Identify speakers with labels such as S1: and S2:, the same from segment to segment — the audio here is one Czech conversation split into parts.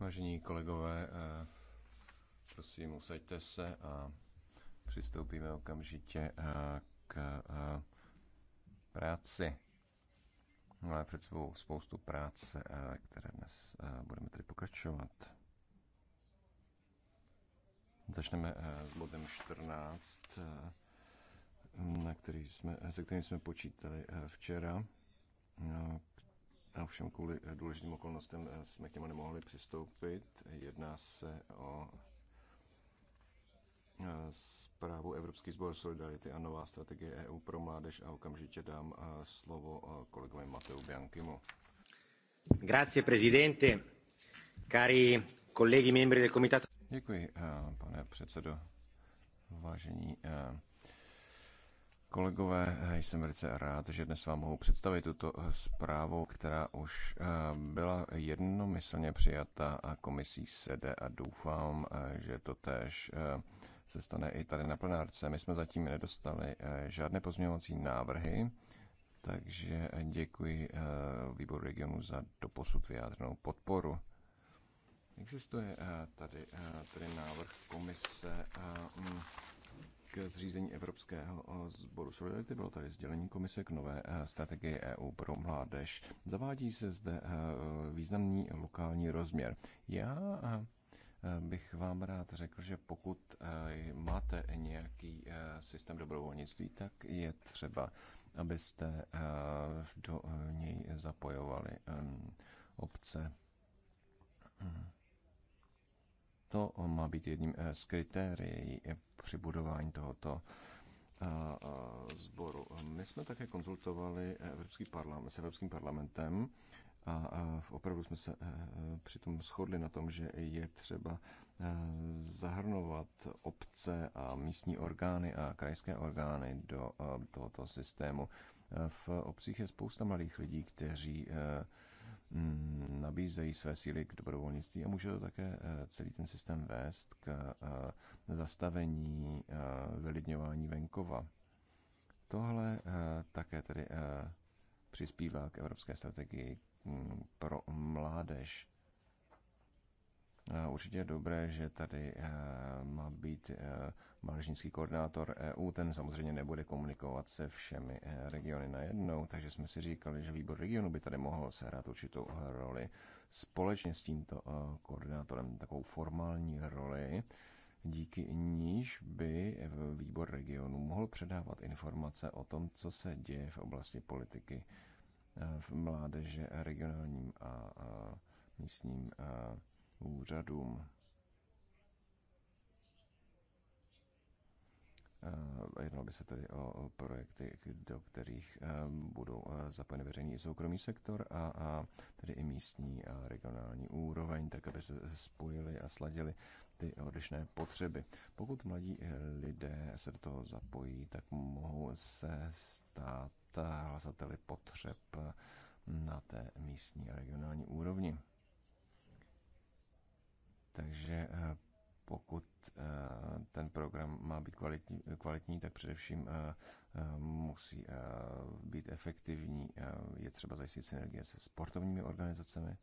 S1: Vážení kolegové, eh, prosím, usaďte se a přistoupíme okamžitě eh, k eh, práci. Máme před sebou spoustu práce, které dnes budeme tedy pokračovat. Začneme s bodem 14 na který jsme, se kterým jsme počítali eh, včera. No, a všem kvůli eh, důležitým okolnostem eh, jsme k němu nemohli přistoupit. Jedná se o zprávu Evropský sbor Solidarity a nová strategie EU pro mládež a okamžitě dám slovo kolegovi Mateu Biankimu.
S2: Grazie, presidente. Cari colleghi membri del comitato.
S1: Děkuji, pane předsedo. Vážení Kolegové, eh, jsem velice rád, že dnes vám mohu představit tuto eh, zprávu, která už eh, byla jednomyslně přijata a komisí SEDE a doufám, že to též se stane i tady na plenárce. My jsme zatím nedostali žádné pozměňovací návrhy, takže děkuji výboru regionu za doposud vyjádřenou podporu. Existuje tady, tady návrh komise mm, k zřízení Evropského eh, sboru Solidarity. Bylo tady sdělení komise k nové eh, strategii EU pro mládež. Zavádí se zde eh, významný lokální rozměr. Já bych vám rád řekl, že pokud máte nějaký systém dobrovolnictví, tak je třeba, abyste do něj zapojovali obce. Hmm to má být jedním eh, z kritérií při budování tohoto eh, eh, sboru. My jsme také konzultovali Evropský parlament, s Evropským parlamentem a opravdu jsme se přitom shodli na tom, že je třeba zahrnovat obce a místní orgány a krajské orgány do tohoto systému. V obcích je spousta malých lidí, kteří Mm, nabízejí své síly k dobrovolnictví a může to také eh, celý ten systém vést k eh, zastavení eh, vylidňování venkova. Tohle také tedy přispívá k evropské strategii mm, pro mládež. Určitě je dobré, že tady má být malžínský koordinátor EU, ten samozřejmě nebude komunikovat se všemi eh, regiony najednou, takže jsme si říkali, že výbor regionu by tady mohl sehrát určitou roli společně s tímto eh, koordinátorem, takovou formální roli, díky níž by výbor regionu mohl předávat informace o tom, co se děje v oblasti politiky eh, v mládeže regionálním a, místním úřadům. Eh, jednalo by se tedy o projekty, do kterých eh, budou eh, zapojeny veřejný i soukromý sektor a, a tedy i místní a regionální úroveň, tak aby se spojili a sladili ty odlišné potřeby. Pokud mladí lidé se do toho zapojí, tak mohou se stát hlasateli potřeb na té místní a regionální úrovni. Takže pokud eh, ten program má být kvalitní, kvalitní tak především eh, eh, musí být efektivní. Je třeba zajistit synergie se sportovními organizacemi.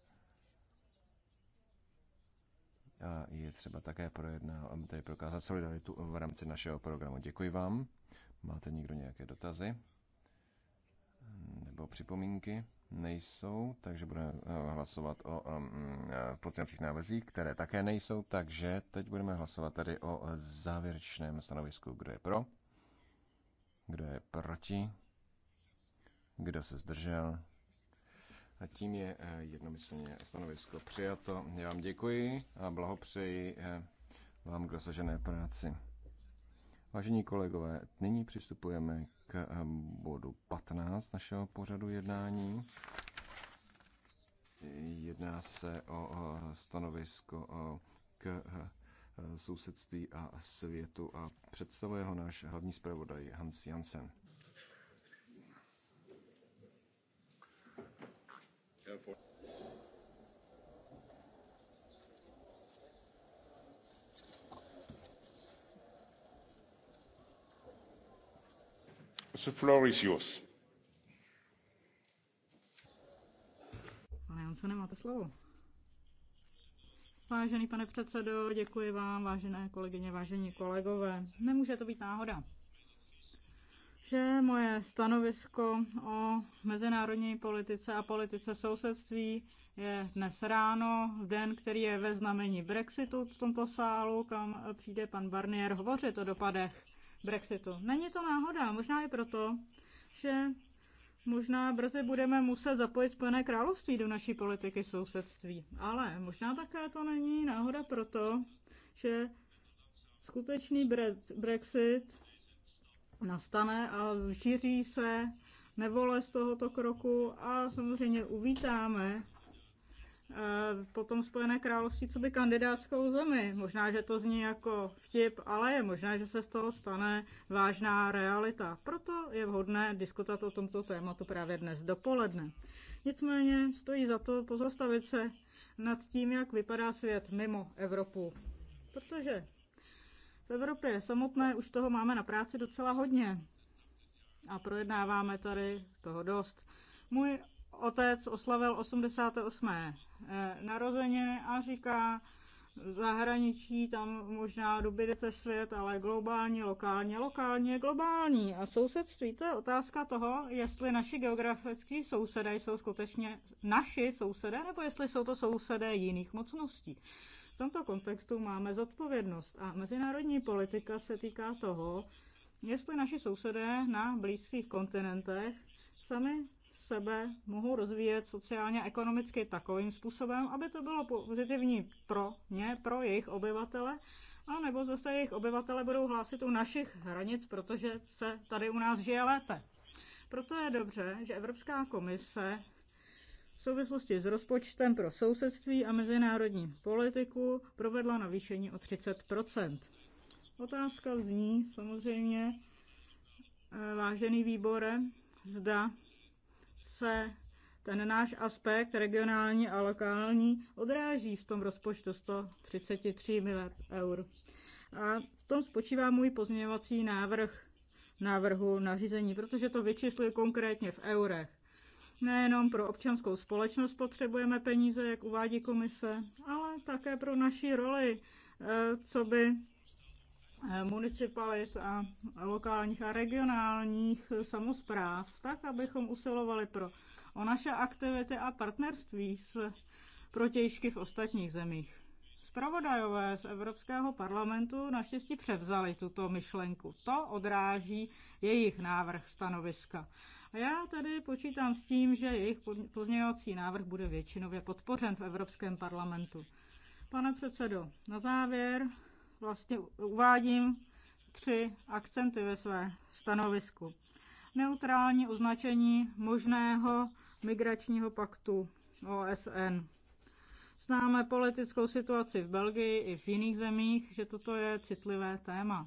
S1: A je třeba také aby tady prokázat solidaritu v rámci našeho programu. Děkuji vám. Máte někdo nějaké dotazy nebo připomínky? nejsou, takže budeme eh, hlasovat o eh, eh, pozměňovacích návrzích, které také nejsou, takže teď budeme hlasovat tady o závěrečném stanovisku, kdo je pro, kdo je proti, kdo se zdržel. A tím je jednomyslně stanovisko přijato. Já vám děkuji a blahopřeji vám k dosažené práci. Vážení kolegové, nyní přistupujeme k eh, bodu 15 našeho pořadu jednání. Jedná se o stanovisko k eh, sousedství a světu a představuje ho náš hlavní zpravodaj Hans Jansen. Yeah,
S3: The floor is yours.
S4: Pane Jansone, máte slovo. Vážený pane předsedo, děkuji vám, vážené kolegyně, vážení kolegové. Nemůže to být náhoda, že moje stanovisko o mezinárodní politice a politice sousedství je dnes ráno, v den, který je ve znamení Brexitu v tomto sálu, kam přijde pan Barnier hovořit o dopadech Brexitu. Není to náhoda, možná i proto, že možná brzy budeme muset zapojit Spojené království do naší politiky sousedství. Ale možná také to není náhoda proto, že skutečný Brexit nastane a vžíří se nevole z tohoto kroku a samozřejmě uvítáme Eh, potom Spojené království co by kandidátskou zemi. Možná, že to zní jako vtip, ale je možné, že se z toho stane vážná realita. Proto je vhodné diskutovat o tomto tématu právě dnes dopoledne. Nicméně stojí za to pozastavit se nad tím, jak vypadá svět mimo Evropu. Protože v Evropě samotné už toho máme na práci docela hodně. A projednáváme tady toho dost. Můj otec oslavil 88. Eh, narozeně a říká, zahraničí tam možná dobydete svět, ale globálně, lokálně, lokálně, globální. A sousedství, to je otázka toho, jestli naši geografický sousedé jsou skutečně naši sousedé, nebo jestli jsou to sousedé jiných mocností. V tomto kontextu máme zodpovědnost a mezinárodní politika se týká toho, jestli naši sousedé na blízkých kontinentech sami sebe mohou rozvíjet sociálně a ekonomicky takovým způsobem, aby to bylo pozitivní pro ně, pro jejich obyvatele, a nebo zase jejich obyvatele budou hlásit u našich hranic, protože se tady u nás žije lépe. Proto je dobře, že Evropská komise v souvislosti s rozpočtem pro sousedství a mezinárodní politiku provedla navýšení o 30 Otázka zní samozřejmě, eh, vážený výbore, zda se ten náš aspekt regionální a lokální odráží v tom rozpočtu 133 miliard eur. A v tom spočívá můj pozměňovací návrh návrhu nařízení, protože to vyčísluje konkrétně v eurech. Nejenom pro občanskou společnost potřebujeme peníze, jak uvádí komise, ale také pro naši roli, eh, co by municipalit a lokálních a regionálních samozpráv, tak abychom usilovali pro o naše aktivity a partnerství s protějšky v ostatních zemích. Spravodajové z Evropského parlamentu naštěstí převzali tuto myšlenku. To odráží jejich návrh stanoviska. A já tedy počítám s tím, že jejich pozměňovací návrh bude většinově podpořen v Evropském parlamentu. Pane předsedo, na závěr vlastně uvádím tři akcenty ve své stanovisku. Neutrální označení možného migračního paktu OSN. Známe politickou situaci v Belgii i v jiných zemích, že toto je citlivé téma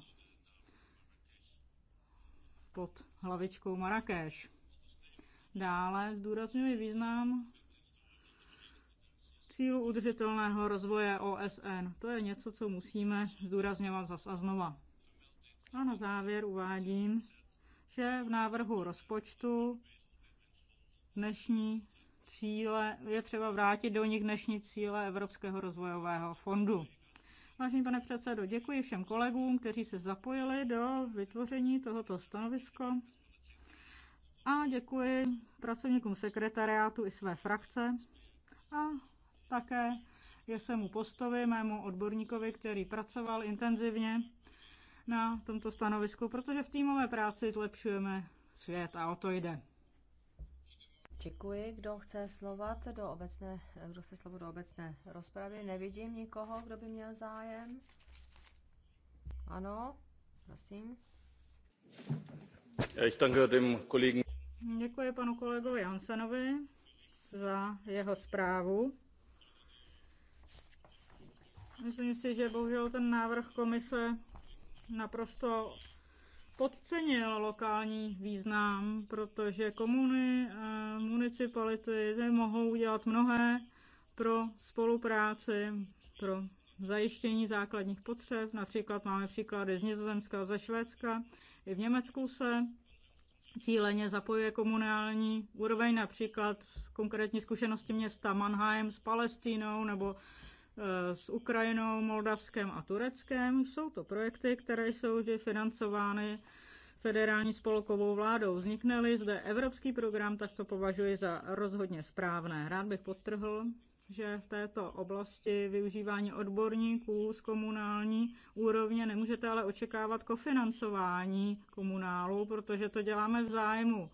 S4: pod hlavičkou Marrakeš. Dále zdůrazňuji význam cílu udržitelného rozvoje OSN. To je něco, co musíme zdůrazňovat zas a znova. A na závěr uvádím, že v návrhu rozpočtu dnešní cíle, je třeba vrátit do nich dnešní cíle Evropského rozvojového fondu. Vážený pane předsedo, děkuji všem kolegům, kteří se zapojili do vytvoření tohoto stanoviska a děkuji pracovníkům sekretariátu i své frakce a také je se mu postovi, mému odborníkovi, který pracoval intenzivně na tomto stanovisku, protože v týmové práci zlepšujeme svět a o to jde.
S5: Děkuji. Kdo chce slovat do obecné, kdo se slovo do obecné rozpravy? Nevidím nikoho, kdo by měl zájem. Ano, prosím.
S2: Já
S4: Děkuji panu kolegovi Jansenovi za jeho zprávu. Myslím si, že bohužel ten návrh komise naprosto podcenil lokální význam, protože komuny, eh, municipality mohou udělat mnohé pro spolupráci, pro zajištění základních potřeb. Například máme příklady z Nizozemska a ze Švédska. I v Německu se cíleně zapojuje komunální úroveň, například konkrétní zkušenosti města Mannheim s Palestínou nebo s Ukrajinou, Moldavskem a Tureckem. Jsou to projekty, které jsou vždy financovány federální spolkovou vládou. Vznikne-li zde evropský program, tak to považuji za rozhodně správné. Rád bych podtrhl, že v této oblasti využívání odborníků z komunální úrovně nemůžete ale očekávat kofinancování komunálu, protože to děláme v zájmu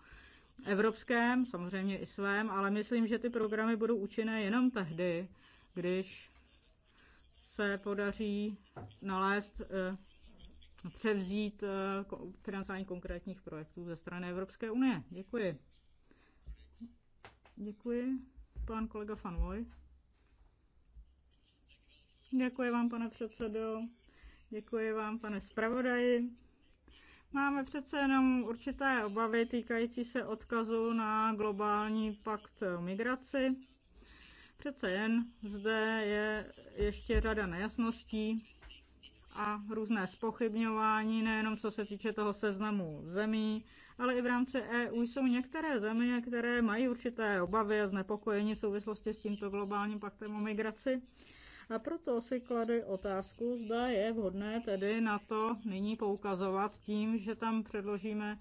S4: evropském, samozřejmě i svém, ale myslím, že ty programy budou účinné jenom tehdy, když se podaří nalézt, eh, převzít eh, financování konkrétních projektů ze strany Evropské unie. Děkuji. Děkuji. Pan kolega Fanvoj. Děkuji vám, pane předsedo. Děkuji vám, pane zpravodaji. Máme přece jenom určité obavy týkající se odkazu na globální pakt o migraci Přece jen zde je ještě řada nejasností a různé spochybňování, nejenom co se týče toho seznamu zemí, ale i v rámci EU jsou některé země, které mají určité obavy a znepokojení v souvislosti s tímto globálním paktem o migraci. A proto si klady otázku, zda je vhodné tedy na to nyní poukazovat tím, že tam předložíme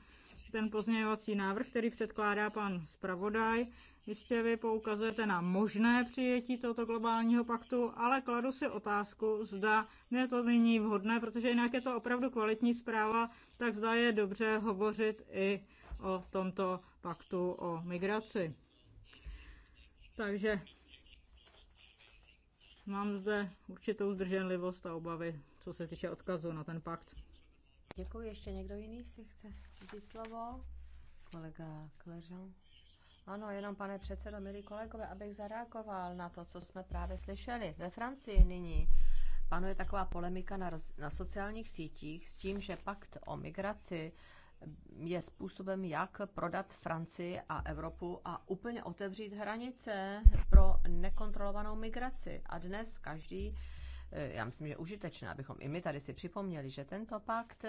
S4: ten pozměňovací návrh, který předkládá pan zpravodaj. Jistě vy poukazujete na možné přijetí tohoto globálního paktu, ale kladu si otázku, zda ne to není vhodné, protože jinak je to opravdu kvalitní zpráva, tak zda je dobře hovořit i o tomto paktu o migraci. Takže mám zde určitou zdrženlivost a obavy, co se týče odkazu na ten pakt.
S5: Děkuji. Ještě někdo jiný si chce vzít slovo? Kolega Kležan. Ano, jenom pane předsedo, milí kolegové, abych zareagoval na to, co jsme právě slyšeli. Ve Francii nyní panuje taková polemika na, na sociálních sítích s tím, že pakt o migraci je způsobem, jak prodat Francii a Evropu a úplně otevřít hranice pro nekontrolovanou migraci. A dnes každý Eh, já myslím, že užitečné, abychom i my tady si připomněli, že tento pakt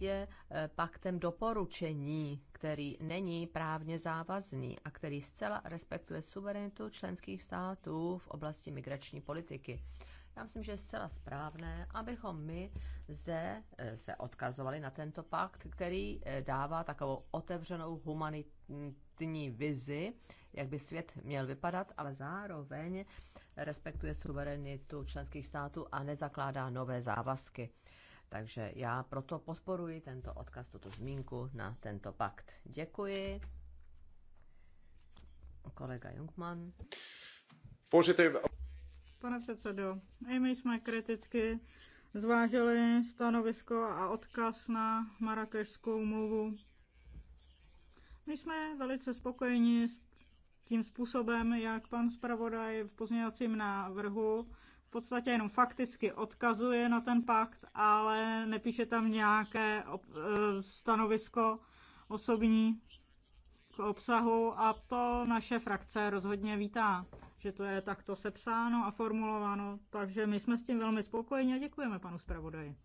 S5: je eh, paktem doporučení, který není právně závazný a který zcela respektuje suverenitu členských států v oblasti migrační politiky. Já myslím, že je zcela správné, abychom my zde eh, se odkazovali na tento pakt, který dává takovou otevřenou humanitní vizi jak by svět měl vypadat, ale zároveň respektuje suverenitu členských států a nezakládá nové závazky. Takže já proto podporuji tento odkaz, tuto zmínku na tento pakt. Děkuji. Kolega Jungmann.
S4: Pane předsedo, i my jsme kriticky zvážili stanovisko a odkaz na marakešskou mluvu. My jsme velice spokojeni s tím způsobem, jak pan zpravodaj v pozměňovacím návrhu v podstatě jenom fakticky odkazuje na ten pakt, ale nepíše tam nějaké e, stanovisko osobní k obsahu a to naše frakce rozhodně vítá, že to je takto sepsáno a formulováno, takže my jsme s tím velmi spokojeni a děkujeme panu zpravodaji.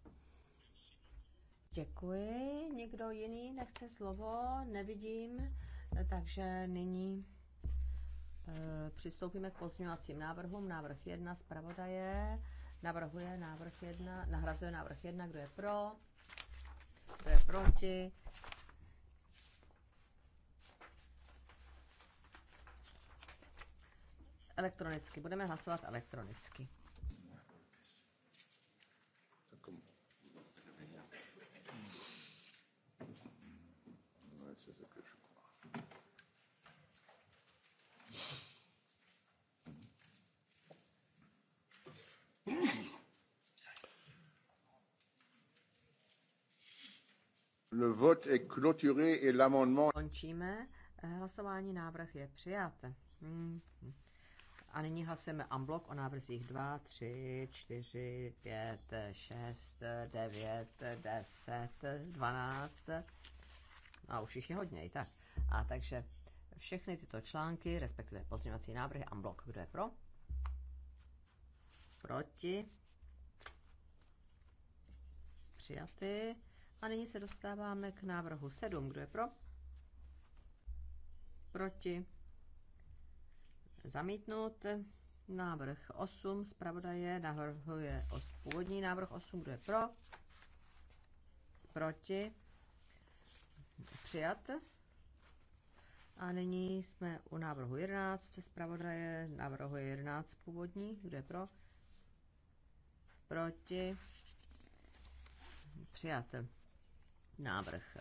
S5: Děkuji. Nikdo jiný nechce slovo, nevidím, takže nyní Přistoupíme k pozměňovacím návrhům. Návrh 1 zpravodaje navrhuje návrh 1, nahrazuje návrh 1, kdo je pro, kdo je proti. Elektronicky. Budeme hlasovat elektronicky. Končíme. Hlasování návrh je přijat. A nyní hlasujeme unblock o návrzích 2, 3, 4, 5, 6, 9, 10, 12. A už jich je hodně i tak. A takže všechny tyto články, respektive pozměňovací návrhy unblock. Kdo je pro? proti, přijaty. A nyní se dostáváme k návrhu 7. Kdo je pro? Proti. Zamítnout. Návrh 8. Zpravodaje navrhuje původní návrh 8. Kdo je pro? Proti. Přijat. A nyní jsme u návrhu 11. Zpravodaje navrhuje 11 původní. Kdo je pro? proti, přijat návrh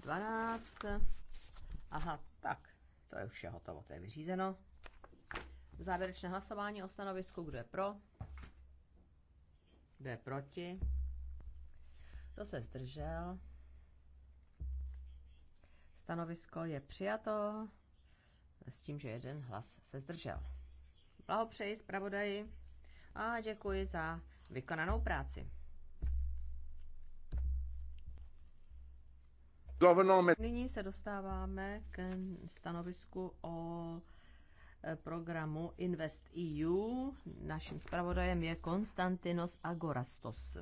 S5: 12. Aha, tak, to je už vše hotovo, to je vyřízeno. Závěrečné hlasování o stanovisku, kdo je pro, kdo je proti, kdo se zdržel. Stanovisko je přijato s tím, že jeden hlas se zdržel. Blahopřeji zpravodaji a děkuji za vykonanou práci. Nyní se dostáváme k stanovisku o e, programu Invest EU. Naším zpravodajem je Konstantinos Agorastos.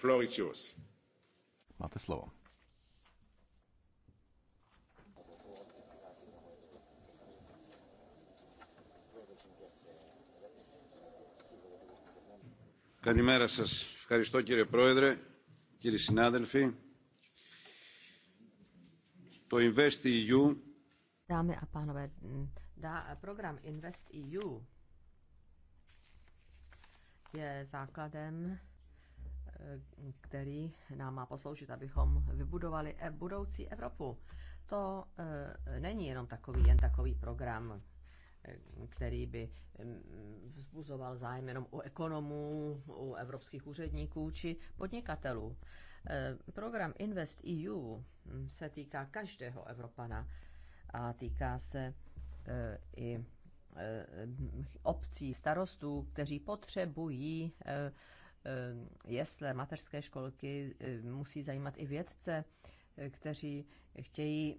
S3: floor is yours. Máte
S1: slovo.
S2: Καλημέρα σας. Ευχαριστώ κύριε Πρόεδρε, κύριοι συνάδελφοι. Το InvestEU...
S5: Dámy a pánové, mm, dá, program EU e je základem který nám má posloužit, abychom vybudovali e- budoucí Evropu. To e, není jenom takový, jen takový program, e, který by mm, vzbuzoval zájem jenom u ekonomů, u evropských úředníků či podnikatelů. Program Invest EU mm, se týká každého Evropana a týká se i obcí, starostů, kteří potřebují Eh, jesle, mateřské školky eh, musí zajímat i vědce, eh, kteří chtějí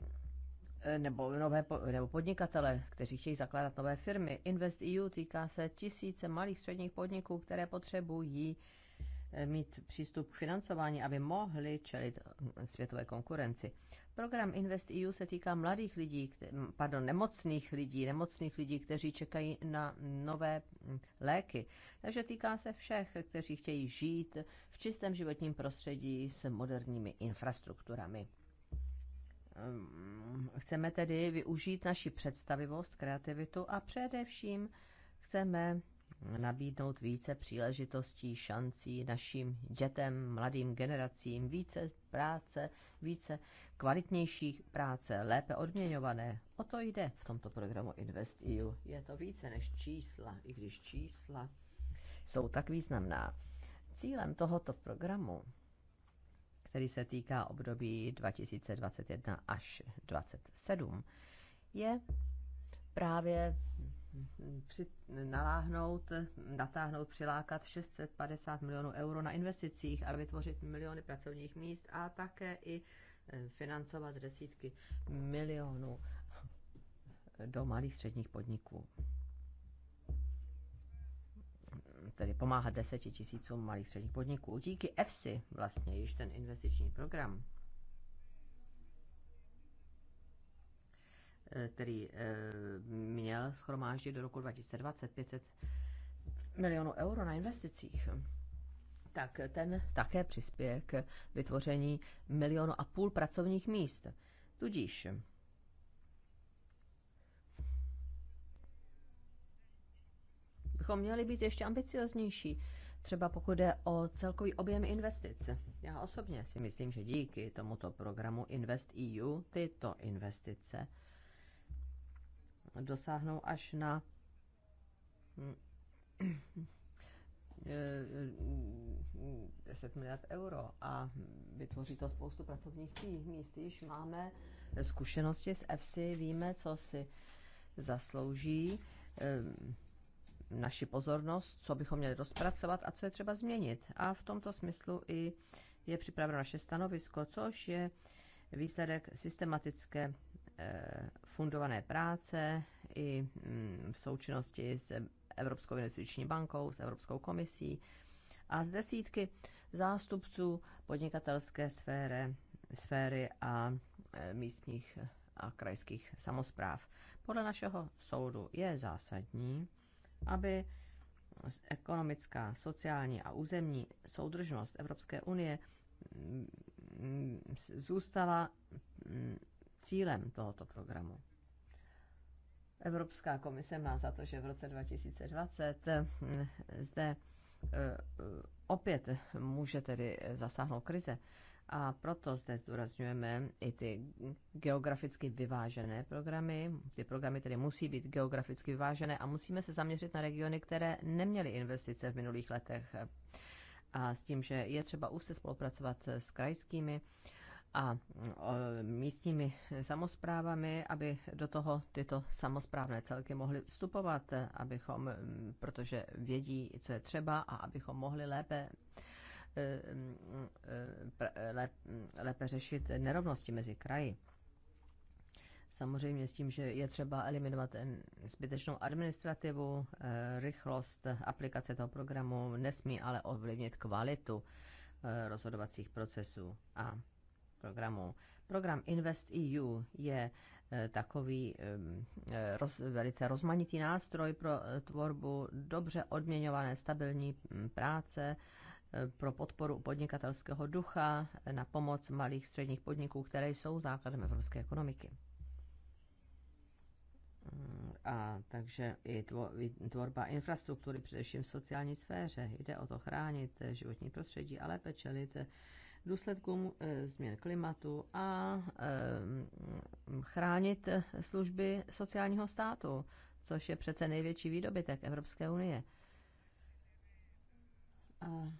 S5: nebo, nové, nebo podnikatele, kteří chtějí zakládat nové firmy. Invest EU týká se tisíce malých středních podniků, které potřebují mít přístup k financování, aby mohli čelit hm, světové konkurenci. Program InvestEU se týká mladých lidí, pardon, nemocných lidí, nemocných lidí, kteří čekají na nové léky. Takže týká se všech, kteří chtějí žít v čistém životním prostředí s moderními infrastrukturami. Ehm, chceme tedy využít naši představivost, kreativitu a především chceme nabídnout více příležitostí, šancí našim dětem, mladým generacím, více práce, více kvalitnějších práce, lépe odměňované. O to jde v tomto programu InvestEU. Je to více než čísla, i když čísla jsou tak významná. Cílem tohoto programu, který se týká období 2021 až 2027, je právě při, naláhnout, natáhnout, přilákat 650 milionů euro na investicích a vytvořit miliony pracovních míst a také i eh, financovat desítky milionů do malých středních podniků. Tedy pomáhat deseti tisícům malých středních podniků. Díky EFSI vlastně již ten investiční program Eh, který eh, měl schromáždit do roku 2020 500 milionů euro na investicích, tak ten také přispěje k vytvoření milionu a půl pracovních míst. Tudíž bychom měli být ještě ambicioznější, třeba pokud jde o celkový objem investic. Já osobně si myslím, že díky tomuto programu Invest EU tyto investice dosáhnou až na eh, deset miliard euro a vytvoří to spoustu pracovních míst. Již máme zkušenosti s EFSI, víme, co si zaslouží eh, naši pozornost, co bychom měli rozpracovat a co je třeba změnit. A v tomto smyslu i je připraveno naše stanovisko, což je výsledek systematické eh, fundované práce i mm, v součinnosti s Evropskou investiční bankou, s Evropskou komisí a z desítky zástupců podnikatelské sféry, sféry a e, místních a krajských samozpráv. Podle našeho soudu je zásadní, aby ekonomická, sociální a územní soudržnost Evropské unie mm, mm, zůstala cílem tohoto programu. Evropská komise má za to, že v roce 2020 eh, zde eh, opět může tedy zasáhnout krize. A proto zde zdůrazňujeme i ty geograficky vyvážené programy. Ty programy tedy musí být geograficky vyvážené a musíme se zaměřit na regiony, které neměly investice v minulých letech. A s tím, že je třeba úzce spolupracovat s krajskými uh, a místními samozprávami, aby do toho tyto samozprávné celky mohly vstupovat, abychom, protože vědí, co je třeba a abychom mohli lépe e, e, lépe řešit nerovnosti mezi kraji. Samozřejmě s tím, že je třeba eliminovat zbytečnou administrativu, e, rychlost aplikace toho programu nesmí ale ovlivnit kvalitu rozhodovacích procesů. A programů. Program Invest EU je e, takový e, e, roz, velice rozmanitý nástroj pro tvorbu dobře odměňované stabilní práce, pro podporu podnikatelského ducha, na pomoc malých středních podniků, které jsou základem evropské ekonomiky. Mm, a takže i tvorba infrastruktury, především v sociální sféře, jde o to chránit životní prostředí a lépe čelit důsledkům eh, změn klimatu a eh, chránit služby sociálního státu, což je přece největší výdobytek Evropské unie. A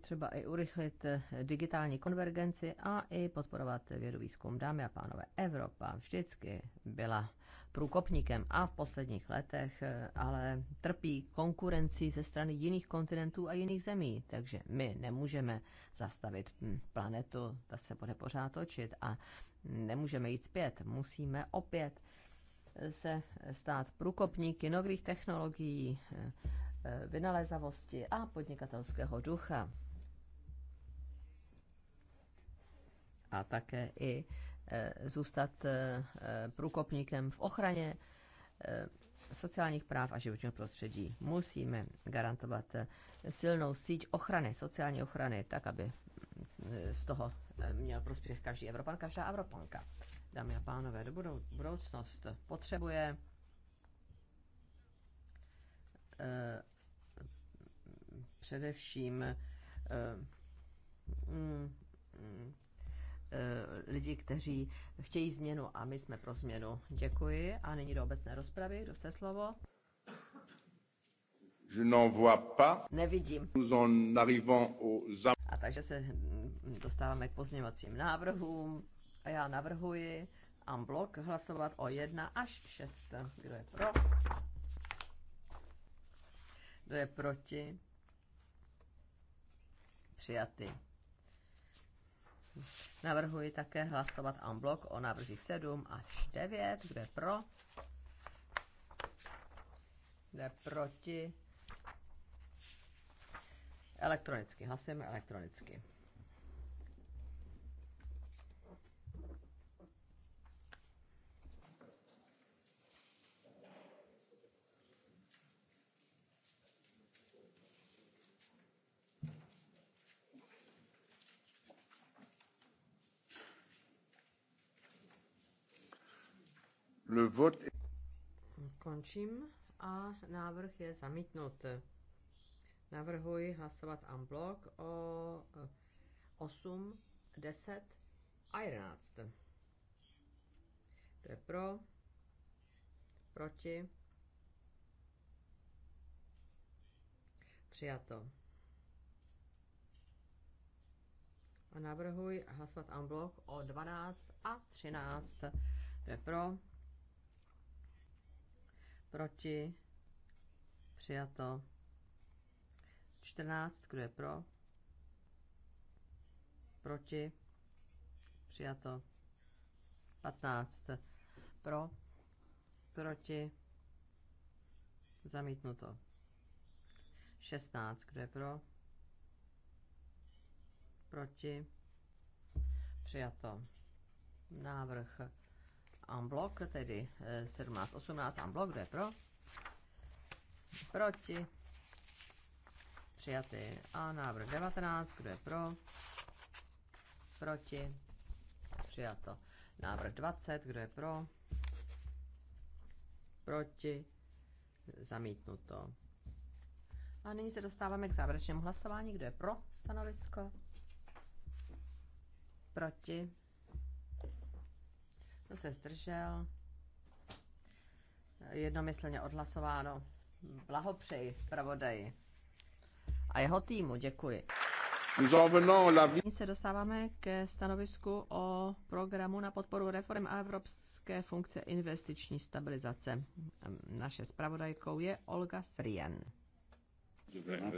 S5: třeba i urychlit eh, digitální konvergenci a i podporovat vědu výzkum. Dámy a pánové, Evropa vždycky byla průkopníkem a v posledních letech eh, ale trpí konkurencí ze strany jiných kontinentů a jiných zemí, takže my nemůžeme zastavit hm, planetu, ta se bude pořád točit a nemůžeme jít zpět, musíme opět eh, se stát průkopníky nových technologií, eh, vynalézavosti a podnikatelského ducha. A také i Eh, zůstat eh, eh, průkopníkem v ochraně sociálních práv a životního prostředí. Musíme garantovat silnou síť ochrany, sociální ochrany, tak, aby z toho měl prospěch každý Evropan, každá Evropanka. Dámy a pánové, do budoucnost potřebuje především mm, mm, Eh, lidi, kteří chtějí změnu a my jsme pro změnu. Děkuji a nyní do obecné rozpravy. Kdo chce slovo?
S3: Je n'en vois pas.
S5: Nevidím.
S3: Nous en arrivons aux... A takže se
S5: dostáváme k pozměňovacím návrhům. A já navrhuji en blok hlasovat o 1 až 6. Kdo je pro? Kdo je proti? Přijaty. Navrhuji také hlasovat en bloc o návrzích 7 až 9. Kdo je pro? Kdo je proti? Elektronicky. Hlasujeme elektronicky. Le vote... Končím a návrh je zamítnut. Navrhuji hlasovat en bloc o 8, eh, 10 a 11. To je pro, proti, přijato. A navrhuji hlasovat en bloc o 12 a 13. To je pro, proti, přijato. 14, kdo je pro, proti, přijato. 15, pro, proti, zamítnuto. 16, kdo je pro, proti, přijato. Návrh unblock, tedy 17-18 eh, unblock, kdo je pro? Proti? Přijatý. A návrh 19, kdo je pro? Proti? Přijato. Návrh 20, kdo je pro? Proti? Zamítnuto. A nyní se dostáváme k závěrečnému hlasování. Kdo je pro stanovisko? Proti? Kdo se zdržel? Jednomyslně odhlasováno. Blahopřeji zpravodaji a jeho týmu. Děkuji. Nyní se dostáváme ke stanovisku o programu na podporu reform a evropské funkce investiční stabilizace. Naše zpravodajkou je Olga Srien.
S3: Děkujeme.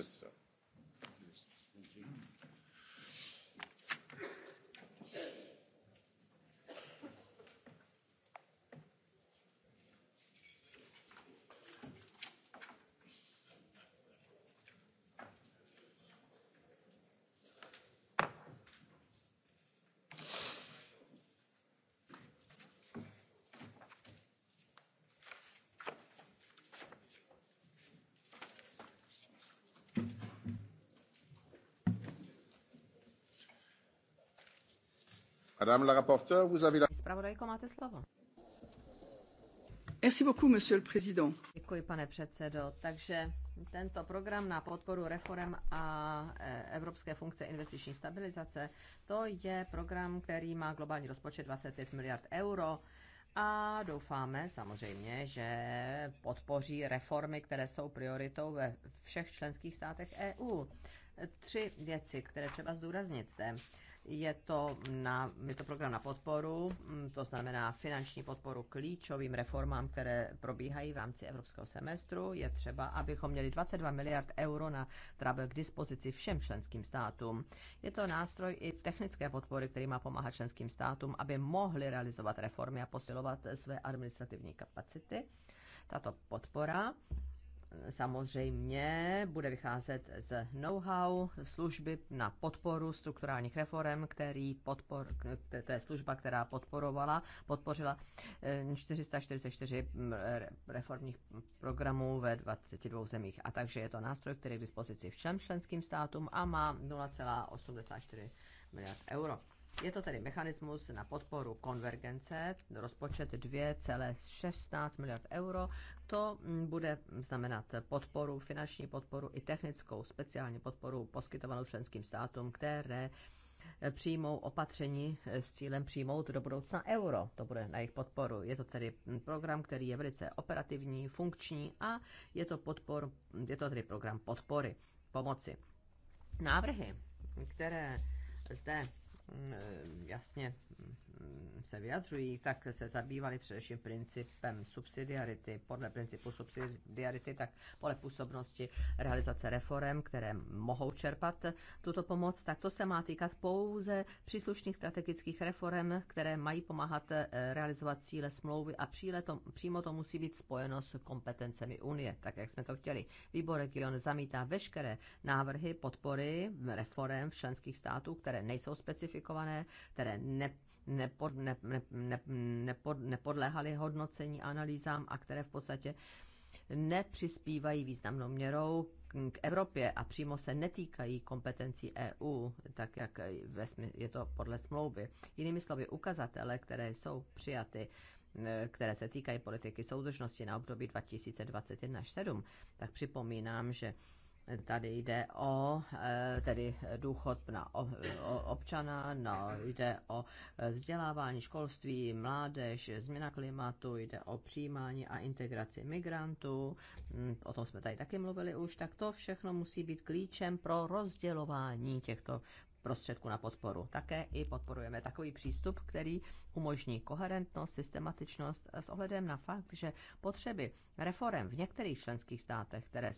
S3: Madame la rapporteure, vous avez la...
S5: Spravodajko, máte slovo. Merci beaucoup, monsieur le président. Děkuji, pane předsedo. Takže tento program na podporu reform a e, Evropské funkce investiční stabilizace, to je program, který má globální rozpočet 25 miliard euro a doufáme samozřejmě, že podpoří reformy, které jsou prioritou ve všech členských státech EU. Tři věci, které třeba zdůraznit zde. Je to, na, je to program na podporu, mm, to znamená finanční podporu klíčovým reformám, které probíhají v rámci evropského semestru. Je třeba, abychom měli 22 miliard euro na trabe k dispozici všem členským státům. Je to nástroj i technické podpory, který má pomáhat členským státům, aby mohli realizovat reformy a posilovat své administrativní kapacity. Tato podpora samozřejmě bude vycházet z know-how služby na podporu strukturálních reform, který podpor, to je služba, která podporovala, podpořila 444 eh, mm, reformních programů ve 22 zemích. A takže je to nástroj, který je k dispozici všem členským státům a má 0,84 miliard euro. Je to tedy mechanismus na podporu konvergence, rozpočet 2,16 miliard euro, to mm, bude znamenat podporu, finanční podporu i technickou, speciální podporu poskytovanou členským státům, které eh, přijmou opatření eh, s cílem přijmout do budoucna euro. To bude na jejich podporu. Je to tedy mm, program, který je velice operativní, funkční a je to, podpor, mm, je to tedy program podpory, pomoci. Návrhy, které zde Mm, jasně mm, se vyjadřují, tak se zabývali především principem subsidiarity. Podle principu subsidiarity, tak podle působnosti realizace reform, které mohou čerpat tuto pomoc, tak to se má týkat pouze příslušných strategických reform, které mají pomáhat eh, realizovat cíle smlouvy a to, přímo to musí být spojeno s kompetencemi Unie, tak jak jsme to chtěli. Výbor region zamítá veškeré návrhy podpory reform v členských států, které nejsou specifické certifikované, které ne, nepod, ne, ne, ne, nepod, nepodléhaly hodnocení analýzám a které v podstatě nepřispívají významnou měrou k Evropě a přímo se netýkají kompetencí EU, tak jak je to podle smlouvy. Jinými slovy, ukazatele, které jsou přijaty, e, které se týkají politiky soudržnosti na období 2021 až 7, tak připomínám, že Tady jde o e, tedy důchod na občana, no, jde o e, vzdělávání, školství, mládež, změna klimatu, jde o přijímání a integraci migrantů, mm, o tom jsme tady taky mluvili už, tak to všechno musí být klíčem pro rozdělování těchto prostředků na podporu. Také i podporujeme takový přístup, který umožní koherentnost, systematičnost s ohledem na fakt, že potřeby reform v některých členských státech, které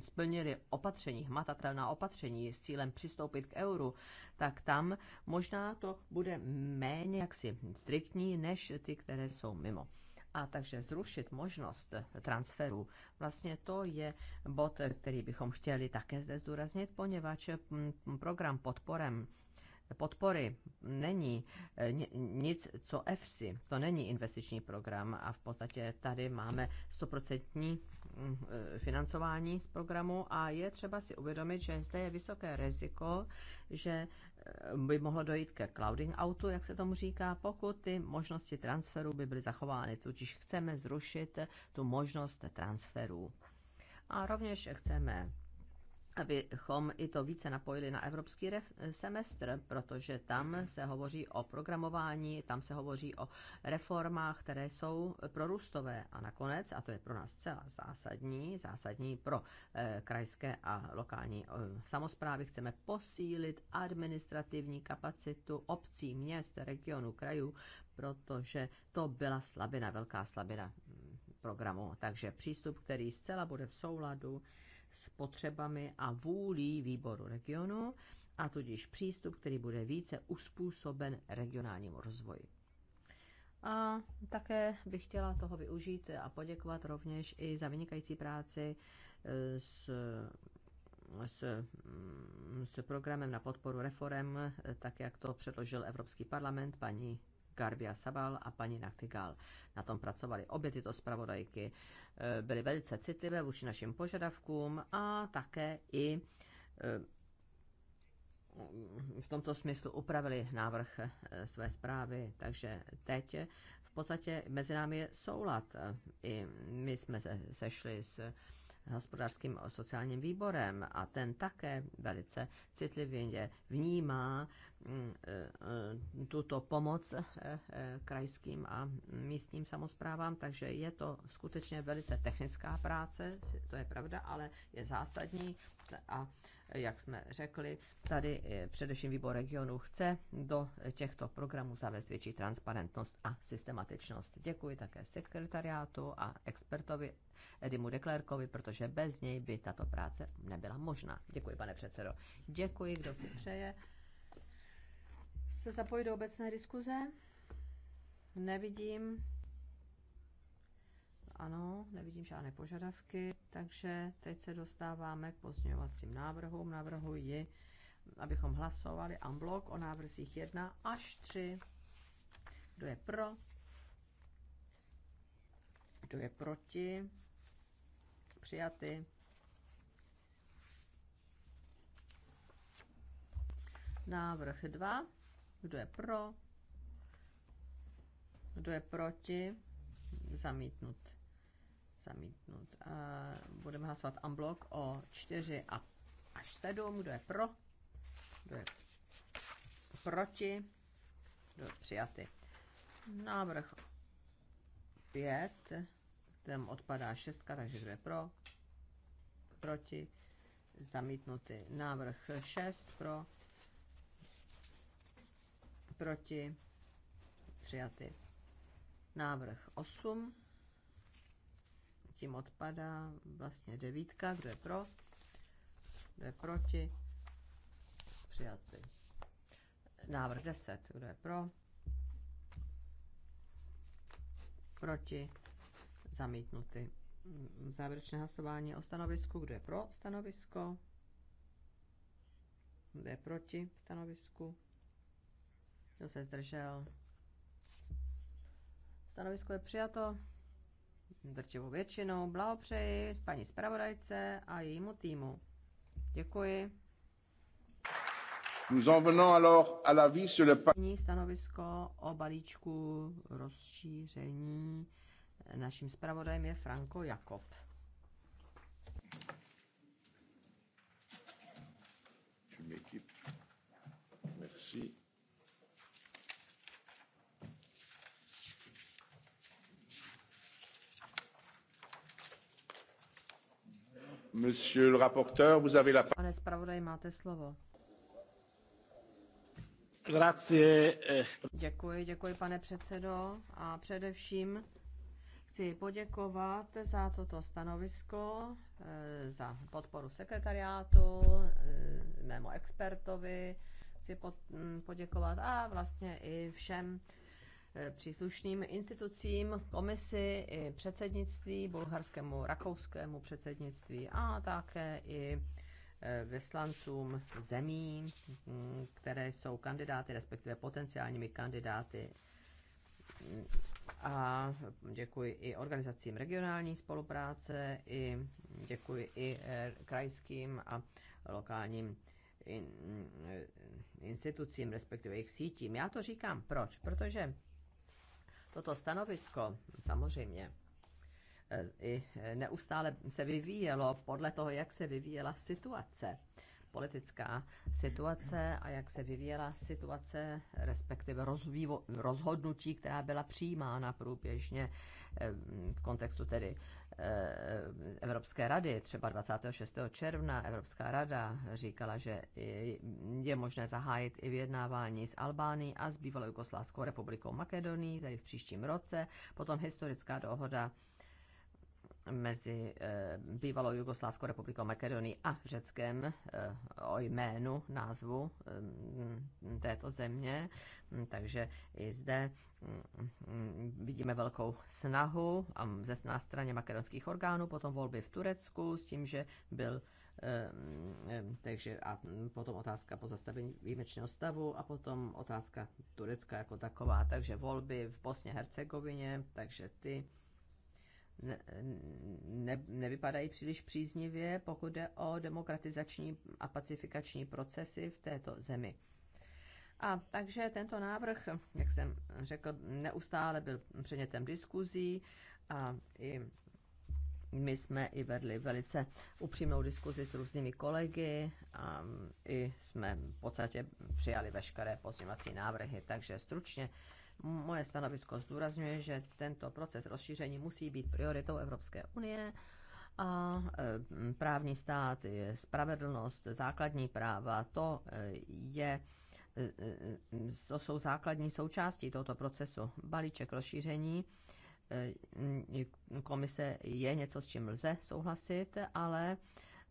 S5: splnili opatření, hmatatelná opatření s cílem přistoupit k euru, tak tam možná to bude méně jaksi striktní než ty, které jsou mimo. A takže zrušit možnost transferu, vlastně to je bod, který bychom chtěli také zde zdůraznit, poněvadž mm, program podporem podpory není e, nic, co EFSI, to není investiční program a v podstatě tady máme stoprocentní Mm, eh, financování z programu a je třeba si uvědomit, že zde je vysoké riziko, že eh, by mohlo dojít ke clouding outu, jak se tomu říká, pokud ty možnosti transferu by byly zachovány. Tudíž chceme zrušit tu možnost transferu. A rovněž chceme abychom i to více napojili na evropský semestr, protože tam se hovoří o programování, tam se hovoří o reformách, které jsou prorůstové. A nakonec, a to je pro nás celá zásadní, zásadní pro eh, krajské a lokální eh, samozprávy, chceme posílit administrativní kapacitu obcí, měst, regionů, krajů, protože to byla slabina, velká slabina mm, programu. Takže přístup, který zcela bude v souladu eh, s potřebami a vůlí výboru regionu a tudíž přístup, který bude více uspůsoben regionálnímu rozvoji. A také bych chtěla toho využít a poděkovat rovněž i za vynikající práci e, s, s, s programem na podporu reform, e, tak jak to předložil Evropský parlament paní Garbia Sabal a paní Nachtigal. Na tom pracovali obě tyto zpravodajky. Eh, byly velice citlivé vůči našim požadavkům a také i eh, v tomto smyslu upravili návrh eh, své zprávy, takže teď v podstatě mezi námi je soulad. I my jsme se sešli s hospodářským a sociálním výborem a ten také velice citlivě vnímá mm, eh, eh, tuto pomoc eh, krajským a místním samozprávám, takže je to skutečně velice technická práce, to je pravda, ale je zásadní a jak jsme řekli, tady především výbor regionu chce do těchto programů zavést větší transparentnost a systematičnost. Děkuji také sekretariátu a expertovi Edimu Deklerkovi, protože bez něj by tato práce nebyla možná. Děkuji, pane předsedo. Děkuji, kdo si přeje. Se zapojit do obecné diskuze? Nevidím. Ano, nevidím žádné požadavky, takže teď se dostáváme k pozměňovacím návrhům. Navrhuji, abychom hlasovali a blok o návrzích 1 až 3. Kdo je pro? Kdo je proti? přijaty. Návrh 2. Kdo je pro? Kdo je proti? Zamítnut. Zamítnut. A budeme hlasovat unblock o 4 a až 7. Kdo je pro? Kdo je proti? Kdo je přijaty? Návrh 5 tam odpadá šestka, takže kdo je pro, proti, zamítnutý. Návrh 6 pro, proti, přijatý. Návrh 8, tím odpadá vlastně devítka, kdo je pro, kdo je proti, přijatý. Návrh 10, kdo je pro, proti, zamítnuty. Závěrečné hlasování o stanovisku. Kdo je pro stanovisko? Kdo je proti stanovisku? Kdo se zdržel? Stanovisko je přijato drtivou většinou. Blahopřeji paní zpravodajce a jejímu týmu. Děkuji.
S3: Nous en venons alors à sur le...
S5: stanovisko o balíčku rozšíření Naším zpravodajem je Franko Jakob.
S3: Merci. Monsieur le rapporteur, vous avez la parole.
S5: Pane zpravodaj, máte slovo. Grazie. Eh. Děkuji, děkuji, pane předsedo. A především Chci poděkovat za toto stanovisko, eh, za podporu sekretariátu, eh, mému expertovi. Chci mm, poděkovat a vlastně i všem eh, příslušným institucím, komisi i předsednictví, bulharskému, rakouskému předsednictví a také i vyslancům zemí, mm, které jsou kandidáty, respektive potenciálními kandidáty a děkuji i organizacím regionální spolupráce, i děkuji i eh, krajským a lokálním institucím, respektive jejich sítím. Já to říkám proč? Protože toto stanovisko samozřejmě eh, i eh, neustále se vyvíjelo podle toho, jak se vyvíjela situace politická situace a jak se vyvíjela situace, respektive rozvývo, rozhodnutí, která byla přijímána průběžně eh, v kontextu tedy eh, Evropské rady, třeba 26. června Evropská rada říkala, že je možné zahájit i vyjednávání s Albánií a s bývalou Jugoslávskou republikou Makedonii, tedy v příštím roce, potom historická dohoda mezi eh, bývalou Jugoslávskou republikou Makedonii a Řeckem eh, o jménu, názvu mm, této země. Mm, takže i zde mm, vidíme velkou snahu a ze na straně makedonských orgánů, potom volby v Turecku s tím, že byl eh, takže a potom otázka po zastavení výjimečného stavu a potom otázka Turecka jako taková. Takže volby v Bosně Hercegovině, takže ty ne, ne, nevypadají příliš příznivě, pokud jde o demokratizační a pacifikační procesy v této zemi. A takže tento návrh, jak jsem řekl, neustále byl předmětem diskuzí a i my jsme i vedli velice upřímnou diskuzi s různými kolegy a i jsme v podstatě přijali veškeré pozměňovací návrhy. Takže stručně Moje stanovisko zdůrazňuje, že tento proces rozšíření musí být prioritou Evropské unie a e, právní stát, spravedlnost, základní práva, to e, je e, to jsou základní součástí tohoto procesu. Balíček rozšíření komise je něco, s čím lze souhlasit, ale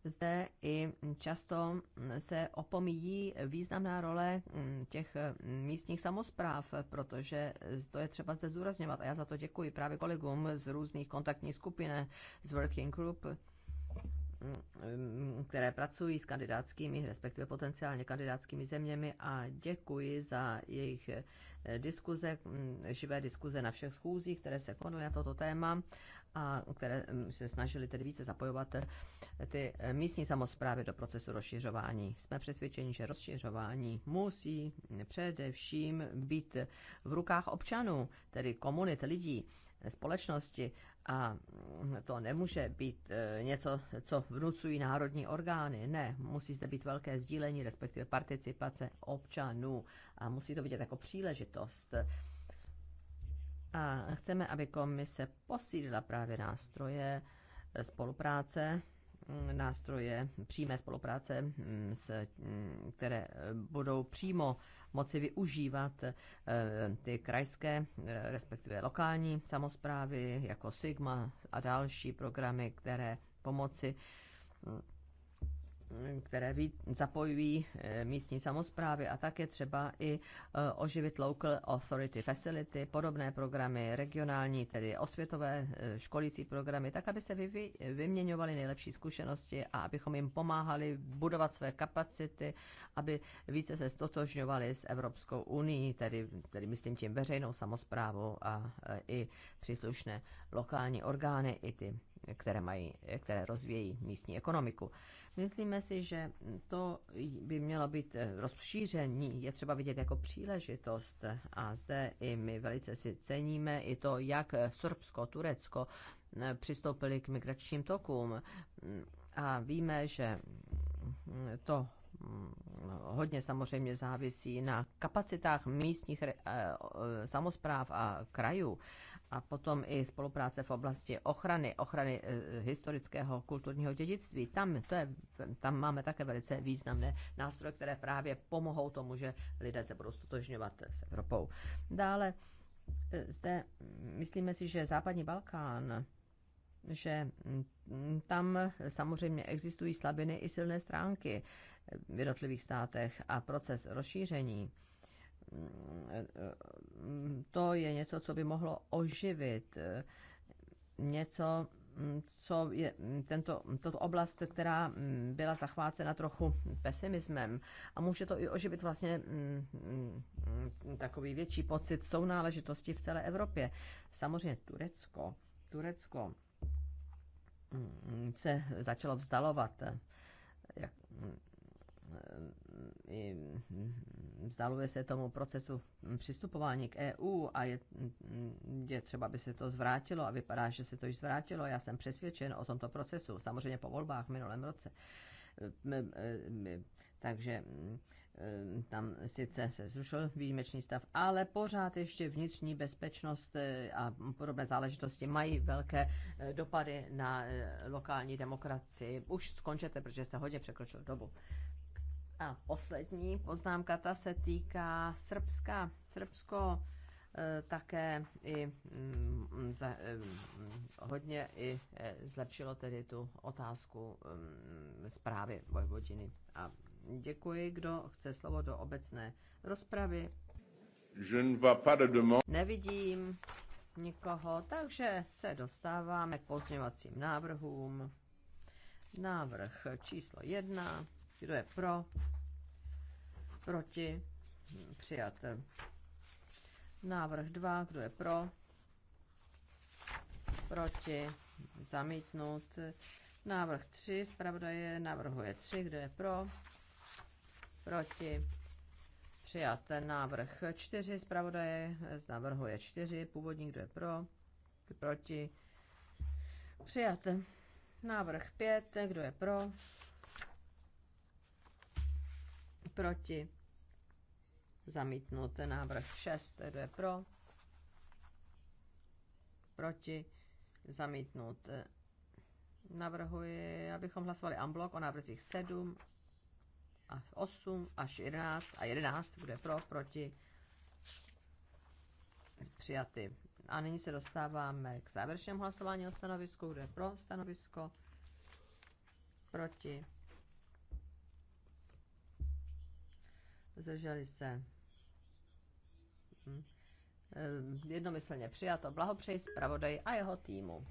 S5: zde i často se opomíjí významná role mm, těch mm, místních samozpráv, protože to je třeba zde zúrazňovat. A já za to děkuji právě kolegům z různých kontaktních skupin, z Working Group, mm, které pracují s kandidátskými, respektive potenciálně kandidátskými zeměmi a děkuji za jejich eh, diskuze, živé diskuze na všech schůzích, které se konaly na toto téma a které mm, se snažili tedy více zapojovat eh, ty eh, místní samozprávy do procesu rozšiřování. Jsme přesvědčeni, že rozšiřování musí především být v rukách občanů, tedy komunit lidí, společnosti a mm, to nemůže být eh, něco, co vnucují národní orgány. Ne, musí zde být velké sdílení, respektive participace občanů a musí to být jako příležitost a chceme, aby komise posílila právě nástroje spolupráce, nástroje přímé spolupráce, mm, mm, které eh, budou přímo moci využívat eh, ty krajské, eh, respektive lokální samozprávy, jako Sigma a další programy, které pomoci mm, Mm, které zapojují eh, místní samozprávy a také třeba i eh, oživit Local Authority Facility, podobné programy regionální, tedy osvětové eh, školící programy, tak aby se vy, vyměňovaly nejlepší zkušenosti a abychom jim pomáhali budovat své kapacity, aby více se stotožňovali s Evropskou unii, tedy, tedy myslím tím veřejnou samozprávou a i příslušné lokální orgány, i ty které, mají, které rozvíjí místní ekonomiku. Myslíme si, že to by mělo být eh, rozšíření, je třeba vidět jako příležitost a zde i my velice si ceníme i to, jak Srbsko, Turecko eh, přistoupili k migračním tokům a víme, že mm, to mm, hodně samozřejmě závisí na kapacitách místních eh, samozpráv a krajů a potom i spolupráce v oblasti ochrany, ochrany e, historického kulturního dědictví. Tam, to je, tam máme také velice významné nástroje, které právě pomohou tomu, že lidé se budou stotožňovat s Evropou. Dále e, zde myslíme si, že západní Balkán že tam samozřejmě existují slabiny i silné stránky v jednotlivých státech a proces rozšíření to je něco, co by mohlo oživit eh, něco, mm, co je mm, tento, toto oblast, která mm, byla zachvácena trochu pesimismem a může to i oživit vlastně takový větší pocit sounáležitosti v celé Evropě. Samozřejmě Turecko, Turecko se začalo vzdalovat eh, jak, i, vzdaluje se tomu procesu mm, přistupování k EU a je, mm, je třeba, aby se to zvrátilo a vypadá, že se to již zvrátilo. Já jsem přesvědčen o tomto procesu, samozřejmě po volbách v minulém roce. Takže mm, tam sice se zrušil výjimečný stav, ale pořád ještě vnitřní bezpečnost e, a podobné záležitosti mají velké e, dopady na e, lokální demokracii. Už skončete, protože jste hodně překročil dobu. A poslední poznámka, ta se týká Srbska. Srbsko eh, také i mm, eh, hodně i eh, zlepšilo tedy tu otázku mm, zprávy Vojvodiny. A děkuji, kdo chce slovo do obecné rozpravy.
S3: Je ne vois pas de
S5: Nevidím nikoho, takže se dostáváme k pozměňovacím návrhům. Návrh číslo jedna. Kdo je pro? Proti? Přijat. Návrh 2. Kdo je pro? Proti? Zamítnout. Návrh 3. Zpravodaje navrhuje 3. Kdo je pro? Proti? Přijat. Návrh 4. Zpravodaje navrhuje 4. Původní. Kdo je pro? Proti? Přijat. Návrh 5. Kdo je pro? proti, Zamítnul ten návrh 6, kdo je pro, proti, zamítnut. Navrhuji, abychom hlasovali unblock o návrzích 7 a 8 až 11 a 11, kdo je pro, proti, přijaty. A nyní se dostáváme k závěrečnému hlasování o stanovisku, kdo je pro stanovisko, proti, zdrželi se. Hm. Ehm, jednomyslně přijato. Blahopřeji zpravodaj a jeho týmu.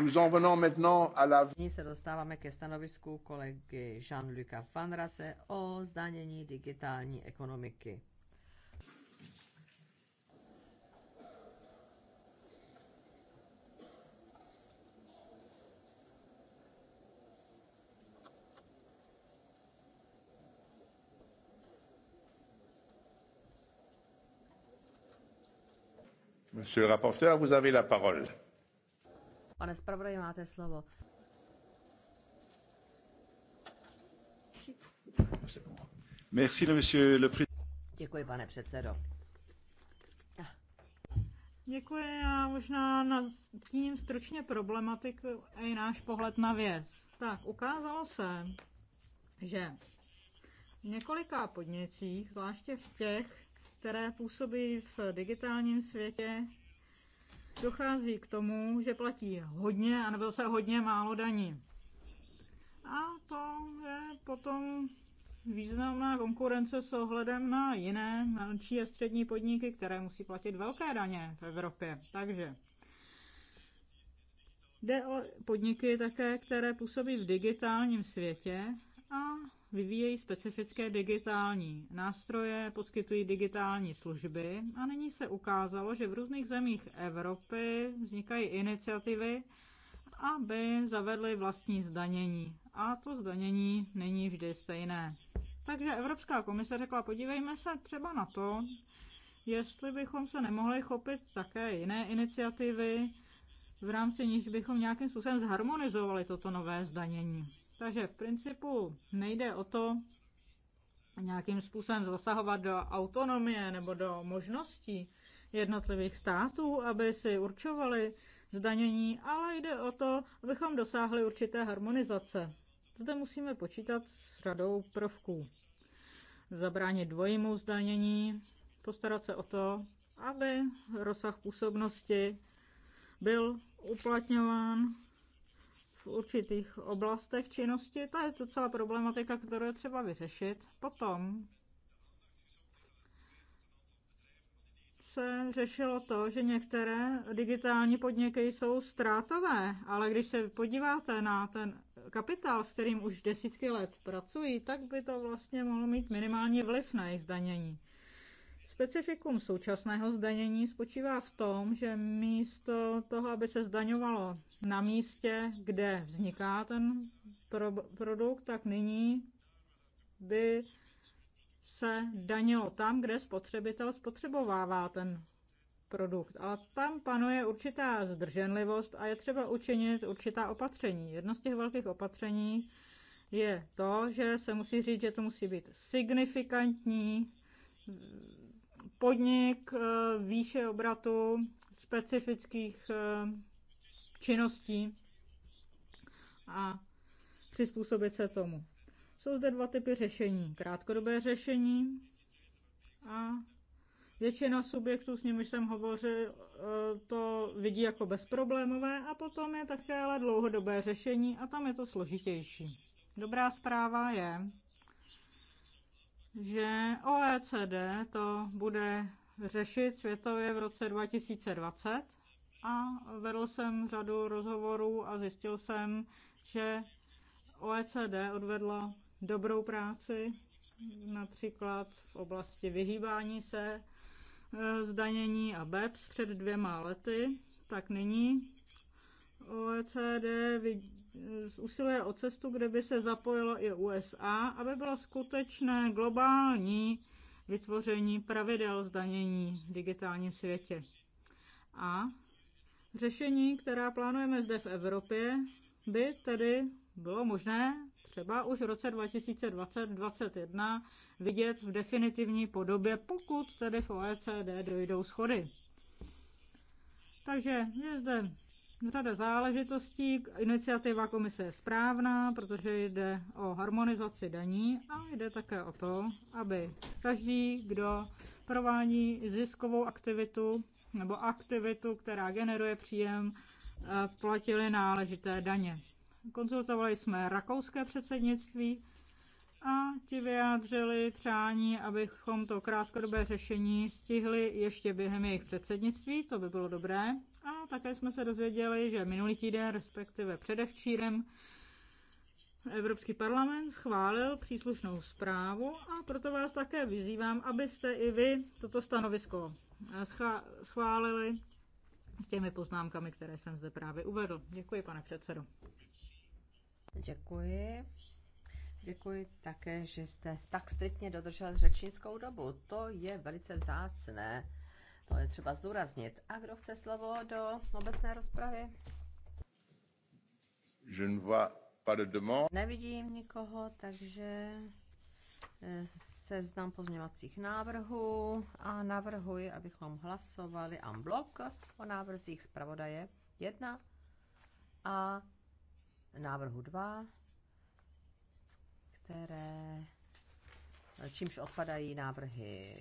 S3: Nous en venons maintenant à la...
S5: Nyní se dostáváme ke stanovisku kolegy jean luc Fanrase o zdanění digitální ekonomiky.
S3: Monsieur le rapporteur, vous avez la parole.
S5: Pane zpravodaji, máte slovo.
S2: Merci, monsieur le président.
S5: Děkuji, pane předsedo.
S4: Děkuji. Já možná nadstíním stručně problematiku a i náš pohled na věc. Tak, ukázalo se, že v několika podnicích, zvláště v těch, které působí v digitálním světě, dochází k tomu, že platí hodně, anebo se hodně málo daní. A to je potom významná konkurence s ohledem na jiné menší a střední podniky, které musí platit velké daně v Evropě. Takže jde o podniky také, které působí v digitálním světě a vyvíjejí specifické digitální nástroje, poskytují digitální služby a nyní se ukázalo, že v různých zemích Evropy vznikají iniciativy, aby zavedly vlastní zdanění. A to zdanění není vždy stejné. Takže Evropská komise řekla, podívejme se třeba na to, jestli bychom se nemohli chopit také jiné iniciativy, v rámci níž bychom nějakým způsobem zharmonizovali toto nové zdanění. Takže v principu nejde o to nějakým způsobem zasahovat do autonomie nebo do možností jednotlivých států, aby si určovali zdanění, ale jde o to, abychom dosáhli určité harmonizace. Zde musíme počítat s radou prvků. Zabránit dvojímu zdanění, postarat se o to, aby rozsah působnosti byl uplatňován v určitých oblastech činnosti, to je docela problematika, kterou je třeba vyřešit. Potom se řešilo to, že některé digitální podniky jsou ztrátové, ale když se podíváte na ten kapitál, s kterým už desítky let pracují, tak by to vlastně mohlo mít minimální vliv na jejich zdanění. Specifikum současného zdanění spočívá v tom, že místo toho, aby se zdaňovalo na místě, kde vzniká ten pro- produkt, tak nyní by se danilo tam, kde spotřebitel spotřebovává ten produkt. A tam panuje určitá zdrženlivost a je třeba učinit určitá opatření. Jedno z těch velkých opatření je to, že se musí říct, že to musí být signifikantní podnik, eh, výše obratu, specifických eh, činností a přizpůsobit se tomu. Jsou zde dva typy řešení. Krátkodobé řešení a většina subjektů, s nimiž jsem hovořil, eh, to vidí jako bezproblémové a potom je také ale dlouhodobé řešení a tam je to složitější. Dobrá zpráva je, že OECD to bude řešit světově v roce 2020 a vedl jsem řadu rozhovorů a zjistil jsem, že OECD odvedlo dobrou práci, například v oblasti vyhýbání se e, zdanění a BEPS před dvěma lety, tak nyní OECD usiluje o cestu, kde by se zapojilo i USA, aby bylo skutečné globální vytvoření pravidel zdanění v digitálním světě. A řešení, která plánujeme zde v Evropě, by tedy bylo možné třeba už v roce 2020-2021 vidět v definitivní podobě, pokud tedy v OECD dojdou schody. Takže je zde Řada záležitostí, iniciativa komise je správná, protože jde o harmonizaci daní a jde také o to, aby každý, kdo provádí ziskovou aktivitu nebo aktivitu, která generuje příjem, eh, platili náležité daně. Konzultovali jsme rakouské předsednictví a ti vyjádřili přání, abychom to krátkodobé řešení stihli ještě během jejich předsednictví, to by bylo dobré. A také jsme se dozvěděli, že minulý týden, respektive předevčírem, Evropský parlament schválil příslušnou zprávu a proto vás také vyzývám, abyste i vy toto stanovisko schválili s těmi poznámkami, které
S5: jsem zde právě uvedl. Děkuji, pane předsedo. Děkuji. Děkuji také, že jste tak striktně dodržel řečnickou dobu. To je velice vzácné. To je třeba zdůraznit. A kdo chce slovo do obecné rozpravy?
S3: Je ne vois pas de
S5: Nevidím nikoho, takže eh, seznam pozměňovacích návrhů a navrhuji, abychom hlasovali en blok o návrzích zpravodaje 1 a návrhu 2 které, čímž odpadají návrhy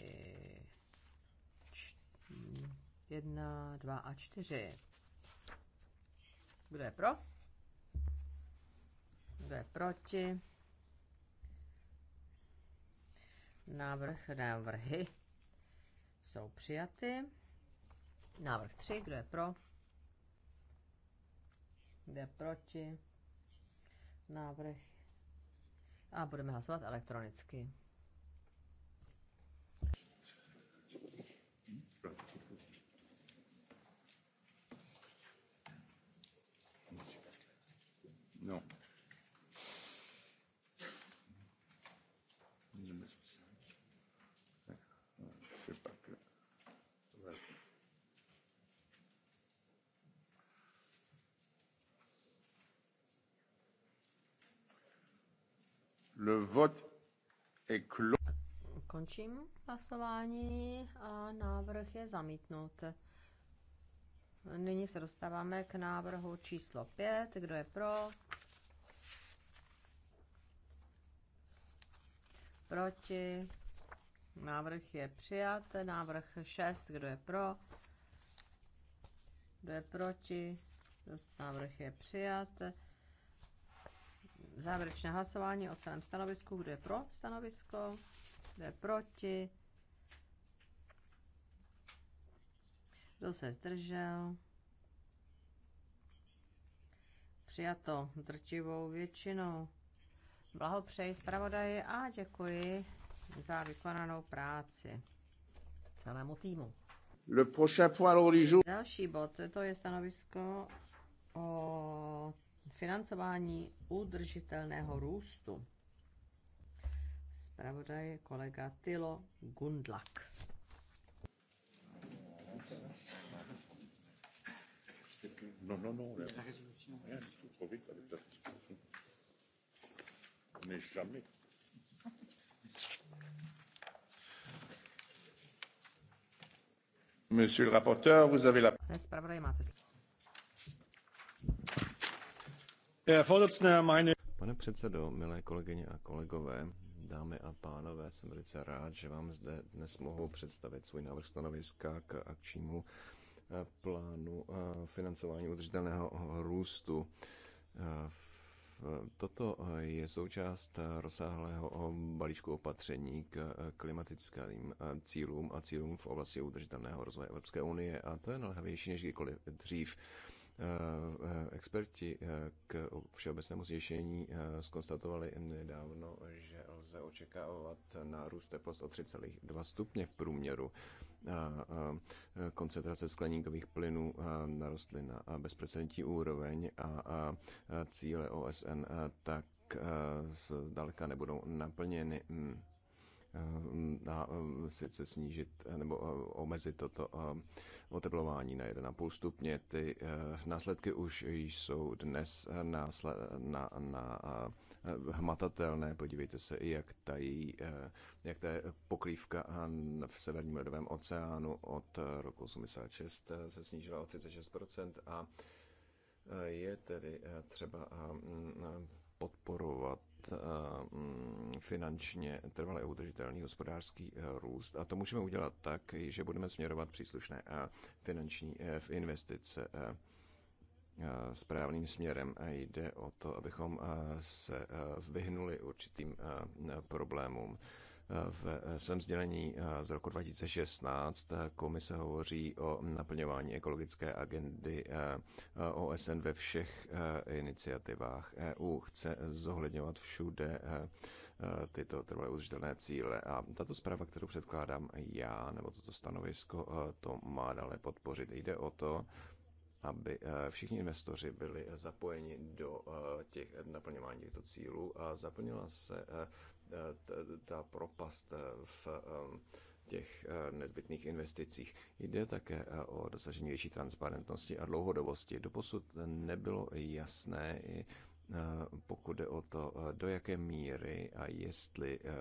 S5: 1, 2 a 4. Kdo je pro? Kdo je proti? Návrh, návrhy jsou přijaty. Návrh 3, kdo je pro? Kdo je proti? Návrh a budeme hlasovat elektronicky.
S3: No. Le vote est clos.
S5: Končím hlasování a návrh je zamítnut. Nyní se dostáváme k návrhu číslo 5. Kdo je pro? Proti? Návrh je přijat. Návrh 6. Kdo je pro? Kdo je proti? návrh je přijat závěrečné hlasování o celém stanovisku. Kdo je pro stanovisko? Kdo je proti? Kdo se zdržel? Přijato drtivou většinou. Blahopřeji zpravodaji a děkuji za vykonanou práci celému týmu.
S3: Le prochain point
S5: Další bod, to je stanovisko o financování udržitelného růstu. Spravodaj kolega Tilo Gundlak.
S3: No, no, no, rien. Rien du tout, trop vite avec la discussion. Mais jamais. Monsieur le rapporteur, vous avez
S5: la... Spravodaj, máte slovo.
S1: Pane předsedo, milé kolegyně a kolegové, dámy a pánové, jsem velice rád, že vám zde dnes mohu představit svůj návrh stanoviska k akčnímu eh, plánu eh, financování udržitelného růstu. Eh, toto je součást rozsáhlého balíčku opatření k klimatickým cílům a cílům v oblasti udržitelného rozvoje Evropské unie a to je naléhavější než kdykoliv dřív. Eh, eh, experti eh, k všeobecnému zjištění skonstatovali nedávno, že lze očekávat nárůst teplot o 3,2 stupně v průměru. Koncentrace skleníkových plynů narostly na bezprecedentní úroveň a cíle OSN tak zdaleka nebudou naplněny. Hmm. Eh, na eh, sice snížit eh, nebo omezit toto oteplování na 1,5 stupně. Ty následky už jsou dnes na na, na hmatatelné. Podívejte se, jak, tají, jak ta pokrývka v Severním ledovém oceánu od roku 1986 se snížila o 36% a je tedy třeba podporovat Eh, mm, finančně a udržitelný hospodářský eh, růst. A to můžeme udělat tak, že budeme směrovat příslušné eh, finanční investice správným směrem. A jde o to, abychom se vyhnuli určitým problémům. V svém sdělení eh, z roku 2016 eh, komise hovoří o naplňování ekologické agendy eh, OSN ve všech iniciativách EU. Chce zohledňovat všude tyto trvalé udržitelné cíle. A tato zpráva, kterou předkládám já, nebo toto stanovisko, to má dále podpořit. Jde o to, aby všichni investoři byli zapojeni do těch naplňování těchto cílů a zaplnila se Eh, ta propast eh, v eh, těch nezbytných investicích. Jde také o dosažení větší transparentnosti a dlouhodobosti. Doposud nebylo jasné, Eh, pokud jde o to, eh, do jaké míry a jestli eh,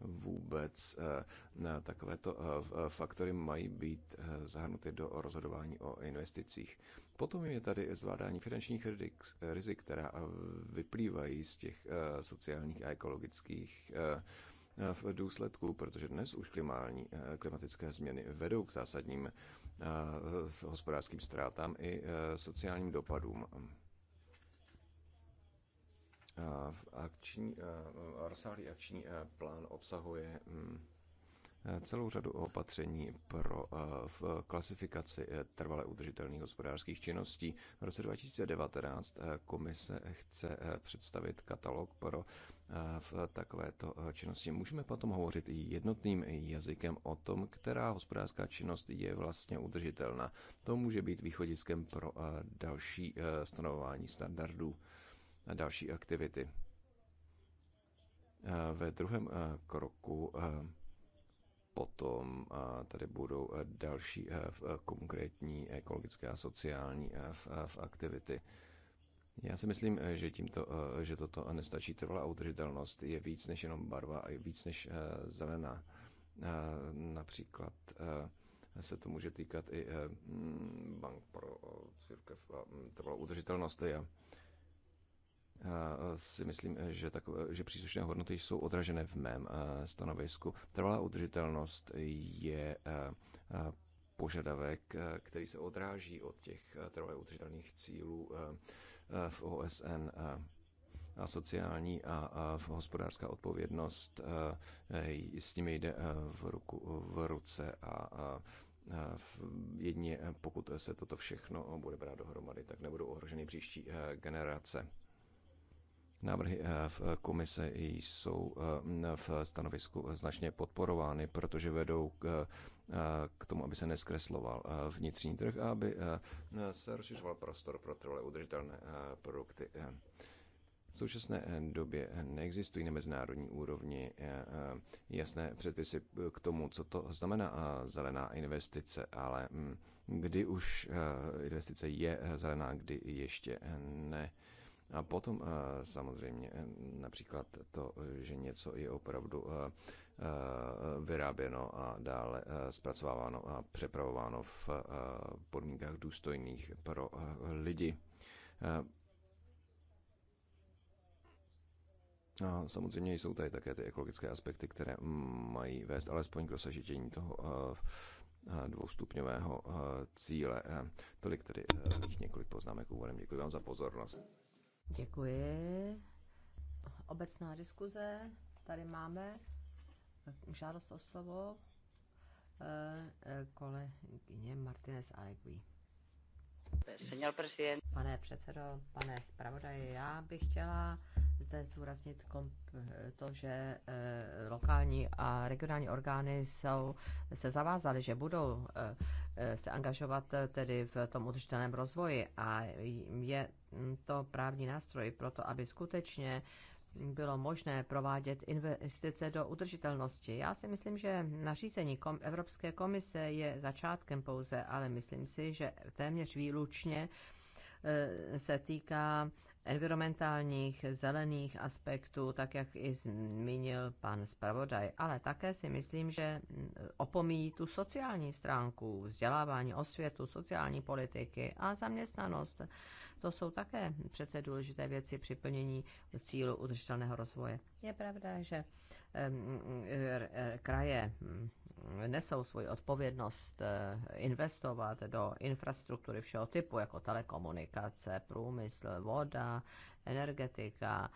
S1: vůbec takovéto faktory mají být zahrnuty do rozhodování o investicích. Potom je tady zvládání finančních rizik, která vyplývají z těch sociálních a ekologických v důsledku, protože dnes už klimální, klimatické změny vedou k zásadním hospodářským ztrátám i sociálním dopadům. Akční, rozsáhlý akční plán obsahuje mm, celou řadu opatření pro v klasifikaci e, trvale udržitelných hospodářských činností. V roce 2019 e, komise chce e, představit katalog pro v takovéto činnosti. Můžeme potom hovořit i jednotným jazykem o tom, která hospodářská činnost je vlastně udržitelná. To může být východiskem pro další stanovování standardů a další aktivity. Eh, ve druhém eh, kroku eh, potom tady budou další konkrétní ekologické a sociální aktivity. Já si myslím, že, tímto, že toto nestačí. Trvalá udržitelnost je víc než jenom barva a je víc než zelená. Například se to může týkat i bank pro církev a mm, trvalou udržitelnost. Já si myslím, že, takové, že příslušné hodnoty jsou odražené v mém stanovisku. Trvalá udržitelnost je požadavek, který se odráží od těch trvalé udržitelných cílů v OSN a sociální a, a hospodářská odpovědnost s nimi jde v, ruku, v ruce a, a jedině pokud se toto všechno bude brát dohromady, tak nebudou ohroženy příští generace. Návrhy eh, v komise jsou eh, v stanovisku značně podporovány, protože vedou k, eh, k tomu, aby se neskresloval vnitřní trh a aby se rozšiřoval prostor pro trvalé udržitelné produkty. V současné době neexistují na mezinárodní úrovni jasné předpisy k tomu, co to znamená zelená investice, ale hm, kdy už investice je zelená, kdy ještě ne. A potom eh, samozřejmě eh, například to, eh, že něco je opravdu vyráběno a dále zpracováváno a přepravováno v podmínkách důstojných pro lidi. A samozřejmě jsou tady také ty ekologické aspekty, které mají vést alespoň k dosažitění toho dvoustupňového cíle. Tolik tedy několik poznámek úvodem. Děkuji vám za pozornost.
S5: Děkuji. Obecná diskuze. Tady máme žádost o slovo eh, eh, kolegyně Martinez Alegui. Pane předsedo, pane zpravodaji, já bych chtěla zde zúraznit to, že eh, lokální a regionální orgány jsou, se zavázaly, že budou se angažovat tedy v tom udržitelném rozvoji a je to právní nástroj pro to, aby skutečně bylo možné provádět investice do udržitelnosti. Já si myslím, že nařízení kom- Evropské komise je začátkem pouze, ale myslím si, že téměř výlučně e, se týká environmentálních, zelených aspektů, tak jak i zmínil pan zpravodaj. Ale také si myslím, že opomíjí tu sociální stránku, vzdělávání, osvětu, sociální politiky a zaměstnanost. To jsou také přece důležité věci při plnění cílu udržitelného rozvoje. Je pravda, že er, er, kraje mm, nesou svoji odpovědnost eh, investovat do infrastruktury všeho typu, jako telekomunikace, průmysl, voda, energetika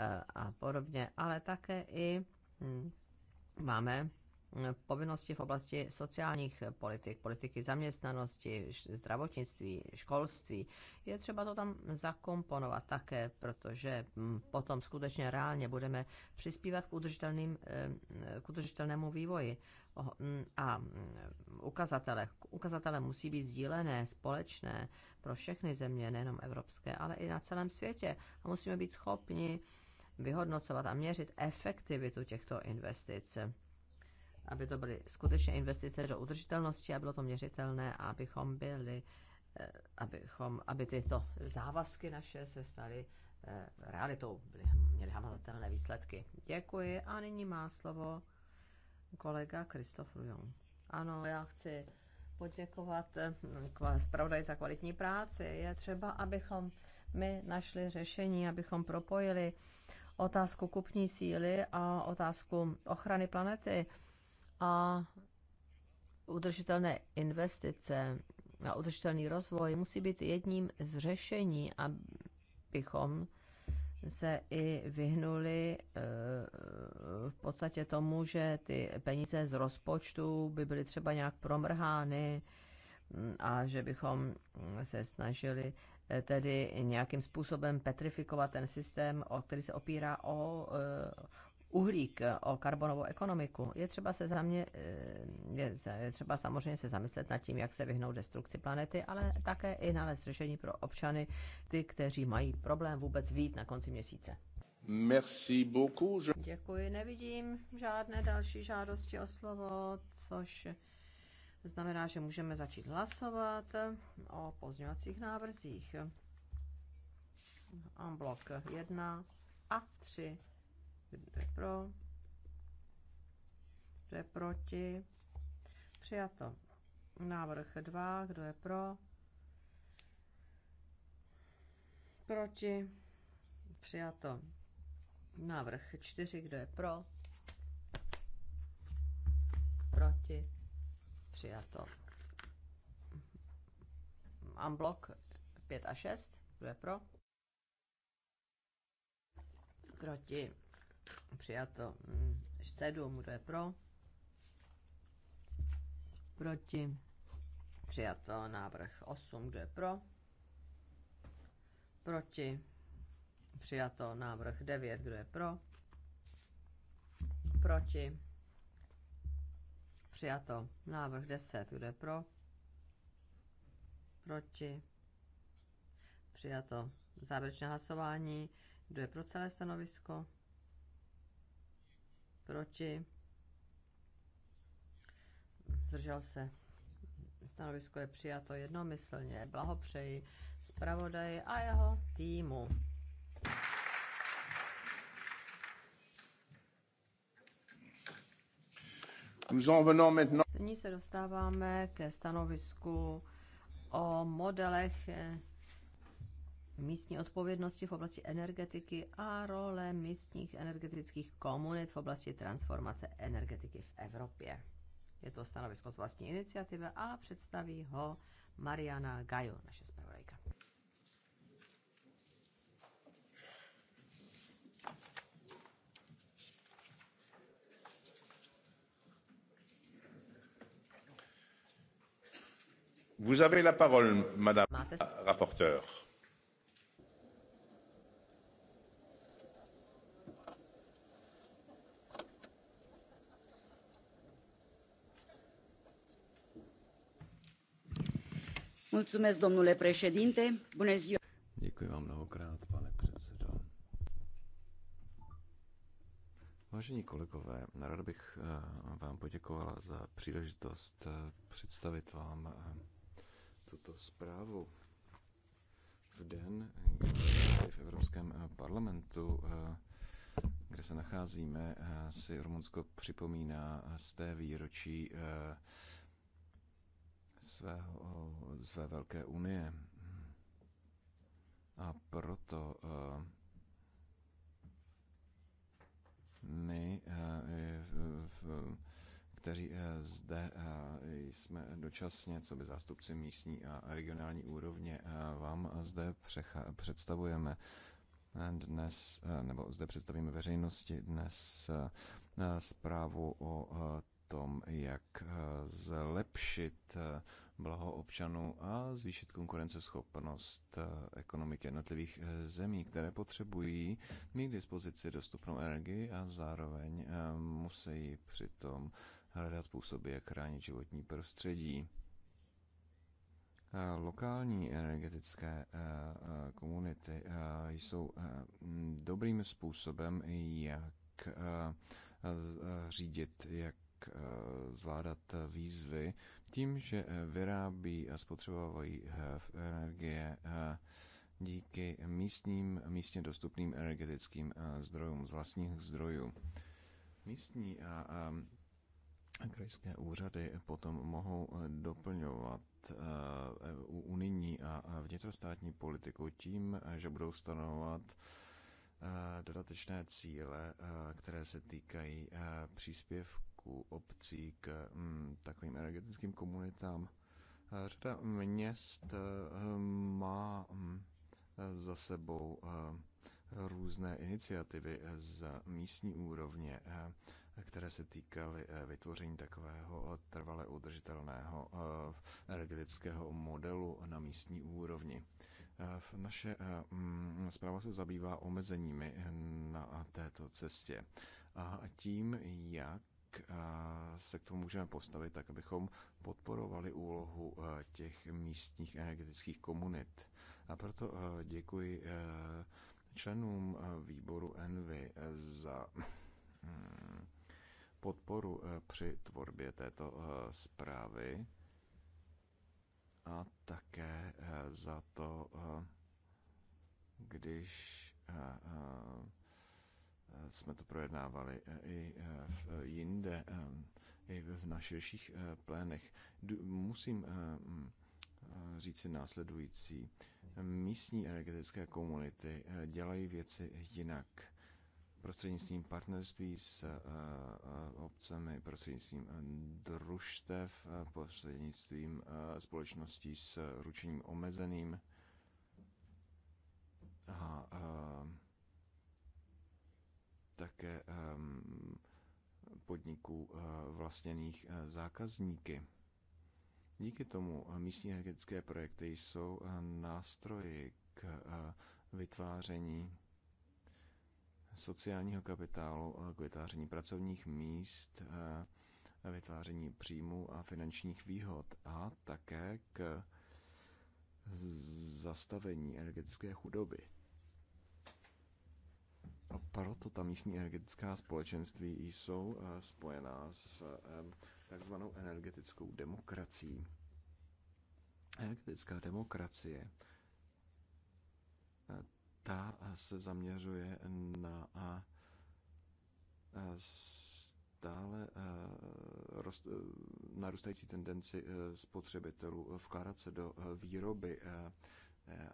S5: eh, a podobně, ale také i hm, máme povinnosti v oblasti sociálních politik, politiky zaměstnanosti, zdravotnictví, školství. Je třeba to tam zakomponovat také, protože mm, potom skutečně reálně budeme přispívat k, udržitelným, eh, k udržitelnému vývoji. Mm, a mm, ukazatele. Ukazatele musí být sdílené, společné pro všechny země, nejenom evropské, ale i na celém světě. A musíme být schopni vyhodnocovat a měřit efektivitu těchto investic aby to byly skutečně investice do udržitelnosti a bylo to měřitelné, abychom byli, eh, abychom, aby tyto závazky naše se staly eh, realitou, byly, měly hmatatelné výsledky. Děkuji a nyní má slovo kolega Kristof Rujon. Ano, já chci poděkovat eh, zpravodaj za kvalitní práci. Je třeba, abychom my našli řešení, abychom propojili otázku kupní síly a otázku ochrany planety a udržitelné investice a udržitelný rozvoj musí být jedním z řešení, abychom se i vyhnuli eh, v podstatě tomu, že ty peníze z rozpočtu by byly třeba nějak promrhány mm, a že bychom se snažili eh, tedy nějakým způsobem petrifikovat ten systém, o který se opírá o eh, uhlík, eh, o karbonovou ekonomiku, je třeba, se zamě, eh, je, je třeba samozřejmě se zamyslet nad tím, jak se vyhnout destrukci planety, ale také i nalézt řešení pro občany, ty, kteří mají problém vůbec vít na konci měsíce.
S3: Merci beaucoup.
S5: Je... Děkuji, nevidím žádné další žádosti o slovo, což znamená, že můžeme začít hlasovat o pozměňovacích návrzích. Unblock 1 a 3. Kdo je pro? Kdo je proti? Přijato. Návrh 2. Kdo je pro? Proti? Přijato. Návrh 4. Kdo je pro? Proti? Přijato. Amblok 5 a 6. Kdo je pro? Proti? Přijato 7, mm, kdo je pro? Proti. Přijato návrh 8, kdo je pro? Proti. Přijato návrh 9, kdo je pro? Proti. Přijato návrh 10, kdo je pro? Proti. Přijato závěrečné hlasování. Kdo je pro celé stanovisko? proti, zdržel se. Stanovisko je přijato jednomyslně. Blahopřeji zpravodaji a jeho týmu. Nyní se dostáváme ke stanovisku o modelech místní odpovědnosti v oblasti energetiky a role místních energetických komunit v oblasti transformace energetiky v Evropě. Je to stanovisko z vlastní iniciativy a představí ho Mariana Gajo, naše zpravodajka.
S3: Vous avez la parole, madame la rapporteure.
S1: Mulțumesc, domnule președinte. Bună ziua. Děkuji vám mnohokrát, pane předsedo. Vážení kolegové, ráda bych eh, vám poděkovala za příležitost eh, představit vám eh, tuto zprávu. V den, kdy v Evropském parlamentu, kde se nacházíme, si Rumunsko připomíná z té výročí svého, své velké unie. A proto eh, my, eh, kteří eh, zde jsme dočasně, co by zástupci místní a regionální úrovně, vám zde představujeme dnes, nebo zde představíme veřejnosti dnes zprávu o tom, jak eh, zlepšit eh, blaho občanů a zvýšit konkurenceschopnost eh, ekonomiky jednotlivých zemí, které potřebují mít k dispozici dostupnou energii a zároveň musí přitom hledat způsoby, jak chránit životní prostředí. Lokální energetické komunity jsou dobrým způsobem, jak řídit jak Eh, zvládat eh, výzvy tím, že eh, vyrábí a spotřebovají energie díky místním, místně dostupným energetickým zdrojům z vlastních zdrojů. Místní a, krajské úřady potom mohou doplňovat unijní a vnitrostátní politiku tím, že budou stanovat dodatečné cíle, které se týkají příspěvku parků, obcí, k mm, takovým energetickým komunitám. Eh, řada měst eh, má mm, za sebou eh, různé iniciativy z místní úrovně, které se týkaly vytvoření takového trvale udržitelného energetického modelu na místní úrovni. Naše mm, zpráva se zabývá omezeními na této cestě a tím, jak Eh, se k tomu můžeme postavit tak, abychom podporovali úlohu eh, těch místních energetických komunit. A proto eh, děkuji členům výboru Envy za mm, podporu při tvorbě této zprávy a také za to, když jsme to projednávali eh, i eh, eh, jinde, i v našich plénech. Musím mm, říci následující. Místní energetické komunity dělají věci jinak. Prostřednictvím partnerství s obcemi, prostřednictvím družstev, prostřednictvím společností s ručením omezeným. A, a také ehm, podniků eh, vlastněných eh, zákazníky. Díky tomu eh, místní energetické projekty jsou nástroji k vytváření sociálního kapitálu, k vytváření pracovních míst, vytváření příjmů a finančních výhod a také k zastavení energetické chudoby proto ta místní energetická společenství jsou eh, spojená s eh, takzvanou energetickou demokracií. Energetická demokracie eh, ta se zaměřuje na stále narůstající tendenci spotřebitelů vkládat se do výroby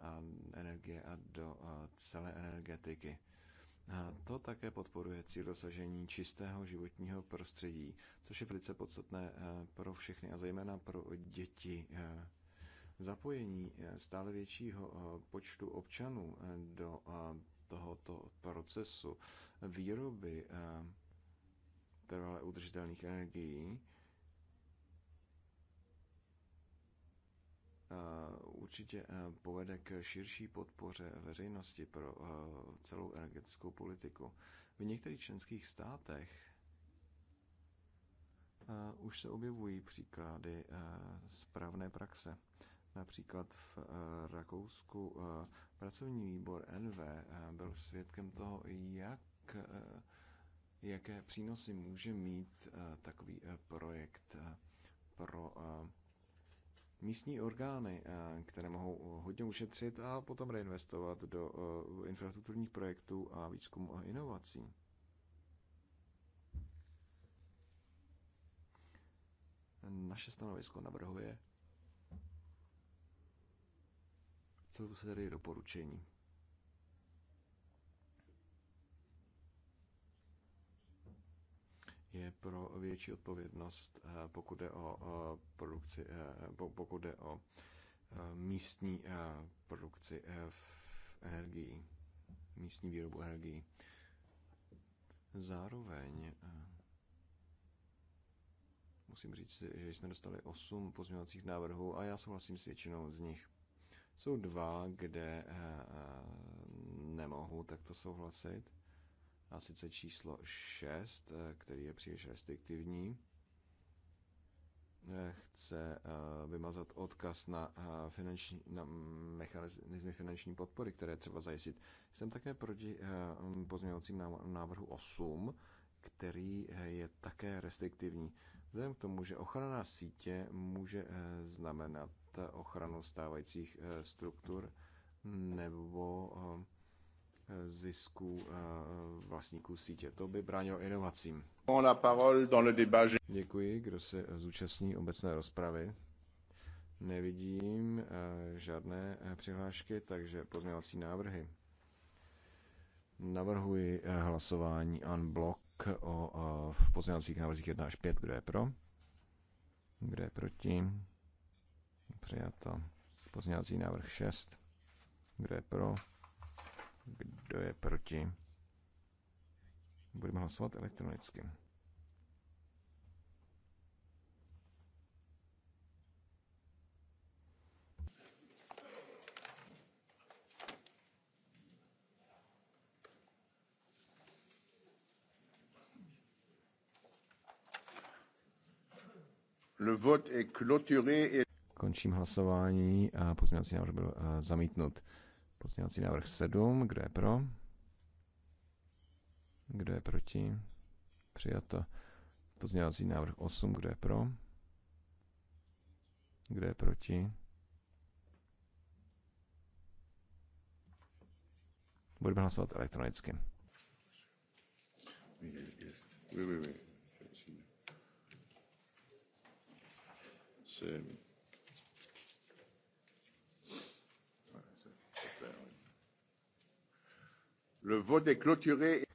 S1: a energie a do celé energetiky. A to také podporuje cíl dosažení čistého životního prostředí, což je velice podstatné eh, pro všechny a zejména pro děti. Eh, zapojení eh, stále většího počtu občanů do tohoto procesu výroby trvale udržitelných energií Eh, určitě eh, povede k širší podpoře veřejnosti pro eh, celou energetickou politiku. V některých členských státech už se objevují příklady správné praxe. Například v Rakousku pracovní výbor NV byl svědkem toho, jak, jaké přínosy může mít takový projekt pro místní orgány, eh, které mohou eh, hodně ušetřit a potom reinvestovat do eh, infrastrukturních projektů a výzkumu a inovací. Naše stanovisko navrhuje celou sérii doporučení. je pro větší odpovědnost, eh, pokud jde o eh, produkci, eh, pokud jde o místní produkci energii, místní výrobu energii. Zároveň musím říct, že jsme dostali 8 pozměňovacích návrhů a já souhlasím s většinou z nich. Jsou dva, kde nemohu takto souhlasit a sice číslo 6, eh, který je příliš restriktivní, eh, chce eh, vymazat odkaz na, finanční, na mechanizmy finanční podpory, které třeba zajistit. Jsem také proti pozměňovacím návrhu 8, který je také restriktivní. Vzhledem k tomu, že ochrana sítě může znamenat ochranu stávajících struktur nebo zisku eh, vlastníků sítě. To by bránilo inovacím. Děkuji, kdo se zúčastní obecné rozpravy. Nevidím eh, žádné eh, přihlášky, takže pozměňovací návrhy. Navrhuji hlasování unblock o v pozměňovacích návrzích 1 až 5. Kdo je pro? Kdo je proti? Přijato. Pozměňovací návrh 6. Kdo je pro? Kdo je proti? Budeme hlasovat elektronicky.
S3: Le vote est clôturé et...
S1: Končím hlasování a pozměňovací návrh byl eh, zamítnut. Pozměňovací návrh 7, kdo je pro? Kdo je proti? Přijato. Pozměňovací návrh 8, kdo je pro? Kdo je proti? Budeme hlasovat elektronicky.
S3: Oui, oui, oui. C'est...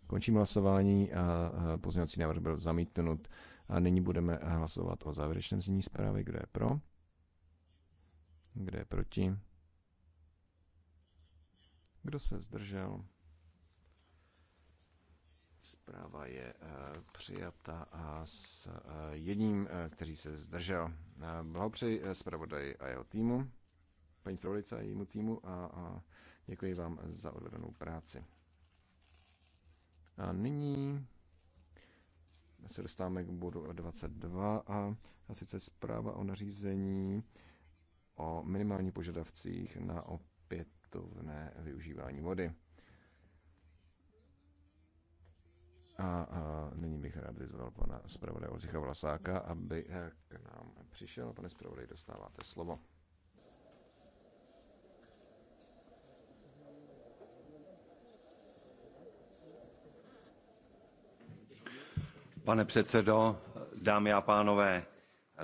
S1: Končím hlasování a pozměňovací návrh byl zamítnut. A nyní budeme hlasovat o závěrečném znění zprávy. Kdo je pro? Kdo je proti? Kdo se zdržel? Zpráva je eh, přijata a s eh, jedním, eh, který se zdržel. Blahopřeji zpravodaji a jeho týmu, paní zpravodajce a jejímu týmu a, a děkuji vám za odvedenou práci. A nyní se dostáváme k bodu 22 a, a sice zpráva o nařízení o minimálních požadavcích na opětovné využívání vody. A, a nyní bych rád vyzval pana zpravodaje Oldřicha Vlasáka, aby eh, k nám přišel. Pane zpravodaj, dostáváte slovo.
S2: Pane předsedo, dámy a pánové,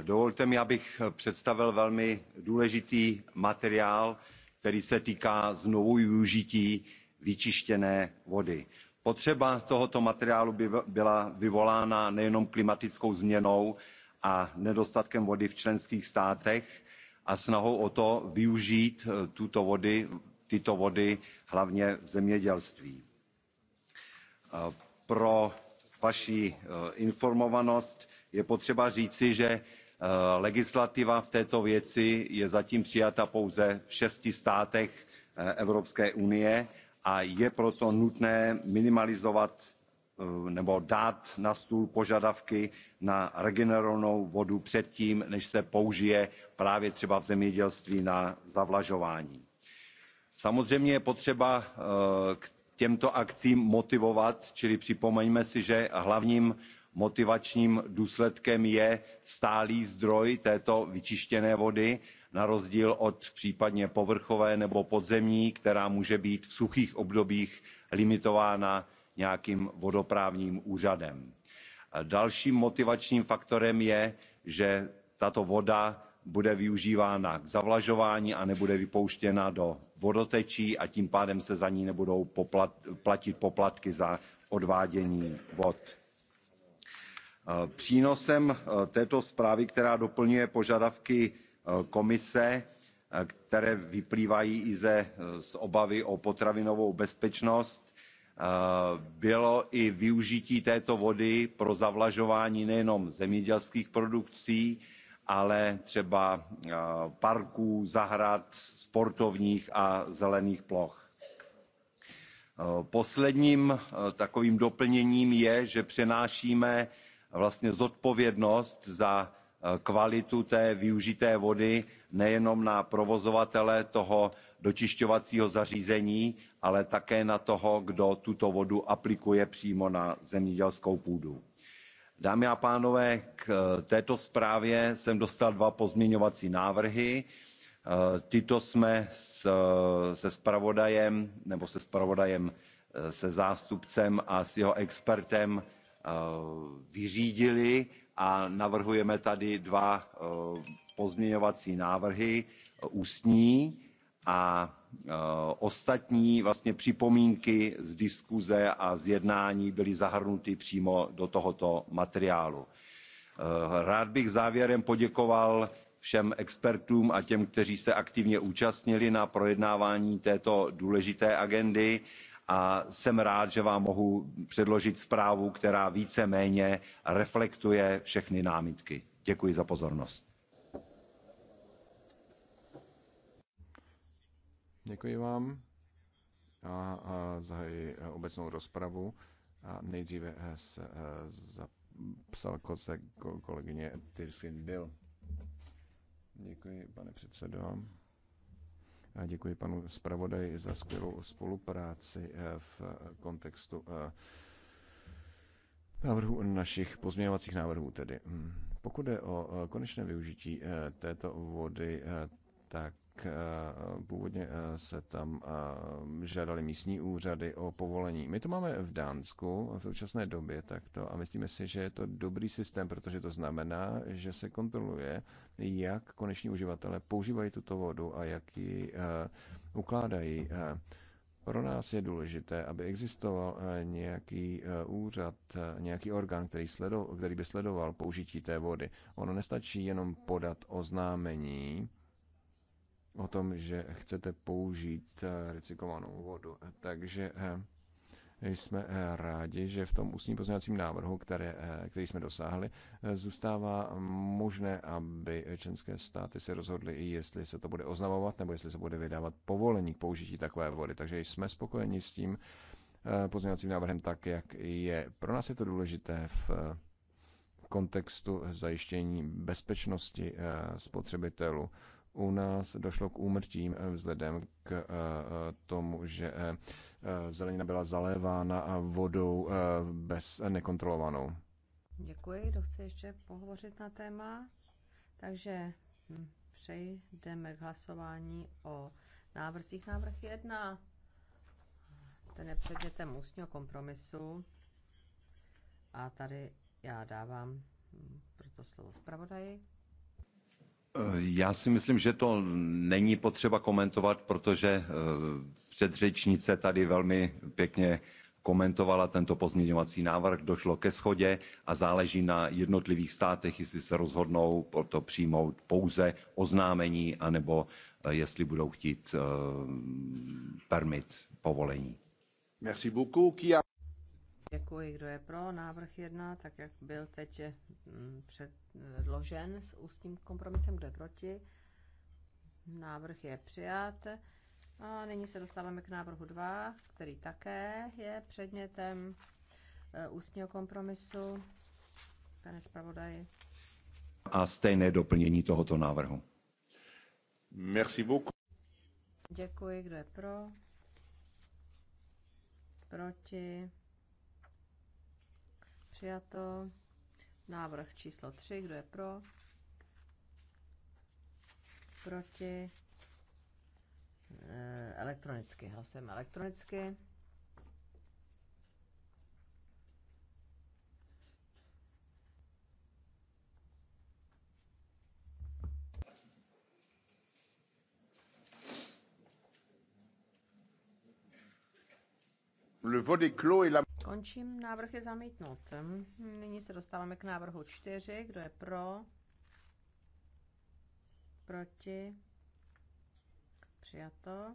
S2: dovolte mi, abych představil velmi důležitý materiál, který se týká znovu využití vyčištěné vody. Potřeba tohoto materiálu by byla vyvolána nejenom klimatickou změnou a nedostatkem vody v členských státech a snahou o to využít eh, tuto vody, tyto vody hlavně v zemědělství. Eh, pro vaši eh, informovanost je potřeba říci že eh, legislativa v této věci je zatím přijata pouze v šesti státech eh, evropské unie a je proto nutné minimalizovat nebo dát na stůl požadavky na regenerovanou vodu předtím než se použije právě třeba v zemědělství na zavlažování. samozřejmě je potřeba k těmto akcím motivovat čili připomeňme si že hlavním motivačním důsledkem je stálý zdroj této vyčištěné vody na rozdíl od případně povrchové nebo podzemní která může být v suchých obdobích limitována nějakým vodoprávním úřadem. dalším motivačním faktorem je že tato voda bude využívána k zavlažování a nebude vypouštěna do vodotečí a tím pádem se za ní nebudou poplat, platit poplatky za odvádění vod. Eh, přínosem eh, této zprávy, která doplňuje požadavky eh, komise, které vyplývají i ze, z obavy o potravinovou bezpečnost, bylo i využití této vody pro zavlažování nejenom zemědělských produkcí, ale třeba eh, parků, zahrad, sportovních a zelených ploch. Eh, posledním eh, takovým doplněním je, že přenášíme vlastně zodpovědnost za kvalitu té využité vody nejenom na provozovatele toho dočišťovacího zařízení, ale také na toho, kdo tuto vodu aplikuje přímo na zemědělskou půdu. Dámy a pánové, k eh, této zprávě jsem dostal dva pozměňovací návrhy. Eh, tyto jsme s, eh, se spravodajem nebo se spravodajem se zástupcem a s jeho expertem vyřídili a navrhujeme tady dva pozměňovací návrhy ústní a e, ostatní vlastně připomínky z diskuze a z jednání byly zahrnuty přímo do tohoto materiálu. E, rád bych závěrem poděkoval všem expertům a těm, kteří se aktivně účastnili na projednávání této důležité agendy a jsem rád, že vám mohu předložit zprávu, která více méně reflektuje všechny námitky. Děkuji za pozornost.
S1: Děkuji vám a, a zahají eh, obecnou rozpravu. A nejdříve eh, se eh, zapsal koce kolegyně Tyrskin Bill. Děkuji, pane předsedo. A děkuji panu zpravodaji za skvělou spolupráci v kontextu návrhu našich pozměňovacích návrhů tedy. Hmm. Pokud je o konečné využití této vody, tak Eh, původně eh, se tam eh, žádali místní úřady o povolení. My to máme v Dánsku v současné době takto a myslíme si, že je to dobrý systém, protože to znamená, že se kontroluje, jak koneční uživatelé používají tuto vodu a jak ji ukládají. Pro nás je důležité, aby existoval nějaký úřad, nějaký orgán, který, sledo, který by sledoval použití té vody. Ono nestačí jenom podat oznámení o tom, že chcete použít eh, recyklovanou vodu. Takže eh, jsme eh, rádi, že v tom ústním pozměňovacím návrhu, které, který jsme dosáhli, zůstává možné, aby členské státy se rozhodly, jestli se to bude oznamovat nebo jestli se bude vydávat povolení k použití takové vody. Takže jsme spokojeni s tím pozměňovacím návrhem tak, jak je. Pro nás je to důležité v kontextu zajištění bezpečnosti spotřebitelů u nás došlo k úmrtím eh, vzhledem k eh, eh, tomu, že zelenina byla zalévána vodou bez nekontrolovanou.
S5: Děkuji, kdo chce ještě pohovořit na téma. Takže hm, přejdeme k hlasování o návrzích. Návrh 1, ten je předmětem ústního kompromisu. A tady já dávám hm, proto slovo zpravodaji.
S2: Eh, já si myslím, že to není potřeba komentovat, protože eh, předřečnice tady velmi pěkně komentovala tento pozměňovací návrh, došlo ke schodě a záleží na jednotlivých státech, jestli se rozhodnou pro to přijmout pouze oznámení, anebo eh, jestli budou chtít permit, povolení. Merci beaucoup.
S5: Děkuji, kdo je pro návrh 1, tak jak byl teď eh, mm, předložen s ústním kompromisem, kdo je proti. Návrh je přijat. A nyní se dostáváme k návrhu 2, který také je předmětem eh, ústního kompromisu. Pane zpravodaji.
S2: A stejné doplnění tohoto návrhu. Merci beaucoup.
S5: Děkuji, kdo je pro? Proti? Přijato. Návrh číslo 3, kdo je pro? Proti? Eh, elektronicky, hlasujeme elektronicky.
S3: Le vote est clos et la...
S5: Končím, návrh je zamítnut. Nyní se dostáváme k návrhu 4. Kdo je pro? Proti? Přijato.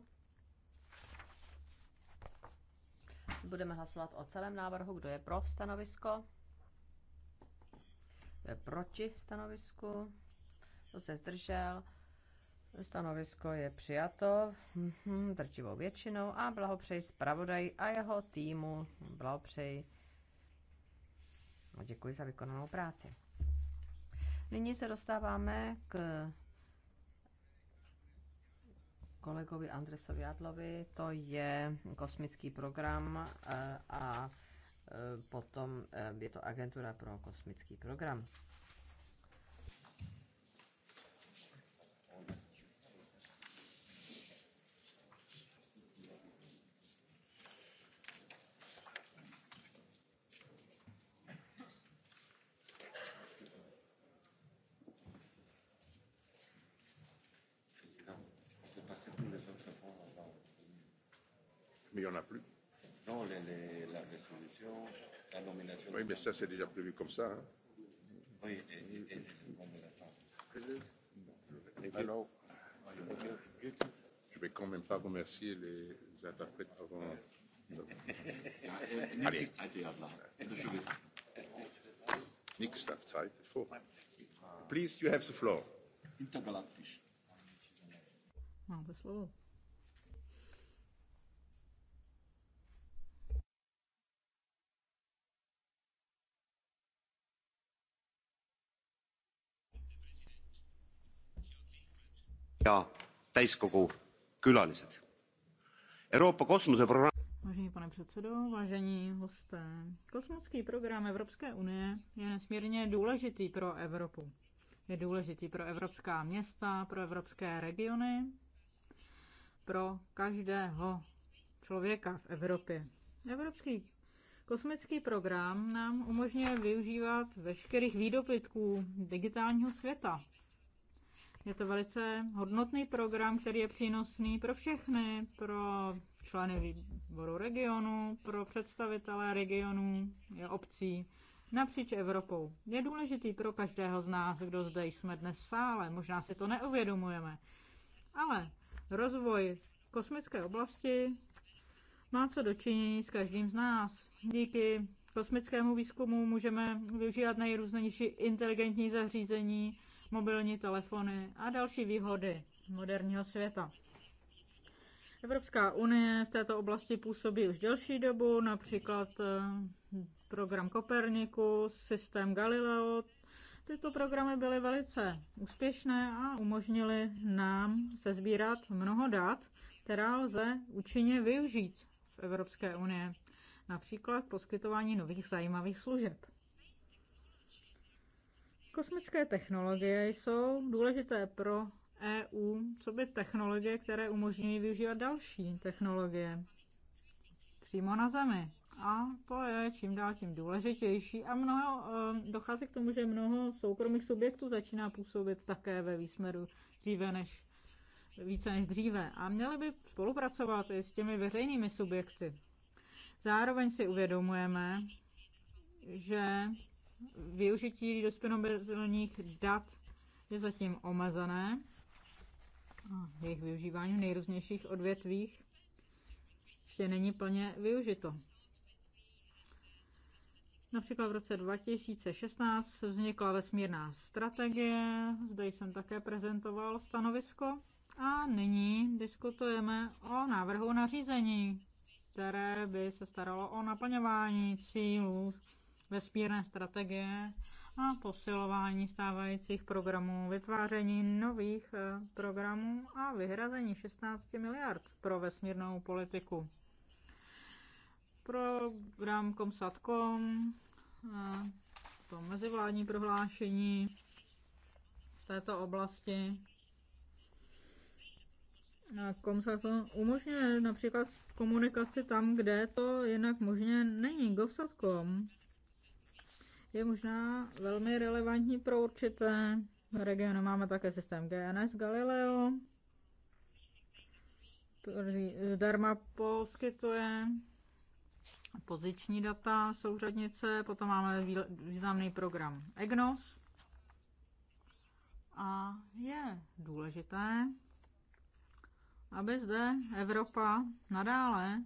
S5: Budeme hlasovat o celém návrhu. Kdo je pro stanovisko? Kdo je proti stanovisku? Kdo se zdržel? Stanovisko je přijato mhm, drtivou většinou a blahopřeji zpravodaj a jeho týmu. Blahopřeji a děkuji za vykonanou práci. Nyní se dostáváme k kolegovi Andresovi Adlovi. To je kosmický program e, a e, potom e, je to agentura pro kosmický program.
S2: nomination, la nomination. Oui, mais ça, c'est
S3: déjà prévu comme ça. Hein. Oui, et, et, et Alors,
S2: je
S3: vais quand même pas remercier les interprètes avant. Allez. Nix staat Zeit voor. Please, you have the floor.
S4: Intergalactisch. Máte slovo.
S2: ja täiskogu külalised. Euroopa kosmoseprogramm
S4: Vážený pane předsedo, vážení hosté, kosmický program Evropské unie je nesmírně důležitý pro Evropu. Je důležitý pro evropská města, pro evropské regiony, pro každého člověka v Evropě. Evropský kosmický program nám umožňuje využívat veškerých výdobytků digitálního světa, je to velice hodnotný program, který je přínosný pro všechny, pro členy výboru regionu, pro představitele regionů, obcí napříč Evropou. Je důležitý pro každého z nás, kdo zde jsme dnes v sále. Možná si to neuvědomujeme. Ale rozvoj kosmické oblasti má co dočinění s každým z nás. Díky kosmickému výzkumu můžeme využívat nejrůznější inteligentní zařízení, mobilní telefony a další výhody moderního světa. Evropská unie v této oblasti působí už delší dobu, například eh, program Copernicus, systém Galileo. Tyto programy byly velice úspěšné a umožnily nám sezbírat mnoho dat, která lze účinně využít v Evropské unie, například poskytování nových zajímavých služeb. Kosmické technologie jsou důležité pro EU, co by technologie, které umožňují využívat další technologie přímo na Zemi. A to je čím dál tím důležitější a mnoho, eh, dochází k tomu, že mnoho soukromých subjektů začíná působit také ve výsmeru dříve než více než dříve a měli by spolupracovat i s těmi veřejnými subjekty. Zároveň si uvědomujeme, že využití disponibilních dat je zatím omezené. Jejich využívání v nejrůznějších odvětvích ještě není plně využito. Například v roce 2016 vznikla vesmírná strategie, zde jsem také prezentoval stanovisko a nyní diskutujeme o návrhu nařízení, které by se staralo o naplňování cílů vesmírné strategie a posilování stávajících programů, vytváření nových eh, programů a vyhrazení 16 miliard pro vesmírnou politiku. Program Komsatkom, eh, to mezivládní prohlášení v této oblasti. Komsatkom umožňuje například komunikaci tam, kde to jinak možně není. Govsatkom je možná velmi relevantní pro určité regiony. Máme také systém GNS Galileo, který eh, zdarma poskytuje poziční data souřadnice, potom máme významný program EGNOS a je důležité, aby zde Evropa nadále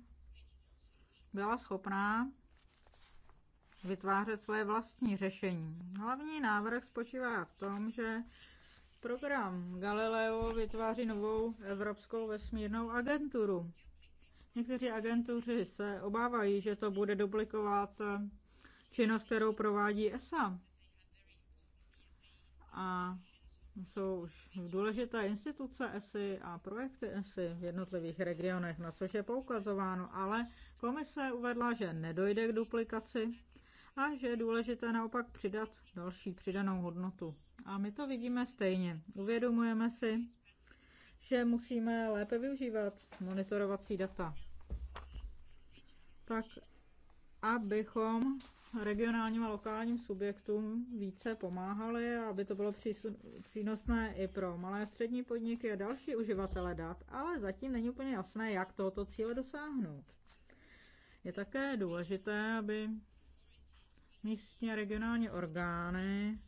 S4: byla schopná vytvářet svoje vlastní řešení. Hlavní návrh spočívá v tom, že program Galileo vytváří novou evropskou vesmírnou agenturu. Někteří agentuři se obávají, že to bude duplikovat činnost, kterou provádí ESA. A jsou už důležité instituce ESI a projekty ESI v jednotlivých regionech, na což je poukazováno, ale komise uvedla, že nedojde k duplikaci a že je důležité naopak přidat další přidanou hodnotu. A my to vidíme stejně. Uvědomujeme si, že musíme lépe využívat monitorovací data. Tak, abychom regionálním a lokálním subjektům více pomáhali aby to bylo přínosné i pro malé a střední podniky a další uživatele dat, ale zatím není úplně jasné, jak tohoto cíle dosáhnout. Je také důležité, aby místní a regionální orgány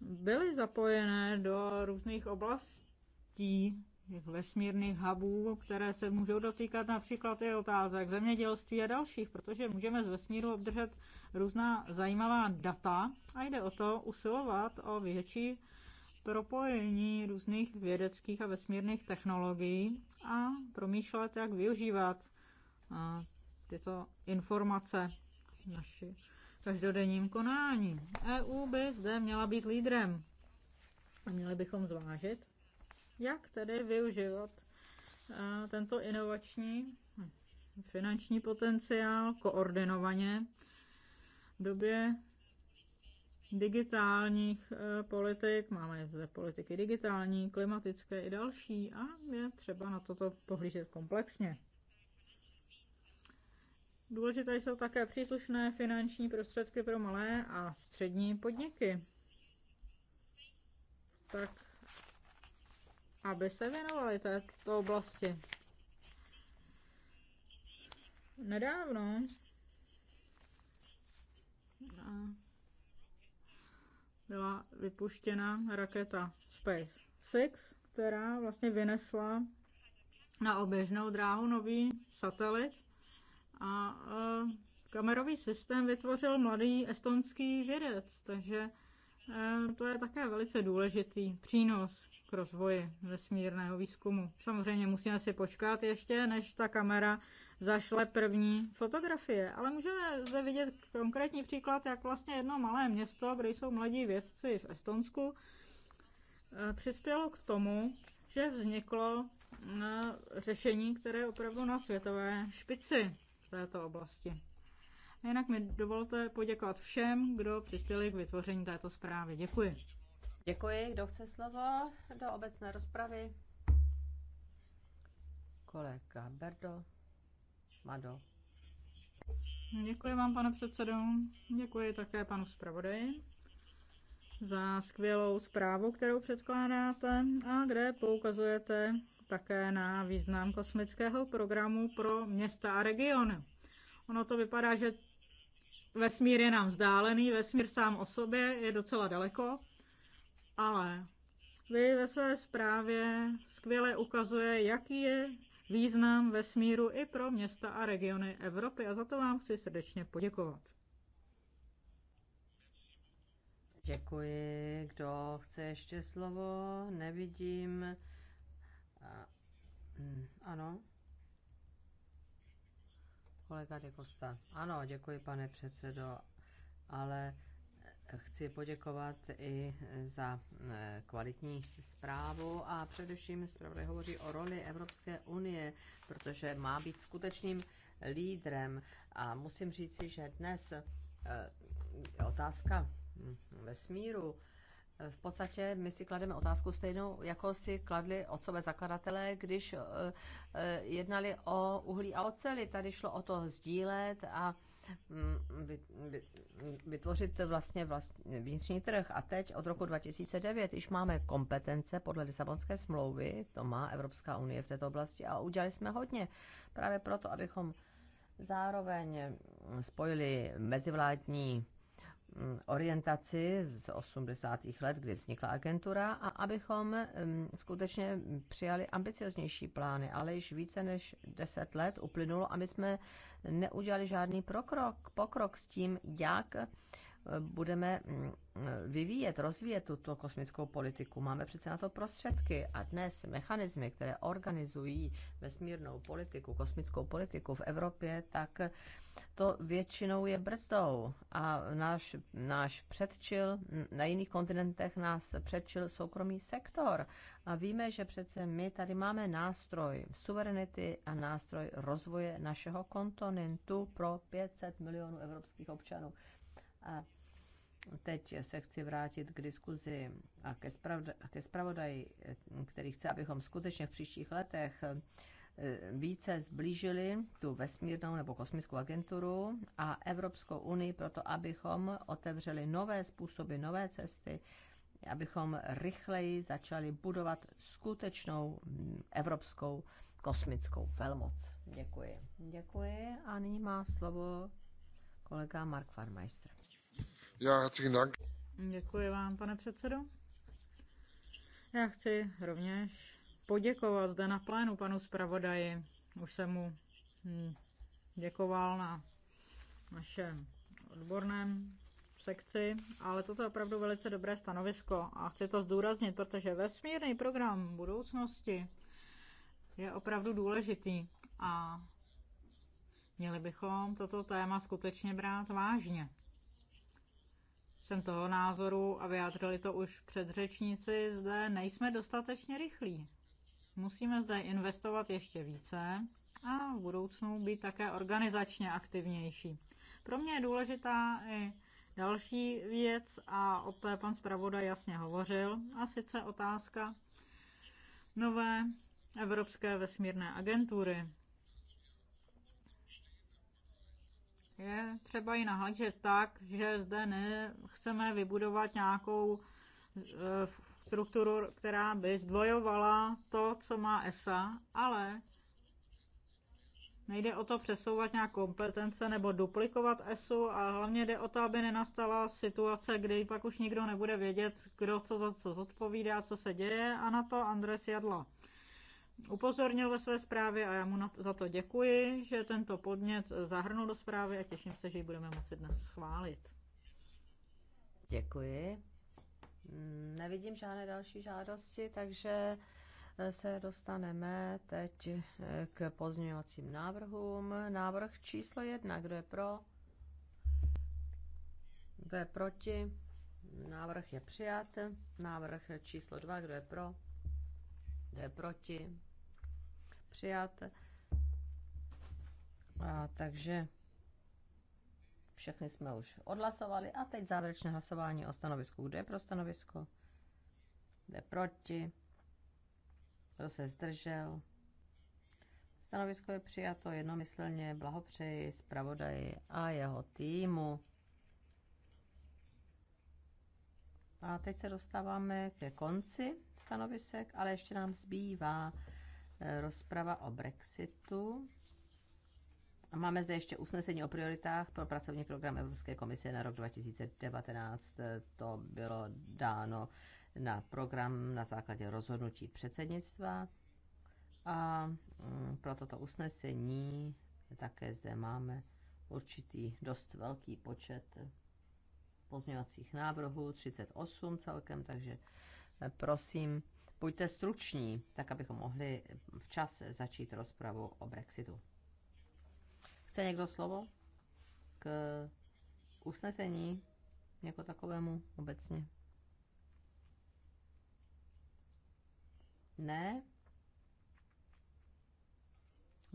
S4: byly zapojené do různých oblastí, těch vesmírných hubů, které se můžou dotýkat například i otázek zemědělství a dalších, protože můžeme z vesmíru obdržet různá zajímavá data a jde o to usilovat o větší propojení různých vědeckých a vesmírných technologií a promýšlet, jak využívat tyto informace v naší každodenním konání. EU by zde měla být lídrem. A měli bychom zvážit, jak tedy využívat e, tento inovační finanční potenciál koordinovaně v době digitálních e, politik, máme zde politiky digitální, klimatické i další a je třeba na toto pohlížet komplexně. Důležité jsou také příslušné finanční prostředky pro malé a střední podniky. Tak, aby se věnovali této oblasti. Nedávno byla vypuštěna raketa Space 6, která vlastně vynesla na oběžnou dráhu nový satelit, a kamerový e, systém vytvořil mladý estonský vědec, takže e, to je také velice důležitý přínos k rozvoji vesmírného výzkumu. Samozřejmě musíme si počkat ještě, než ta kamera zašle první fotografie, ale můžeme zde vidět konkrétní příklad, jak vlastně jedno malé město, kde jsou mladí vědci v Estonsku, e, přispělo k tomu, že vzniklo řešení, které je opravdu na světové špici této oblasti. A jinak mi dovolte poděkovat všem,
S5: kdo přispěli k vytvoření této zprávy. Děkuji. Děkuji. Kdo chce slovo do obecné rozpravy? Kolega Berdo
S4: Mado. Děkuji vám, pane předsedo. Děkuji také panu zpravodaji za skvělou zprávu, kterou předkládáte a kde poukazujete také na význam kosmického programu pro města a regiony. Ono to vypadá, že vesmír je nám vzdálený, vesmír sám o sobě je docela daleko, ale vy ve své zprávě skvěle ukazuje, jaký je význam vesmíru i pro města a regiony Evropy a za to vám chci srdečně poděkovat.
S5: Děkuji. Kdo chce ještě slovo? Nevidím. Mm, ano. Kolega de Costa. Ano, děkuji, pane předsedo, ale eh, chci poděkovat i za eh, kvalitní zprávu a především zpravodaj hovoří o roli Evropské unie, protože má být skutečným lídrem a musím říci, že dnes eh, otázka hm, vesmíru v podstatě my si klademe otázku stejnou, jako si kladli otcové zakladatelé, když eh, eh, jednali o uhlí a oceli. Tady šlo o to sdílet a mm, vytvořit vlastně, vlastně, vnitřní trh. A teď od roku 2009 již máme kompetence podle Lisabonské smlouvy, to má Evropská unie v této oblasti a udělali jsme hodně. Právě proto, abychom zároveň spojili mezivládní Mm, orientaci z 80. let, kdy vznikla agentura, a abychom mm, skutečně přijali ambicioznější plány, ale již více než 10 let uplynulo a my jsme neudělali žádný pokrok, pokrok s tím, jak budeme mm, vyvíjet, rozvíjet tuto kosmickou politiku. Máme přece na to prostředky a dnes mechanismy, které organizují vesmírnou politiku, kosmickou politiku v Evropě, tak to většinou je brzdou a náš, náš předčil na jiných kontinentech nás předčil soukromý sektor a víme, že přece my tady máme nástroj suverenity a nástroj rozvoje našeho kontinentu pro 500 milionů evropských občanů. A teď se chci vrátit k diskuzi a ke, spravda, ke spravodaji, který chce, abychom skutečně v příštích letech eh, více zblížili tu vesmírnou nebo kosmickou agenturu a Evropskou unii proto, abychom otevřeli nové způsoby, nové cesty, abychom rychleji začali budovat skutečnou mm, evropskou kosmickou velmoc. Děkuji. Děkuji a nyní má slovo kolega Mark Farmeister.
S2: Já chci Dank.
S4: Děkuji vám, pane předsedo. Já chci rovněž poděkovat zde na plénu panu zpravodaji. Už jsem mu hm, děkoval na našem odborném sekci, ale toto je opravdu velice dobré stanovisko a chci to zdůraznit, protože vesmírný program budoucnosti je opravdu důležitý a Měli bychom toto téma skutečně brát vážně. Jsem toho názoru a vyjádřili to už předřečníci, zde nejsme dostatečně rychlí. Musíme zde investovat ještě více a v budoucnu být také organizačně aktivnější. Pro mě je důležitá i další věc a o té pan zpravodaj jasně hovořil, a sice otázka nové Evropské vesmírné agentury. Je třeba ji nahlížet tak, že zde nechceme vybudovat nějakou e, strukturu, která by zdvojovala to, co má ESA, ale nejde o to přesouvat nějak kompetence nebo duplikovat ESU a hlavně jde o to, aby nenastala situace, kdy pak už nikdo nebude vědět, kdo co za co zodpovídá, co se děje a na to Andres Jadla upozornil ve své zprávě a já mu za to děkuji, že tento podnět zahrnul do zprávy a těším se, že ji budeme moci dnes schválit.
S5: Děkuji. Nevidím žádné další žádosti, takže se dostaneme teď k pozměňovacím návrhům. Návrh číslo jedna, kdo je pro? Kdo je proti? Návrh je přijat. Návrh číslo dva, kdo je pro? proti, přijat. A takže všechny jsme už odhlasovali a teď závěrečné hlasování o stanovisku. Kdo je pro stanovisko? Kdo je proti? Kdo se zdržel? Stanovisko je přijato jednomyslně, blahopřeji zpravodaji a jeho týmu. A teď se dostáváme ke konci stanovisek, ale ještě nám zbývá eh, rozprava o Brexitu. A máme zde ještě usnesení o prioritách pro pracovní program Evropské komise na rok 2019. Eh, to bylo dáno na program na základě rozhodnutí předsednictva. A mm, pro toto usnesení také zde máme určitý dost velký počet pozměňovacích návrhů, 38 celkem, takže eh, prosím, buďte struční, tak abychom mohli včas začít rozpravu o Brexitu. Chce někdo slovo k usnesení jako takovému obecně? Ne?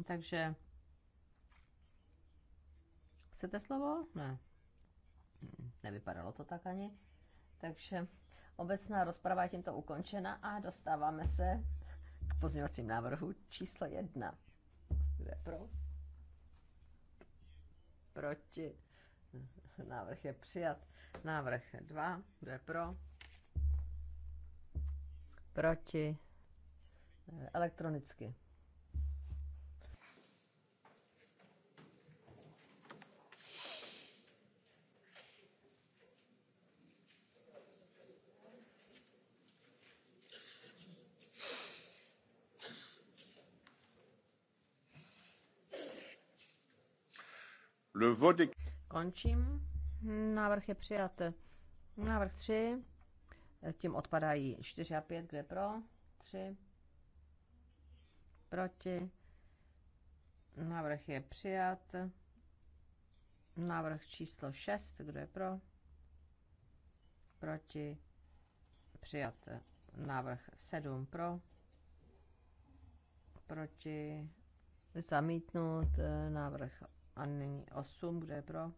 S5: Takže chcete slovo? Ne. Nevypadalo to tak ani. Takže obecná rozprava je tímto ukončena a dostáváme se k pozměňovacím návrhu číslo jedna. Kdo je pro? Proti. Návrh je přijat. Návrh dva. Kdo je pro? Proti. Elektronicky. Le vote est... Končím. Návrh je přijat. Návrh 3. Tím odpadají 4 a 5. Kde pro? 3. Proti. Návrh je přijat. Návrh číslo 6. Kdo je pro? Proti. Přijat. Návrh 7 pro. Proti. Zamítnout návrh a nyní 8, kde je pro?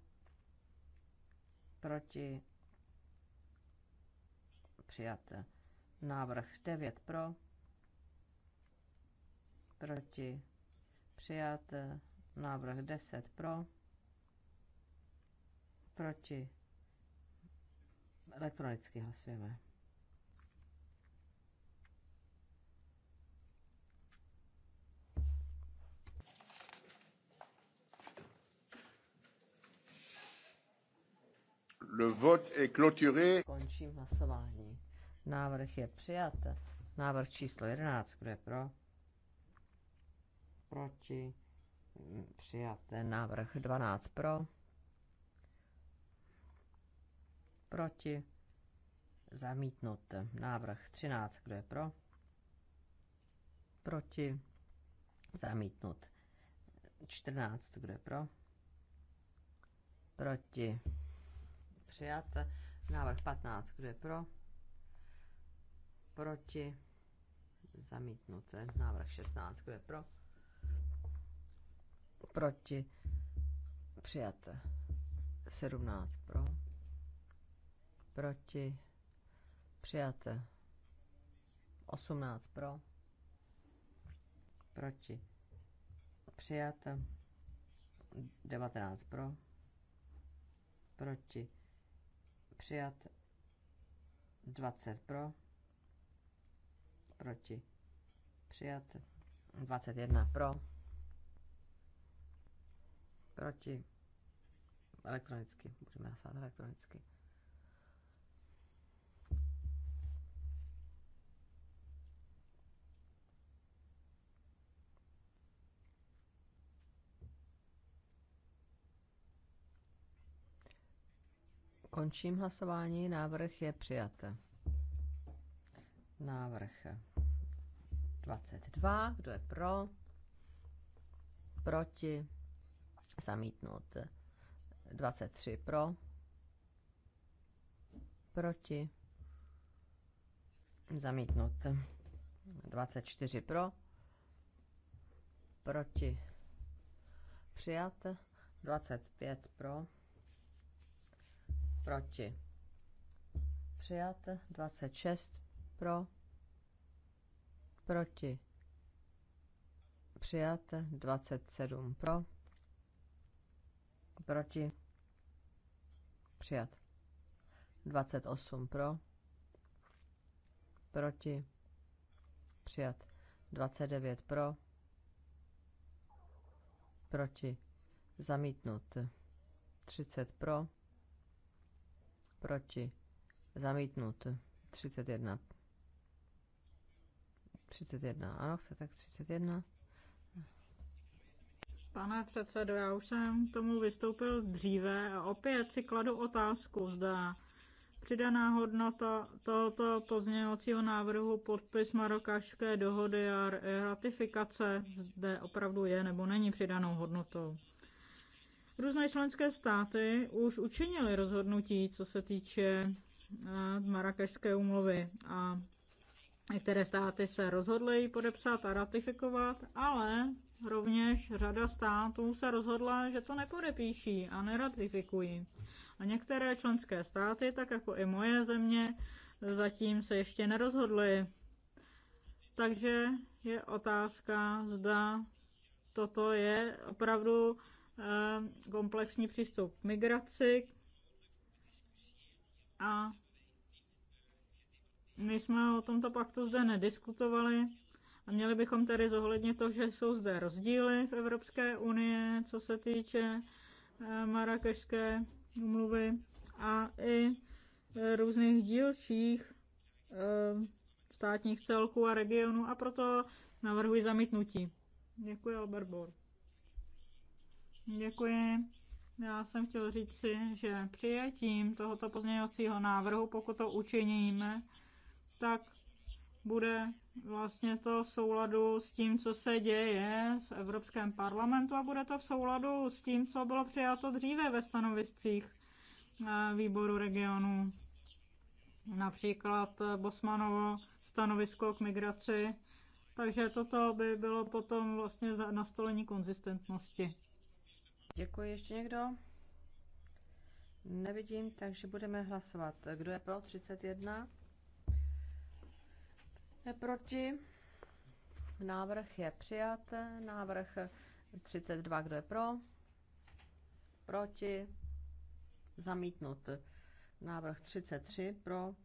S5: Proti. Přijaté. Návrh 9 pro. Proti. Přijaté. Návrh 10 pro. Proti. Elektronicky hlasujeme. Le vote est clôturé. Končím hlasování. Návrh je přijat. Návrh číslo 11. Kdo je pro? Proti? Přijat. Návrh 12 pro. Proti? Zamítnut. Návrh 13. Kdo je pro? Proti? Zamítnut. 14. Kdo je pro? Proti? přijat. Návrh 15, kdo je pro? Proti? Zamítnut. Návrh 16, kdo je pro? Proti? Přijat. 17 pro. Proti? Přijat. 18 pro. Proti? Přijat. 19 pro. Proti? přijat 20 pro, proti, přijat 21 pro, proti, elektronicky, budeme hlasovat elektronicky. Končím hlasování. Návrh je přijat. Návrh 22. Kdo je pro? Proti? Zamítnut. 23 pro. Proti? Zamítnut. 24 pro. Proti? Přijat. 25 pro proti. Přijat 26 pro, proti. Přijat 27 pro, proti. Přijat 28 pro, proti. Přijat 29 pro, proti. Zamítnut 30 pro proti, zamítnut, 31, 31, ano, chce tak 31. Pane
S4: předsedo, já už jsem tomu vystoupil dříve a opět si kladu otázku, zda přidaná hodnota tohoto pozměňovacího návrhu podpis Marokašské dohody a ratifikace zde opravdu je nebo není přidanou hodnotou. Různé členské státy už učinily rozhodnutí, co se týče eh, Marrakešské umluvy a Některé státy se rozhodly ji podepsat a ratifikovat, ale rovněž řada států se rozhodla, že to nepodepíší a neratifikují. A některé členské státy, tak jako i moje země, zatím se ještě nerozhodly. Takže je otázka, zda toto je opravdu Eh, komplexní přístup k migraci a my jsme o tomto paktu zde nediskutovali a měli bychom tedy zohlednit to, že jsou zde rozdíly v Evropské unii, co se týče eh, Marrakešské umluvy a i eh, různých dílčích státních celků a regionů a proto navrhuji zamítnutí. Děkuji, Albert Bor. Děkuji. Já jsem chtěl říct si, že přijetím tohoto pozměňovacího návrhu, pokud to učiníme, tak bude vlastně to v souladu s tím, co se děje v Evropském parlamentu a bude to v souladu s tím, co bylo přijato dříve ve stanoviscích eh, výboru regionu. Například eh, Bosmanovo stanovisko k migraci. Takže toto by bylo potom vlastně nastolení konzistentnosti.
S5: Děkuji. Ještě někdo? Nevidím, takže budeme hlasovat. Kdo je pro 31? Je proti? Návrh je přijat. Návrh 32, kdo je pro? Proti? Zamítnut. Návrh 33 pro?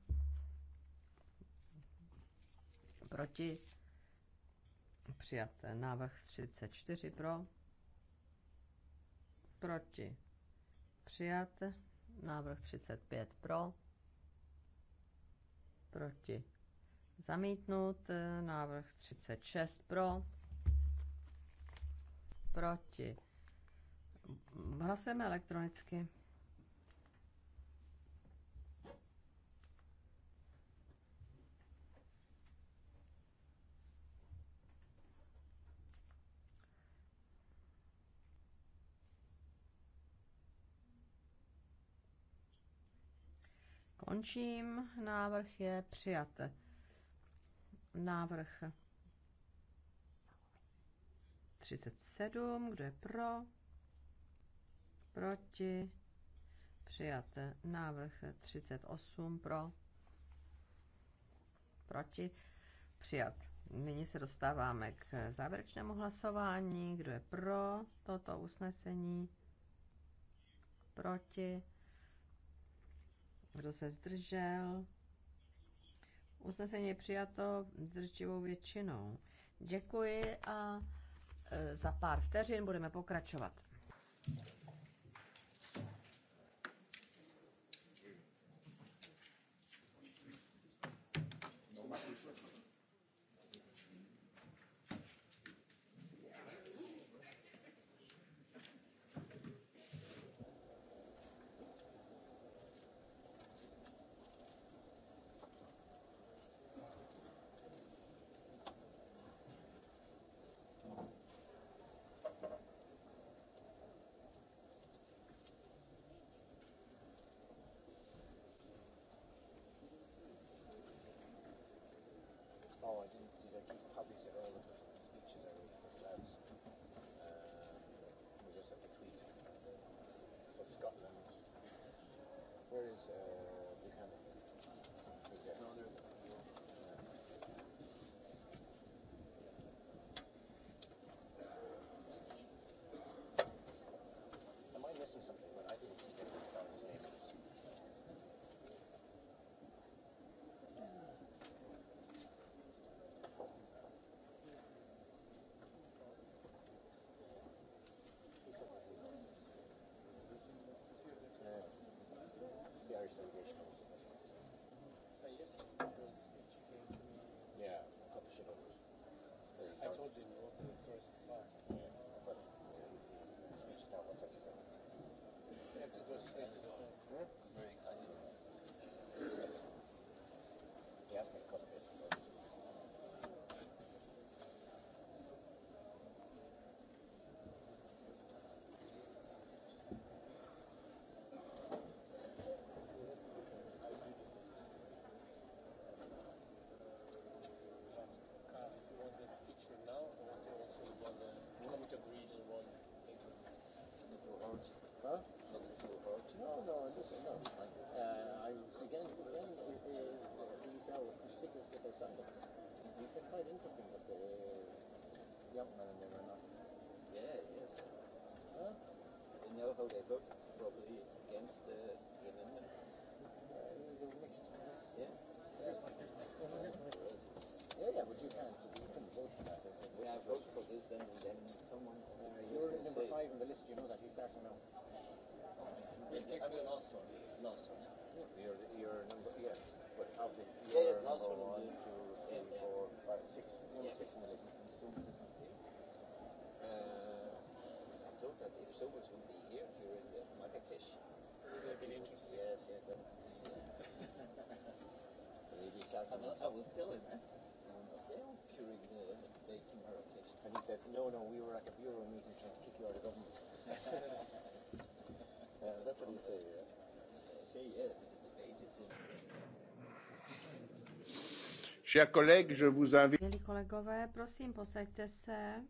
S5: Proti? Přijat. Návrh 34 pro? proti, přijat. Návrh 35 pro, proti, zamítnut. Návrh 36 pro, proti. Hlasujeme elektronicky. končím. Návrh je přijat. Návrh 37. Kdo je pro? Proti? Přijat. Návrh 38. Pro? Proti? Přijat. Nyní se dostáváme k závěrečnému hlasování. Kdo je pro toto usnesení? Proti? Kdo se zdržel? Usnesení je přijato zdrživou většinou. Děkuji a e, za pár vteřin budeme pokračovat.
S1: Hm? We'll take the last one. Last one. Yeah. Your, your number, yeah. But how the, yeah, yeah, last one, one, two, three, yeah, four, five, six. yeah. six in the list. Uh, I thought that if someone would be here during the Marrakesh, would have been interesting. Yes, yeah. That, yeah. Maybe I will, I will tell him, eh? no, no, during the, the Marrakesh. And he said, no, no, we were at the bureau meeting trying to kick you out of government yeah,
S2: that's what yeah? Say,
S3: Milí
S5: kolegové, prosím, posaďte se.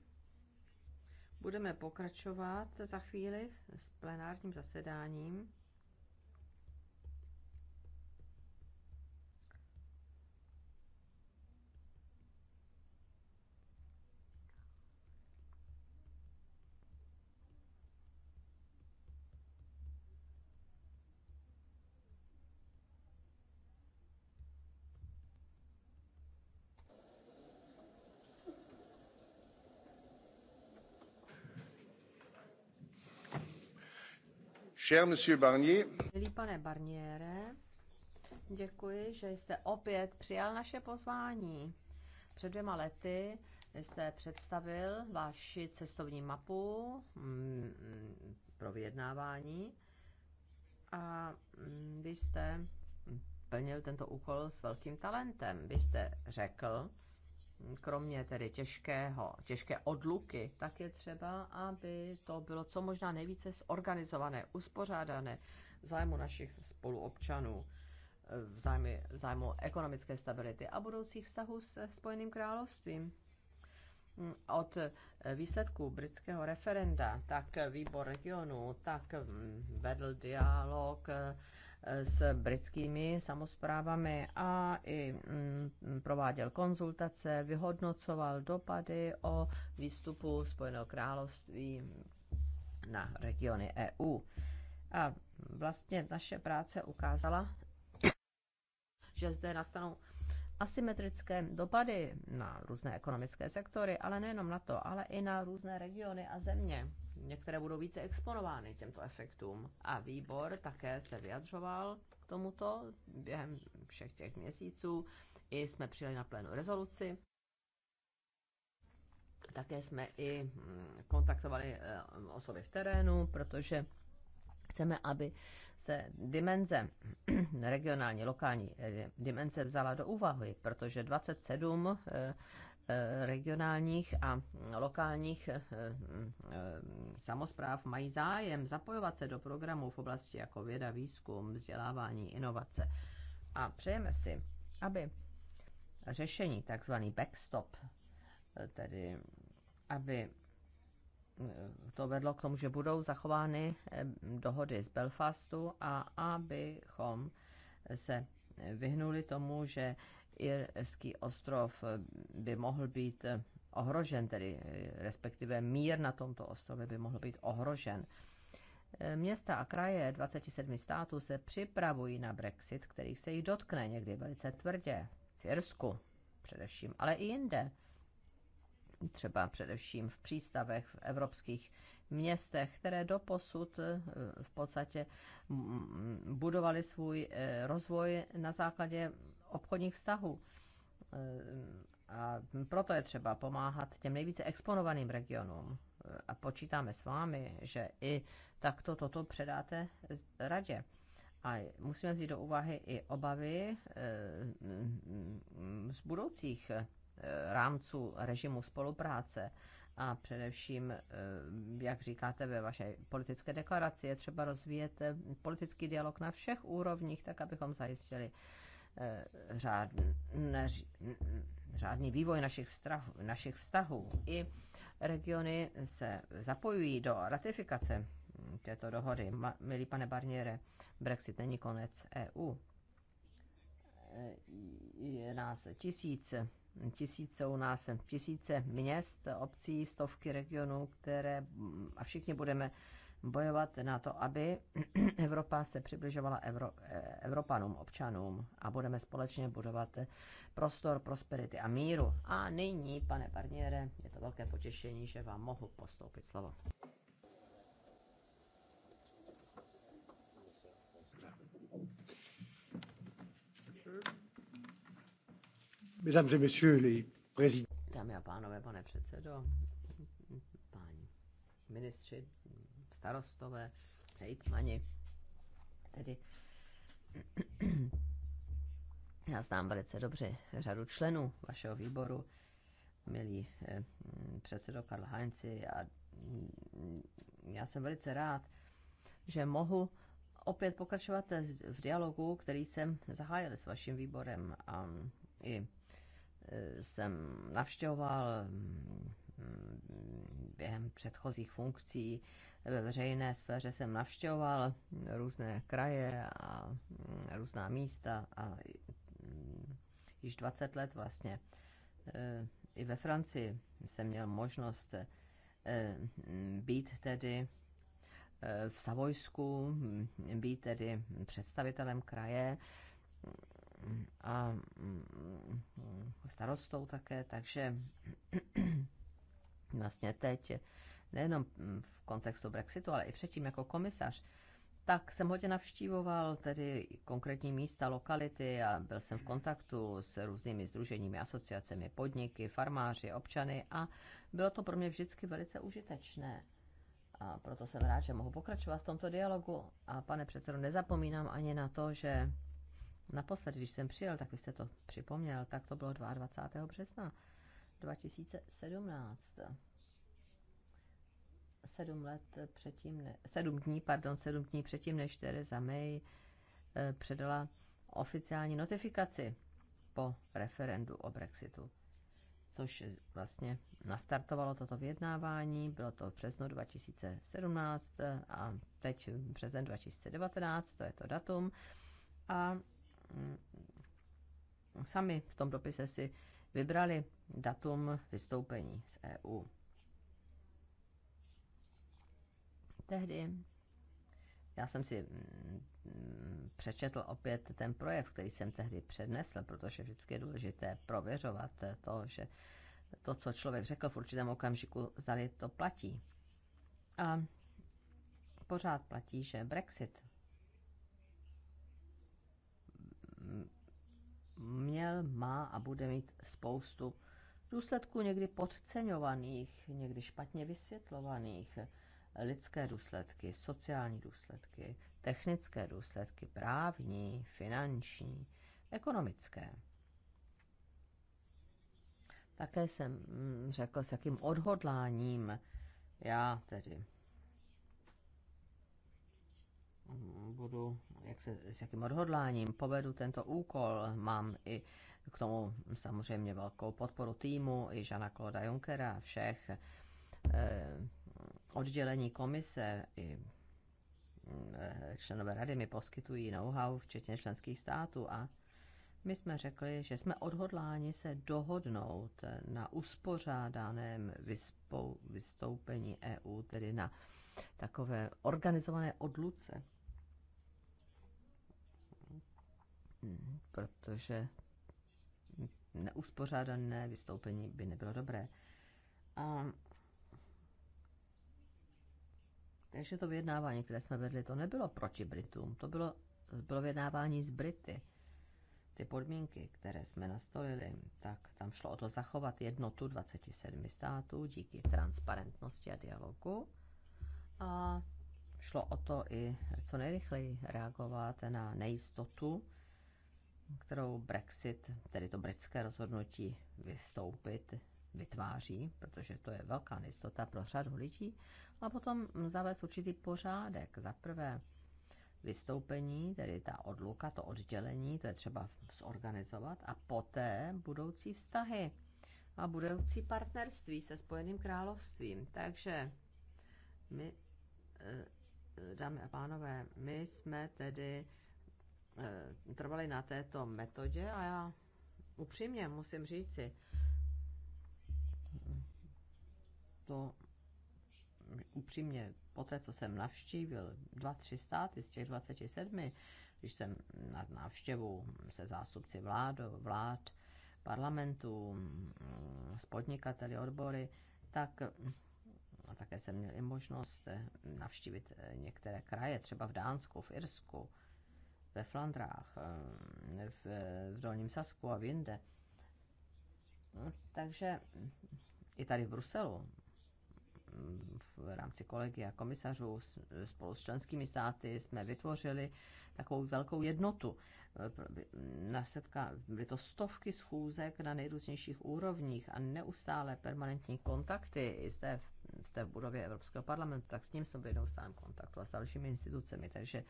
S5: Budeme pokračovat za chvíli s plenárním zasedáním. Barnier. Milý pane Barniere, děkuji, že jste opět přijal naše pozvání. Před dvěma lety jste představil vaši cestovní mapu mm, pro vyjednávání a mm, vy jste plnil tento úkol s velkým talentem. Vy jste řekl, kromě tedy těžkého, těžké odluky, tak je třeba, aby to bylo co možná nejvíce zorganizované, uspořádané v zájmu našich spoluobčanů, v zájmu, v zájmu ekonomické stability a budoucích vztahů s Spojeným královstvím. Od výsledků britského referenda, tak výbor regionu, tak vedl dialog s britskými samozprávami a i mm, prováděl konzultace, vyhodnocoval dopady o výstupu Spojeného království na regiony EU. A vlastně naše práce ukázala, že zde nastanou asymetrické dopady na různé ekonomické sektory, ale nejenom na to, ale i na různé regiony a země některé budou více exponovány těmto efektům. A výbor také se vyjadřoval k tomuto během všech těch měsíců. I jsme přijeli na plénu rezoluci. Také jsme i hm, kontaktovali eh, osoby v terénu, protože chceme, aby se dimenze, hm, regionální, lokální eh, dimenze vzala do úvahy, protože 27 Eh, regionálních a lokálních eh, eh, samozpráv mají zájem zapojovat se do programů v oblasti jako věda, výzkum, vzdělávání, inovace. A přejeme si, aby řešení, takzvaný backstop, tedy aby to vedlo k tomu, že budou zachovány dohody z Belfastu a abychom se vyhnuli tomu, že Irský ostrov eh, by mohl být eh, ohrožen, tedy eh, respektive mír na tomto ostrově by mohl být ohrožen. Města a kraje 27 států se připravují na Brexit, který se jich dotkne někdy velice tvrdě. V Irsku především, ale i jinde. Třeba především v přístavech v evropských městech, které doposud v podstatě budovaly svůj rozvoj na základě obchodních vztahů. Eh, a proto je třeba pomáhat těm nejvíce exponovaným regionům. Eh, a počítáme s vámi, že i takto toto předáte radě. A musíme vzít do úvahy i obavy eh, z budoucích rámců režimu spolupráce a především, jak říkáte ve vaší politické deklaraci, je třeba rozvíjet politický dialog na všech úrovních, tak abychom zajistili Eh, řád, neř, řádný vývoj našich, vztah, našich vztahů. I regiony se zapojují do ratifikace této dohody. Ma, milí pane Barniere, Brexit není konec EU. Eh, je nás tisíc, tisíce u nás, tisíce měst, obcí, stovky regionů, které a všichni budeme bojovat na to, aby Evropa se přibližovala Evro, eh, Evropanům, občanům a budeme společně budovat prostor prosperity a míru. A nyní, pane Barniere, je to velké potěšení, že vám mohu postoupit slovo. Dámy a pánové, pane předsedo, páni ministři, starostové, hejtmani. Tedy já znám velice dobře řadu členů vašeho výboru, milý eh, předsedo Karl Heinzi a mm, já jsem velice rád, že mohu opět pokračovat v dialogu, který jsem zahájil s vaším výborem a mm, i eh, jsem navštěvoval mm, během předchozích funkcí ve veřejné sféře jsem navštěvoval různé kraje a mm, různá místa a mm, již 20 let vlastně e, i ve Francii jsem měl možnost e, mm, být tedy e, v Savojsku, být tedy představitelem kraje a starostou také, takže vlastně teď, nejenom v kontextu Brexitu, ale i předtím jako komisař, tak jsem hodně navštívoval tedy konkrétní místa, lokality a byl jsem v kontaktu s různými združeními, asociacemi, podniky, farmáři, občany a bylo to pro mě vždycky velice užitečné. A proto jsem rád, že mohu pokračovat v tomto dialogu. A pane předsedo, nezapomínám ani na to, že naposled, když jsem přijel, tak vy jste to připomněl, tak to bylo 22. března. 2017. Sedm let předtím, ne, sedm dní, pardon, sedm dní předtím, než Theresa May eh, předala oficiální notifikaci po referendu o Brexitu, což vlastně nastartovalo toto vyjednávání. Bylo to v březnu 2017 eh, a teď březen 2019, to je to datum. A mm, sami v tom dopise si vybrali datum vystoupení z EU. Tehdy já jsem si mm, přečetl opět ten projev, který jsem tehdy přednesl, protože vždycky je důležité prověřovat to, že to, co člověk řekl v určitém okamžiku, zdali to platí. A pořád platí, že Brexit měl, má a bude mít spoustu důsledků někdy podceňovaných, někdy špatně vysvětlovaných, lidské důsledky, sociální důsledky, technické důsledky, právní, finanční, ekonomické. Také jsem mm, řekl, s jakým odhodláním já tedy budu jak se, s jakým odhodláním povedu tento úkol. Mám i k tomu samozřejmě velkou podporu týmu, i Žana Kloda Junkera, všech eh, oddělení komise, i eh, členové rady mi poskytují know-how, včetně členských států a my jsme řekli, že jsme odhodláni se dohodnout na uspořádaném vyspou, vystoupení EU, tedy na takové organizované odluce protože neuspořádané vystoupení by nebylo dobré. A takže to vyjednávání, které jsme vedli, to nebylo proti Britům, to bylo, bylo vyjednávání z Brity. Ty podmínky, které jsme nastolili, tak tam šlo o to zachovat jednotu 27 států díky transparentnosti a dialogu. A šlo o to i co nejrychleji reagovat na nejistotu, kterou Brexit, tedy to britské rozhodnutí vystoupit, vytváří, protože to je velká nejistota pro řadu lidí, a potom zavést určitý pořádek. Za prvé vystoupení, tedy ta odluka, to oddělení, to je třeba zorganizovat, a poté budoucí vztahy a budoucí partnerství se Spojeným královstvím. Takže my, eh, dámy a pánové, my jsme tedy Eh, trvali na této metodě a já upřímně musím říci, to upřímně po té, co jsem navštívil dva, tři státy z těch 27, když jsem na návštěvu se zástupci vlád, vlád, parlamentů, mm, s podnikateli, odbory, tak a také jsem měl i možnost eh, navštívit eh, některé kraje, třeba v Dánsku, v Irsku, ve Flandrách, ehm, v, eh, v Dolním Sasku a v jinde. Takže i tady v Bruselu, v rámci kolegy a komisařů spolu s členskými státy jsme vytvořili takovou velkou jednotu. Na setka, byly to stovky schůzek na nejrůznějších úrovních a neustále permanentní kontakty i zde, zde v budově Evropského parlamentu, tak s ním jsme byli v kontaktu a s dalšími institucemi. Takže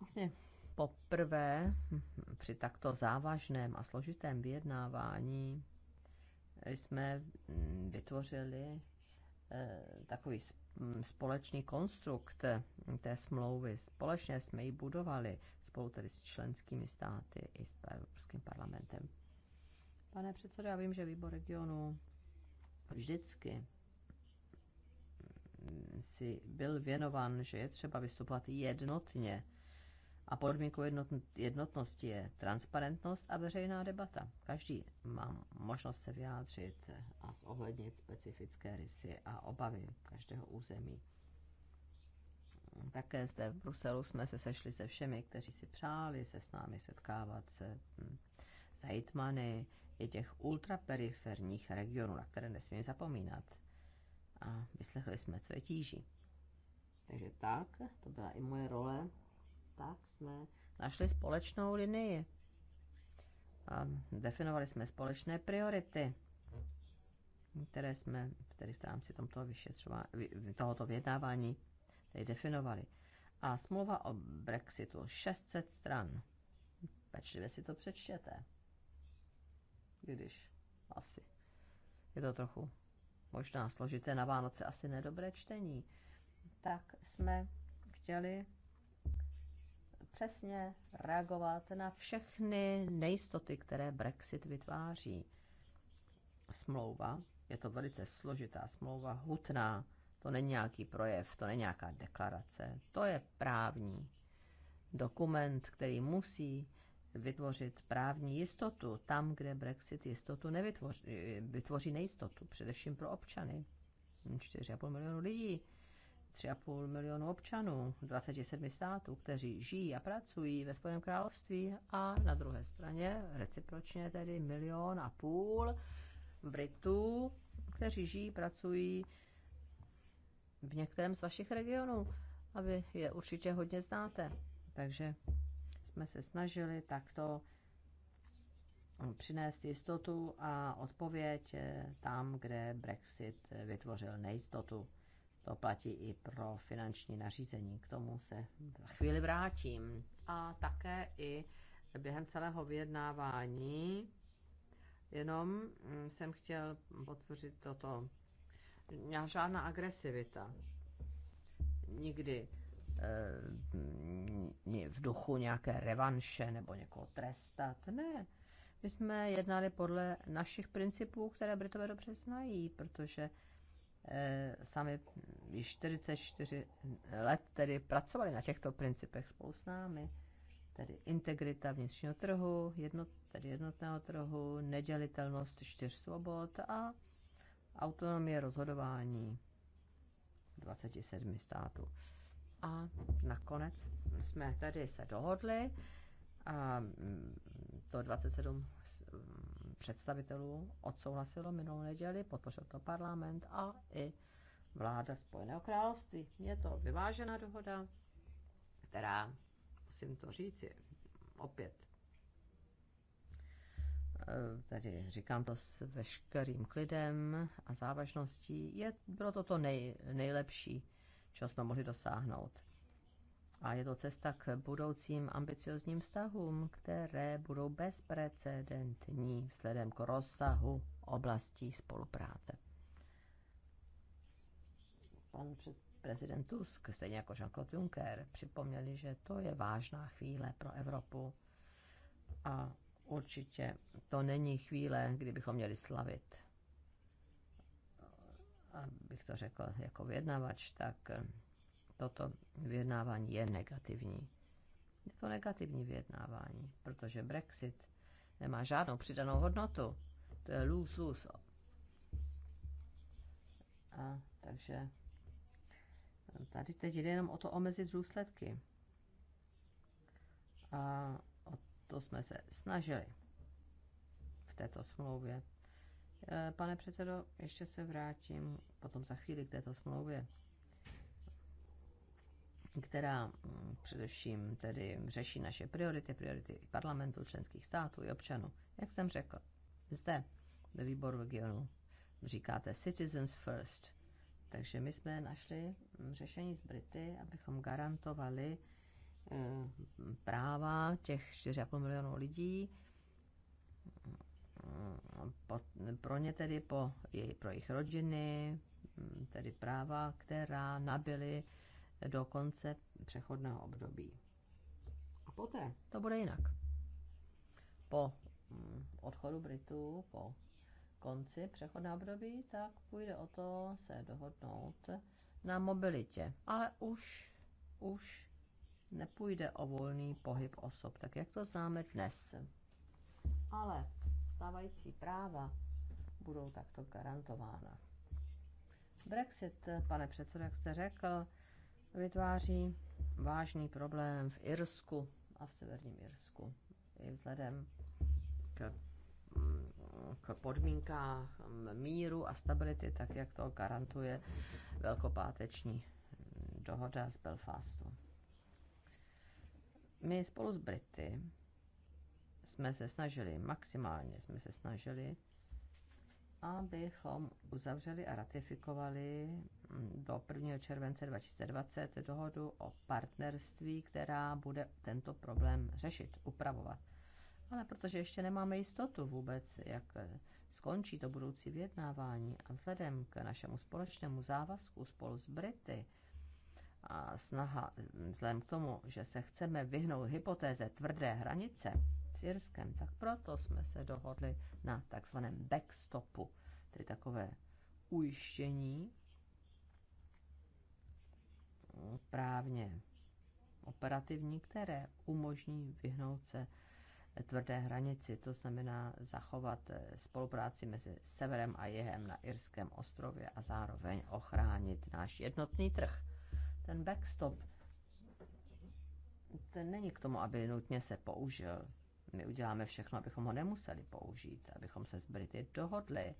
S5: vlastně poprvé hm, při takto závažném a složitém vyjednávání jsme hm, vytvořili eh, takový hm, společný konstrukt té smlouvy. Společně jsme ji budovali spolu tedy s členskými státy i s Evropským parlamentem. Pane předsedo, já vím, že výbor regionu vždycky si byl věnovan, že je třeba vystupovat jednotně a podmínkou jednotnosti je transparentnost a veřejná debata. Každý má možnost se vyjádřit a zohlednit specifické rysy a obavy každého území. Také zde v Bruselu jsme se sešli se všemi, kteří si přáli se s námi setkávat se zajitmany hm, i těch ultraperiferních regionů, na které nesmíme zapomínat. A vyslechli jsme, co je tíží. Takže tak, to byla i moje role tak jsme našli společnou linii a definovali jsme společné priority, které jsme tedy v rámci tomto tohoto vyjednávání tedy definovali. A smlouva o Brexitu 600 stran. Pečlivě si to přečtěte. Když asi. Je to trochu možná složité na Vánoce, asi nedobré čtení. Tak jsme chtěli přesně reagovat na všechny nejistoty, které Brexit vytváří. Smlouva, je to velice složitá smlouva, hutná, to není nějaký projev, to není nějaká deklarace, to je právní dokument, který musí vytvořit právní jistotu tam, kde Brexit jistotu nevytvoří, vytvoří nejistotu, především pro občany. 4,5 milionu lidí 3,5 milionu občanů 27 států, kteří žijí a pracují ve Spojeném království a na druhé straně recipročně tedy milion a půl Britů, kteří žijí, pracují v některém z vašich regionů a vy je určitě hodně znáte. Takže jsme se snažili takto přinést jistotu a odpověď tam, kde Brexit vytvořil nejistotu. To platí i pro finanční nařízení. K tomu se za chvíli vrátím. A také i během celého vyjednávání jenom mm, jsem chtěl potvrdit toto. Já žádná agresivita. Nikdy eh, v duchu nějaké revanše nebo někoho trestat. Ne. My jsme jednali podle našich principů, které Britové dobře znají, protože Eh, sami již 44 let tedy pracovali na těchto principech spolu s námi, tedy integrita vnitřního trhu, jednot, tedy jednotného trhu, nedělitelnost čtyř svobod a autonomie rozhodování 27 států. A nakonec jsme tady se dohodli, a mm, to 27 představitelů odsouhlasilo minulou neděli, podpořil to parlament a i vláda Spojeného království. Je to vyvážená dohoda, která, musím to říci, opět eh, tady říkám to s veškerým klidem a závažností, je, bylo to to nej, nejlepší, čeho jsme mohli dosáhnout. A je to cesta k budoucím ambiciozním vztahům, které budou bezprecedentní vzhledem k rozsahu oblastí spolupráce. Pan prezident Tusk, stejně jako Jean-Claude Juncker, připomněli, že to je vážná chvíle pro Evropu. A určitě to není chvíle, kdybychom měli slavit. Abych to řekl jako vědnavač, tak toto vyjednávání je negativní. Je to negativní vyjednávání, protože Brexit nemá žádnou přidanou hodnotu. To je lose-lose. A takže tady teď jde jenom o to omezit důsledky. A o to jsme se snažili v této smlouvě. E, pane předsedo, ještě se vrátím potom za chvíli k této smlouvě která mm, především tedy řeší naše priority, priority parlamentu, členských států i občanů. Jak jsem řekl, zde ve výboru regionu říkáte citizens first. Takže my jsme našli mm, řešení z Brity, abychom garantovali mm, práva těch 4,5 milionů lidí, pro ně tedy po, pro jejich rodiny, tedy práva, která nabyly do konce přechodného období. A poté to bude jinak. Po mm, odchodu Britů, po konci přechodného období, tak půjde o to se dohodnout na mobilitě. Ale už, už nepůjde o volný pohyb osob, tak jak to známe dnes. Ale stávající práva budou takto garantována. Brexit, pane předsedo, jak jste řekl, vytváří vážný problém v Irsku a v severním Irsku. I vzhledem k, k podmínkách míru a stability, tak jak to garantuje velkopáteční dohoda z Belfastu. My spolu s Brity jsme se snažili, maximálně jsme se snažili abychom uzavřeli a ratifikovali mm, do 1. července 2020 dohodu o partnerství, která bude tento problém řešit, upravovat. Ale protože ještě nemáme jistotu vůbec, jak eh, skončí to budoucí vyjednávání a vzhledem k našemu společnému závazku spolu s Brity a snaha mm, vzhledem k tomu, že se chceme vyhnout hypotéze tvrdé hranice, s Jirskem, tak proto jsme se dohodli na takzvaném backstopu, tedy takové ujištění právně operativní, které umožní vyhnout se tvrdé hranici, to znamená zachovat eh, spolupráci mezi severem a jihem na Irském ostrově a zároveň ochránit náš jednotný trh. Ten backstop ten není k tomu, aby nutně se použil my uděláme všechno, abychom ho nemuseli použít, abychom se s Brity dohodli,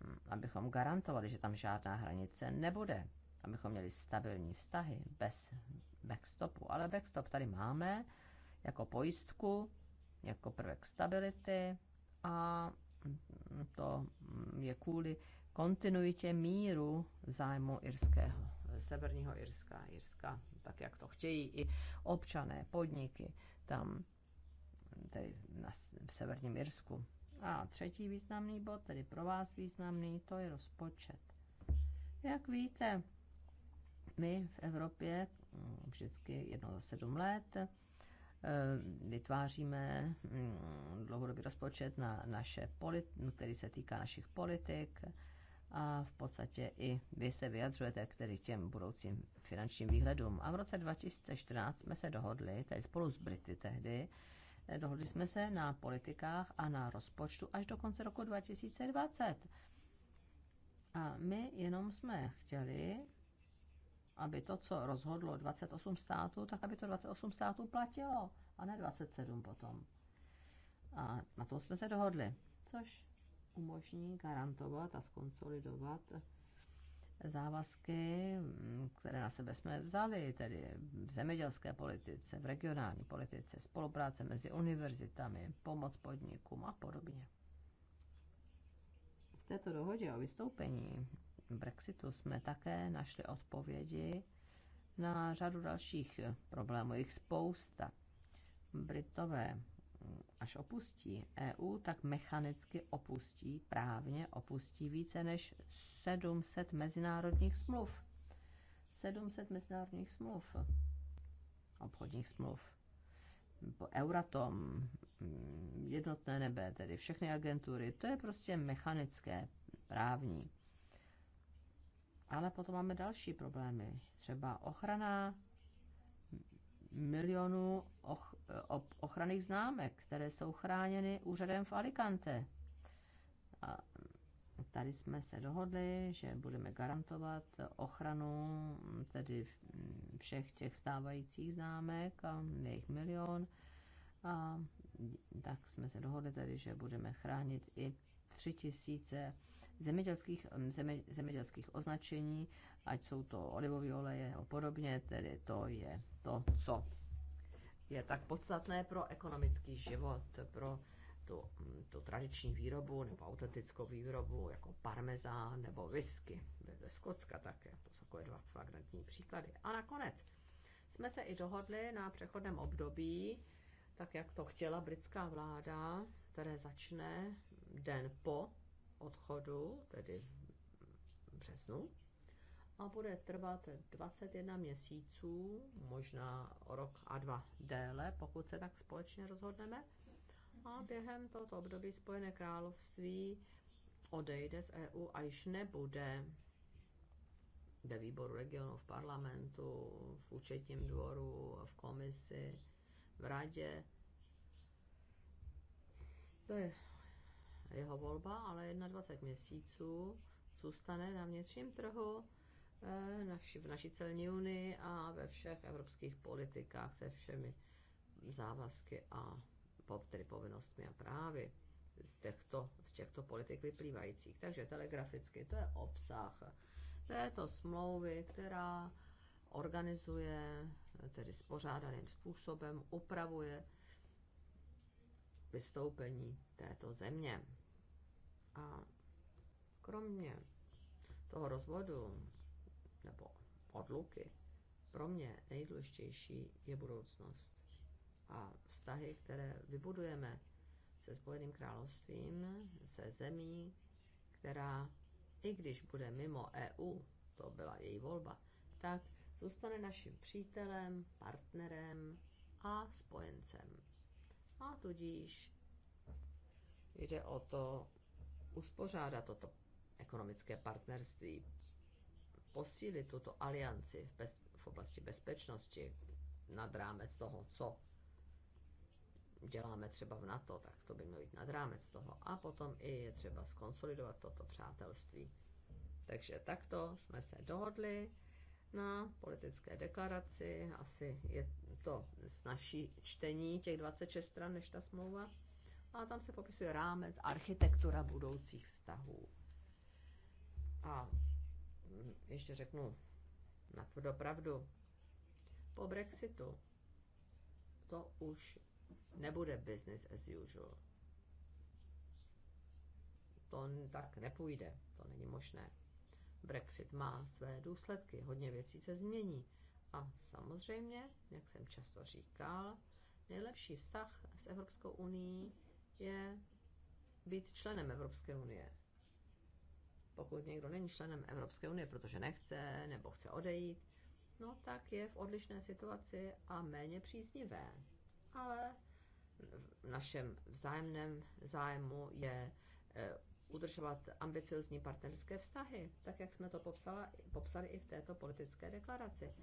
S5: mm, abychom garantovali, že tam žádná hranice nebude, abychom měli stabilní vztahy bez backstopu. Ale backstop tady máme jako pojistku, jako prvek stability a mm, to mm, je kvůli kontinuitě míru zájmu irského, severního Irska, Irska, tak jak to chtějí i občané, podniky tam tedy na Severním Irsku. A třetí významný bod, tedy pro vás významný, to je rozpočet. Jak víte, my v Evropě mm, vždycky jedno za sedm let eh, vytváříme mm, dlouhodobý rozpočet na naše polit, který se týká našich politik a v podstatě i vy se vyjadřujete k tedy těm budoucím finančním výhledům. A v roce 2014 jsme se dohodli, tedy spolu s Brity tehdy, Eh, dohodli jsme se na politikách a na rozpočtu až do konce roku 2020. A my jenom jsme chtěli, aby to, co rozhodlo 28 států, tak aby to 28 států platilo, a ne 27 potom. A na tom jsme se dohodli, což umožní garantovat a skonsolidovat závazky, mm, které na sebe jsme vzali, tedy v zemědělské politice, v regionální politice, spolupráce mezi univerzitami, pomoc podnikům a podobně. V této dohodě o vystoupení Brexitu jsme také našli odpovědi na řadu dalších problémů, jich spousta. Britové až opustí EU, tak mechanicky opustí, právně opustí více než 700 mezinárodních smluv. 700 mezinárodních smluv, obchodních smluv. Euratom, jednotné nebe, tedy všechny agentury, to je prostě mechanické, právní. Ale potom máme další problémy, třeba ochrana milionů ochranných známek, které jsou chráněny úřadem v Alicante. A tady jsme se dohodli, že budeme garantovat ochranu tedy všech těch stávajících známek a jejich milion. A tak jsme se dohodli tedy, že budeme chránit i tři tisíce zemědělských, mm, země, zemědělských označení, ať jsou to olivové oleje a podobně, tedy to je to, co je tak podstatné pro ekonomický život, pro tu, mm, tu tradiční výrobu nebo autentickou výrobu, jako parmezán nebo whisky ze Skocka také. To jsou takové dva flagrantní příklady. A nakonec jsme se i dohodli na přechodném období, tak jak to chtěla britská vláda, které začne den po odchodu, tedy v březnu, a bude trvat 21 měsíců, možná rok a dva déle, pokud se tak společně rozhodneme. A během tohoto období Spojené království odejde z EU a již nebude ve výboru regionu, v parlamentu, v účetním dvoru, v komisi, v radě. To je jeho volba, ale 21 měsíců zůstane na vnitřním trhu eh, v naší celní unii a ve všech evropských politikách se všemi závazky a tedy povinnostmi a právy z těchto, z těchto politik vyplývajících. Takže telegraficky to je obsah této smlouvy, která organizuje, tedy spořádaným způsobem upravuje vystoupení této země. A kromě toho rozvodu nebo odluky, pro mě nejdůležitější je budoucnost a vztahy, které vybudujeme se Spojeným královstvím, se zemí, která, i když bude mimo EU, to byla její volba, tak zůstane naším přítelem, partnerem a spojencem. A tudíž jde o to uspořádat toto ekonomické partnerství, posílit tuto alianci v, bez, v oblasti bezpečnosti nad rámec toho, co děláme třeba v NATO, tak to by mělo jít nad rámec toho. A potom i je třeba skonsolidovat toto přátelství. Takže takto jsme se dohodli na politické deklaraci. Asi je to snažší čtení těch 26 stran než ta smlouva a tam se popisuje rámec, architektura budoucích vztahů. A ještě řeknu na pravdu, po Brexitu to už nebude business as usual. To tak nepůjde, to není možné. Brexit má své důsledky, hodně věcí se změní. A samozřejmě, jak jsem často říkal, nejlepší vztah s Evropskou unii je být členem Evropské unie. Pokud někdo není členem Evropské unie, protože nechce nebo chce odejít, no tak je v odlišné situaci a méně příznivé. Ale v našem vzájemném zájmu je eh, udržovat ambiciozní partnerské vztahy, tak jak jsme to popsala, popsali i v této politické deklaraci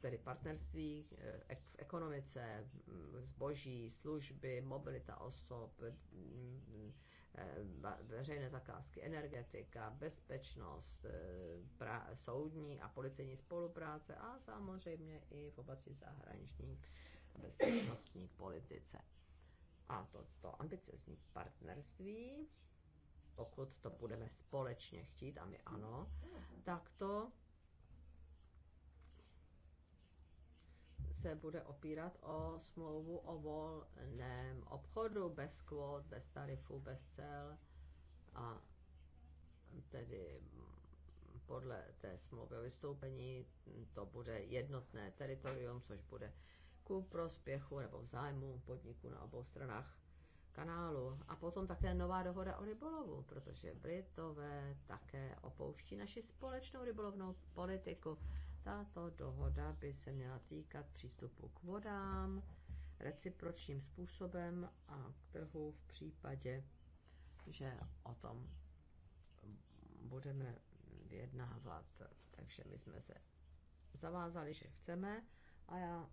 S5: tedy partnerství eh, v ekonomice, mm, zboží, služby, mobilita osob, mm, mm, eh, veřejné zakázky, energetika, bezpečnost, eh, soudní a policejní spolupráce a samozřejmě i v oblasti zahraniční bezpečnostní politice. A toto to ambiciozní partnerství, pokud to budeme společně chtít, a my ano, tak to se bude opírat o smlouvu o volném obchodu bez kvót, bez tarifů, bez cel a tedy podle té smlouvy o vystoupení to bude jednotné teritorium, což bude ku prospěchu nebo v zájmu podniku na obou stranách kanálu. A potom také nová dohoda o rybolovu, protože Britové také opouští naši společnou rybolovnou politiku tato dohoda by se měla týkat přístupu k vodám recipročním způsobem a k trhu v případě, že o tom budeme vyjednávat. Takže my jsme se zavázali, že chceme a já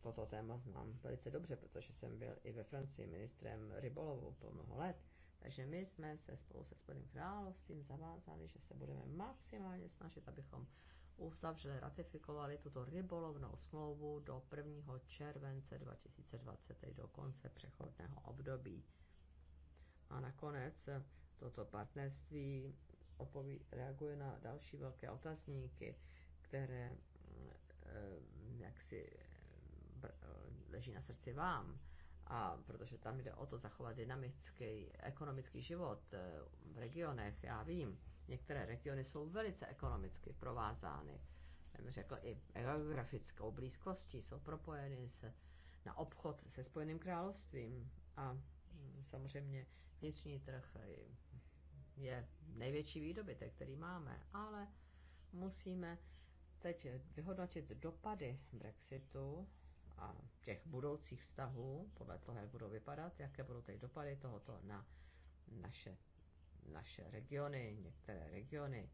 S5: toto téma znám velice dobře, protože jsem byl i ve Francii ministrem rybolovu po mnoho let. Takže my jsme se spolu se Spodným královstvím zavázali, že se budeme maximálně snažit, abychom uzavřeli, ratifikovali tuto rybolovnou smlouvu do 1. července 2020, tedy do konce přechodného období. A nakonec toto partnerství odpoví, reaguje na další velké otazníky, které mm, eh, jak si leží na srdci vám. A protože tam jde o to zachovat dynamický ekonomický život eh, v regionech, já vím, Některé regiony jsou velice ekonomicky provázány, řekl i geografickou blízkostí, jsou propojeny se na obchod se Spojeným královstvím a mm, samozřejmě vnitřní trh je největší výdobytek, který máme, ale musíme teď vyhodnotit dopady Brexitu a těch budoucích vztahů, podle toho, jak budou vypadat, jaké budou ty dopady tohoto na naše naše regiony, některé regiony,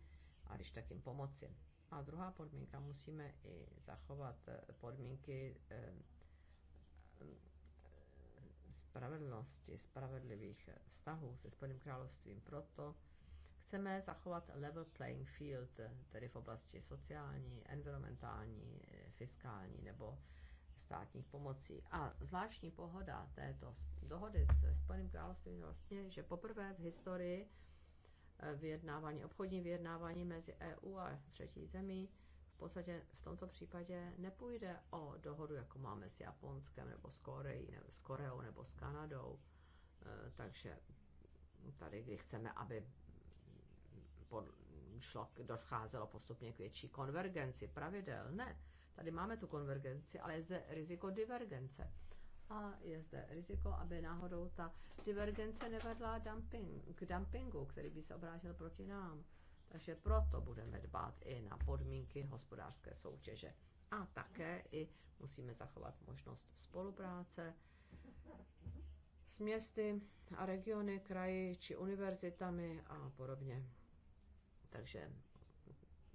S5: a když tak jim pomoci. A druhá podmínka, musíme i zachovat eh, podmínky eh, eh, spravedlnosti, spravedlivých vztahů se Spojeným královstvím. Proto chceme zachovat level playing field, tedy v oblasti sociální, environmentální, fiskální nebo státních pomocí. A zvláštní pohoda této dohody se Spojeným královstvím je vlastně, že poprvé v historii eh, vyjednávání, obchodní vyjednávání mezi EU a třetí zemí v podstatě v tomto případě nepůjde o dohodu, jako máme s Japonskem nebo s, Koreí, nebo s Koreou nebo s Kanadou. Eh, takže tady, kdy chceme, aby pod, šlo, docházelo postupně k větší konvergenci pravidel, ne. Tady máme tu konvergenci, ale je zde riziko divergence. A je zde riziko, aby náhodou ta divergence nevedla dumping, k dumpingu, který by se obrátil proti nám. Takže proto budeme dbát i na podmínky hospodářské soutěže. A také i musíme zachovat možnost spolupráce s městy a regiony, kraji či univerzitami a podobně. Takže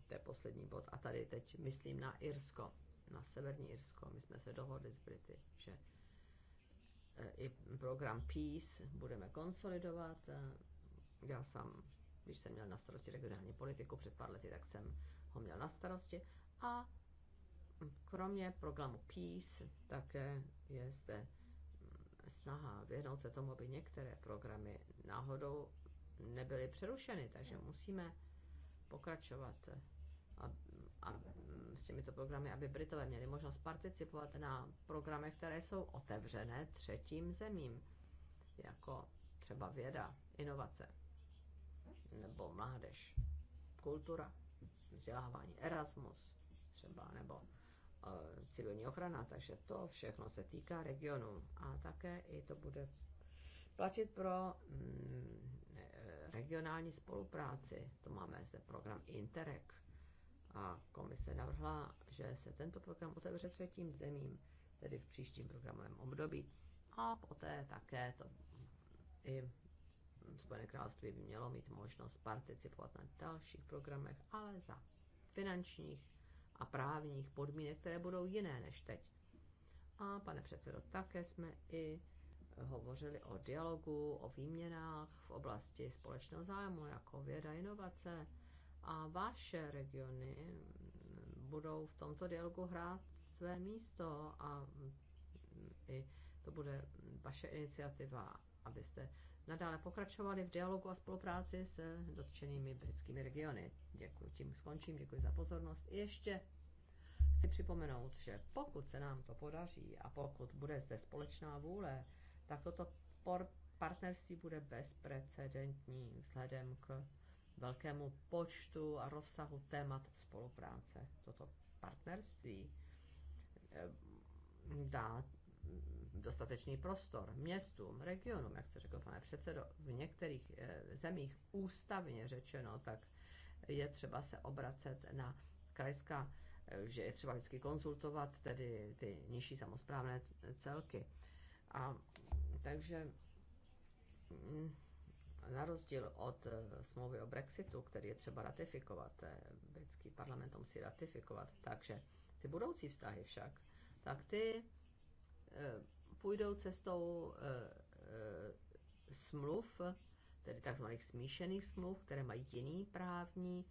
S5: to je poslední bod. A tady teď myslím na Irsko, na severní Irsko. My jsme se dohodli s Brity, že eh, i program Peace budeme konsolidovat. Eh, já sám, když jsem měl na starosti regionální politiku před pár lety, tak jsem ho měl na starosti. A kromě programu Peace také je zde mm, snaha věnout se tomu, aby některé programy náhodou nebyly přerušeny, takže musíme pokračovat eh, a, a s těmito programy, aby Britové měli možnost participovat na programech, které jsou otevřené třetím zemím, jako třeba věda, inovace, nebo mládež, kultura, vzdělávání, Erasmus třeba, nebo uh, civilní ochrana, takže to všechno se týká regionu a také i to bude platit pro mm, eh, regionální spolupráci. To máme zde program Interreg, a komise navrhla, že se tento program otevře třetím zemím, tedy v příštím programovém období. A poté také to i Spojené království by mělo mít možnost participovat na dalších programech, ale za finančních a právních podmínek, které budou jiné než teď. A pane předsedo, také jsme i hovořili o dialogu, o výměnách v oblasti společného zájmu, jako věda, inovace, a vaše regiony mm, budou v tomto dialogu hrát své místo a mm, i to bude vaše iniciativa, abyste nadále pokračovali v dialogu a spolupráci s dotčenými britskými regiony. Děkuji, tím skončím, děkuji za pozornost. Ještě chci připomenout, že pokud se nám to podaří a pokud bude zde společná vůle, tak toto partnerství bude bezprecedentní vzhledem k velkému počtu a rozsahu témat spolupráce. Toto partnerství eh, dá dostatečný prostor městům, regionům, jak jste řekl, pane předsedo, v některých eh, zemích ústavně řečeno, tak je třeba se obracet na krajská, eh, že je třeba vždycky konzultovat tedy ty nižší samozprávné celky. A takže mm, na rozdíl od eh, smlouvy o Brexitu, který je třeba ratifikovat, eh, britský parlament to musí ratifikovat, takže ty budoucí vztahy však, tak ty eh, půjdou cestou smluv, tedy tzv. smíšených smluv, které mají jiný právní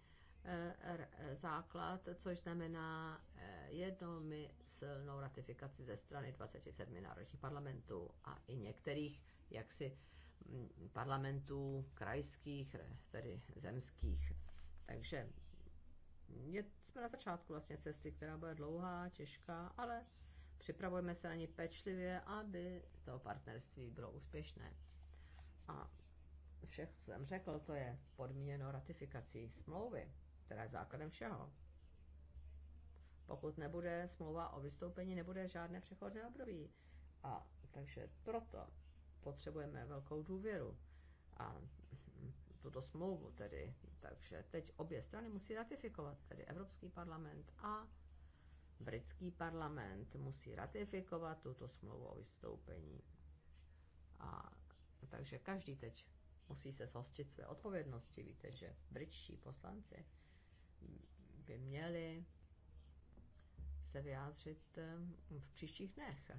S5: základ, což znamená jednomyslnou ratifikaci ze strany 27 národních parlamentů a i některých jaksi parlamentů krajských, tedy zemských. Takže je, jsme na začátku vlastně cesty, která bude dlouhá, těžká, ale připravujeme se na ní pečlivě, aby to partnerství bylo úspěšné. A vše, co jsem řekl, to je podmíněno ratifikací smlouvy, která je základem všeho. Pokud nebude smlouva o vystoupení, nebude žádné přechodné období. A takže proto potřebujeme velkou důvěru a tuto smlouvu tedy. Takže teď obě strany musí ratifikovat, tedy Evropský parlament a britský parlament musí ratifikovat tuto smlouvu o vystoupení. A takže každý teď musí se zhostit své odpovědnosti. Víte, že britští poslanci by měli se vyjádřit v příštích dnech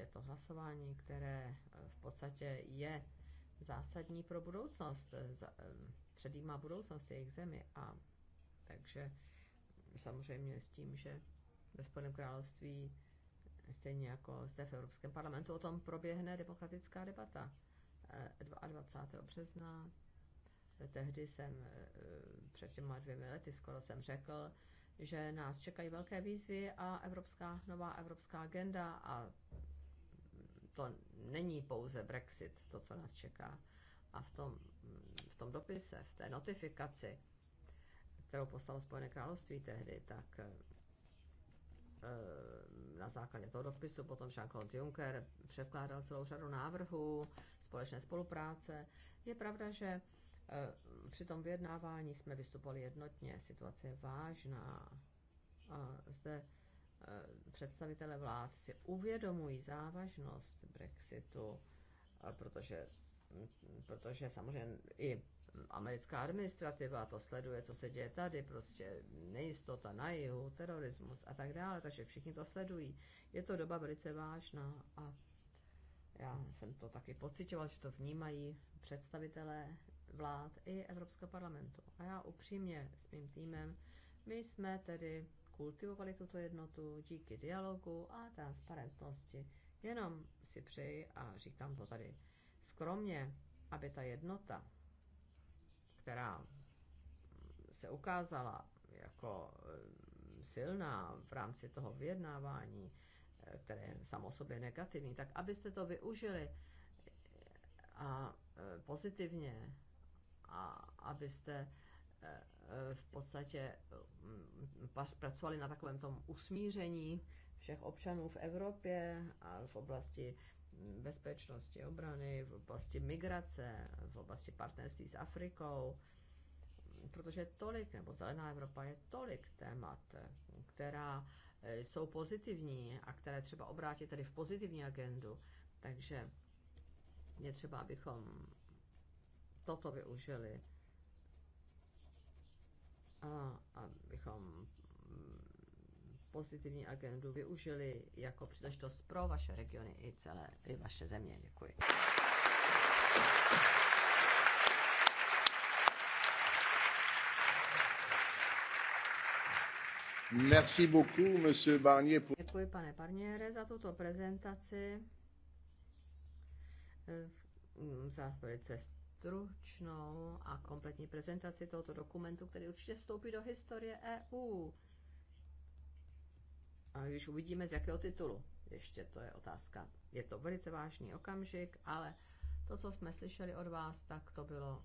S5: je to hlasování, které eh, v podstatě je zásadní pro budoucnost, eh, eh, předjímá budoucnost jejich zemi. A takže mm, samozřejmě s tím, že ve Spojeném království, stejně jako zde v Evropském parlamentu, o tom proběhne demokratická debata 22. března. Tehdy jsem před těma dvěmi lety skoro jsem řekl, že nás čekají velké výzvy a evropská, nová evropská agenda a to není pouze Brexit, to, co nás čeká. A v tom, v tom dopise, v té notifikaci, kterou poslalo Spojené království tehdy, tak eh, eh, na základě toho dopisu potom Jean-Claude Juncker předkládal celou řadu návrhů společné spolupráce. Je pravda, že eh, při tom vyjednávání jsme vystupovali jednotně, situace je vážná. A zde Eh, představitele vlád si uvědomují závažnost Brexitu, eh, protože, mm, protože samozřejmě i americká administrativa to sleduje, co se děje tady, prostě nejistota na jihu, terorismus a tak dále, takže všichni to sledují. Je to doba velice vážná a já jsem to taky pocitoval, že to vnímají představitelé vlád i Evropského parlamentu. A já upřímně s mým týmem, my jsme tedy kultivovali tuto jednotu díky dialogu a transparentnosti. Jenom si přeji, a říkám to tady skromně, aby ta jednota, která se ukázala jako eh, silná v rámci toho vyjednávání, eh, které je samo sobě negativní, tak abyste to využili eh, a pozitivně a abyste Eh, v podstatě eh, pracovali na takovém tom usmíření všech občanů v Evropě a v oblasti bezpečnosti, obrany, v oblasti migrace, v oblasti partnerství s Afrikou, protože tolik, nebo Zelená Evropa je tolik témat, která eh, jsou pozitivní a které třeba obrátit tady v pozitivní agendu. Takže je třeba, abychom toto využili a abychom mm, pozitivní agendu využili jako příležitost pro vaše regiony i celé i vaše země. Děkuji.
S3: Merci beaucoup, monsieur Barnier. Pour...
S5: Děkuji, pane Barniere, za tuto prezentaci eh, mm, za velice stručnou a kompletní prezentaci tohoto dokumentu, který určitě vstoupí do historie EU. A když uvidíme, z jakého titulu, ještě to je otázka. Je to velice vážný okamžik, ale to, co jsme slyšeli od vás, tak to, bylo,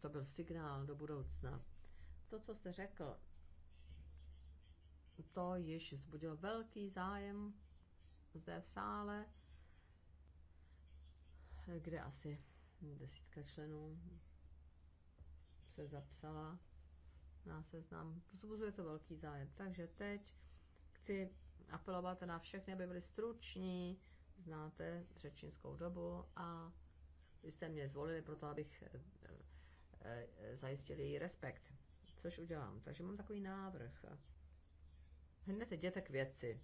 S5: to byl signál do budoucna. To, co jste řekl, to již vzbudilo velký zájem zde v sále, kde asi desítka členů se zapsala na seznam. Vzbuzuje to velký zájem. Takže teď chci apelovat na všechny, aby byli struční, znáte řečnickou dobu a vy jste mě zvolili proto, abych eh, eh, zajistil její respekt, což udělám. Takže mám takový návrh. Hned jděte k věci.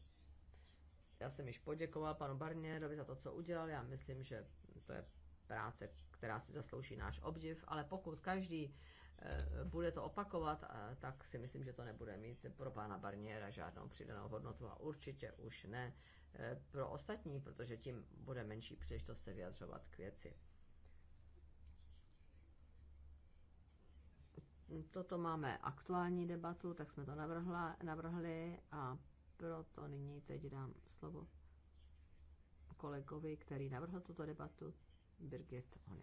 S5: Já jsem již poděkoval panu Barnierovi za to, co udělal. Já myslím, že to je práce, která si zaslouží náš obdiv, ale pokud každý eh, bude to opakovat, eh, tak si myslím, že to nebude mít pro pána Barniera žádnou přidanou hodnotu a určitě už ne eh, pro ostatní, protože tím bude menší příležitost se vyjadřovat k věci. Toto máme aktuální debatu, tak jsme to navrhla, navrhli a proto nyní teď dám slovo kolegovi, který navrhl tuto debatu. Birgit Ony.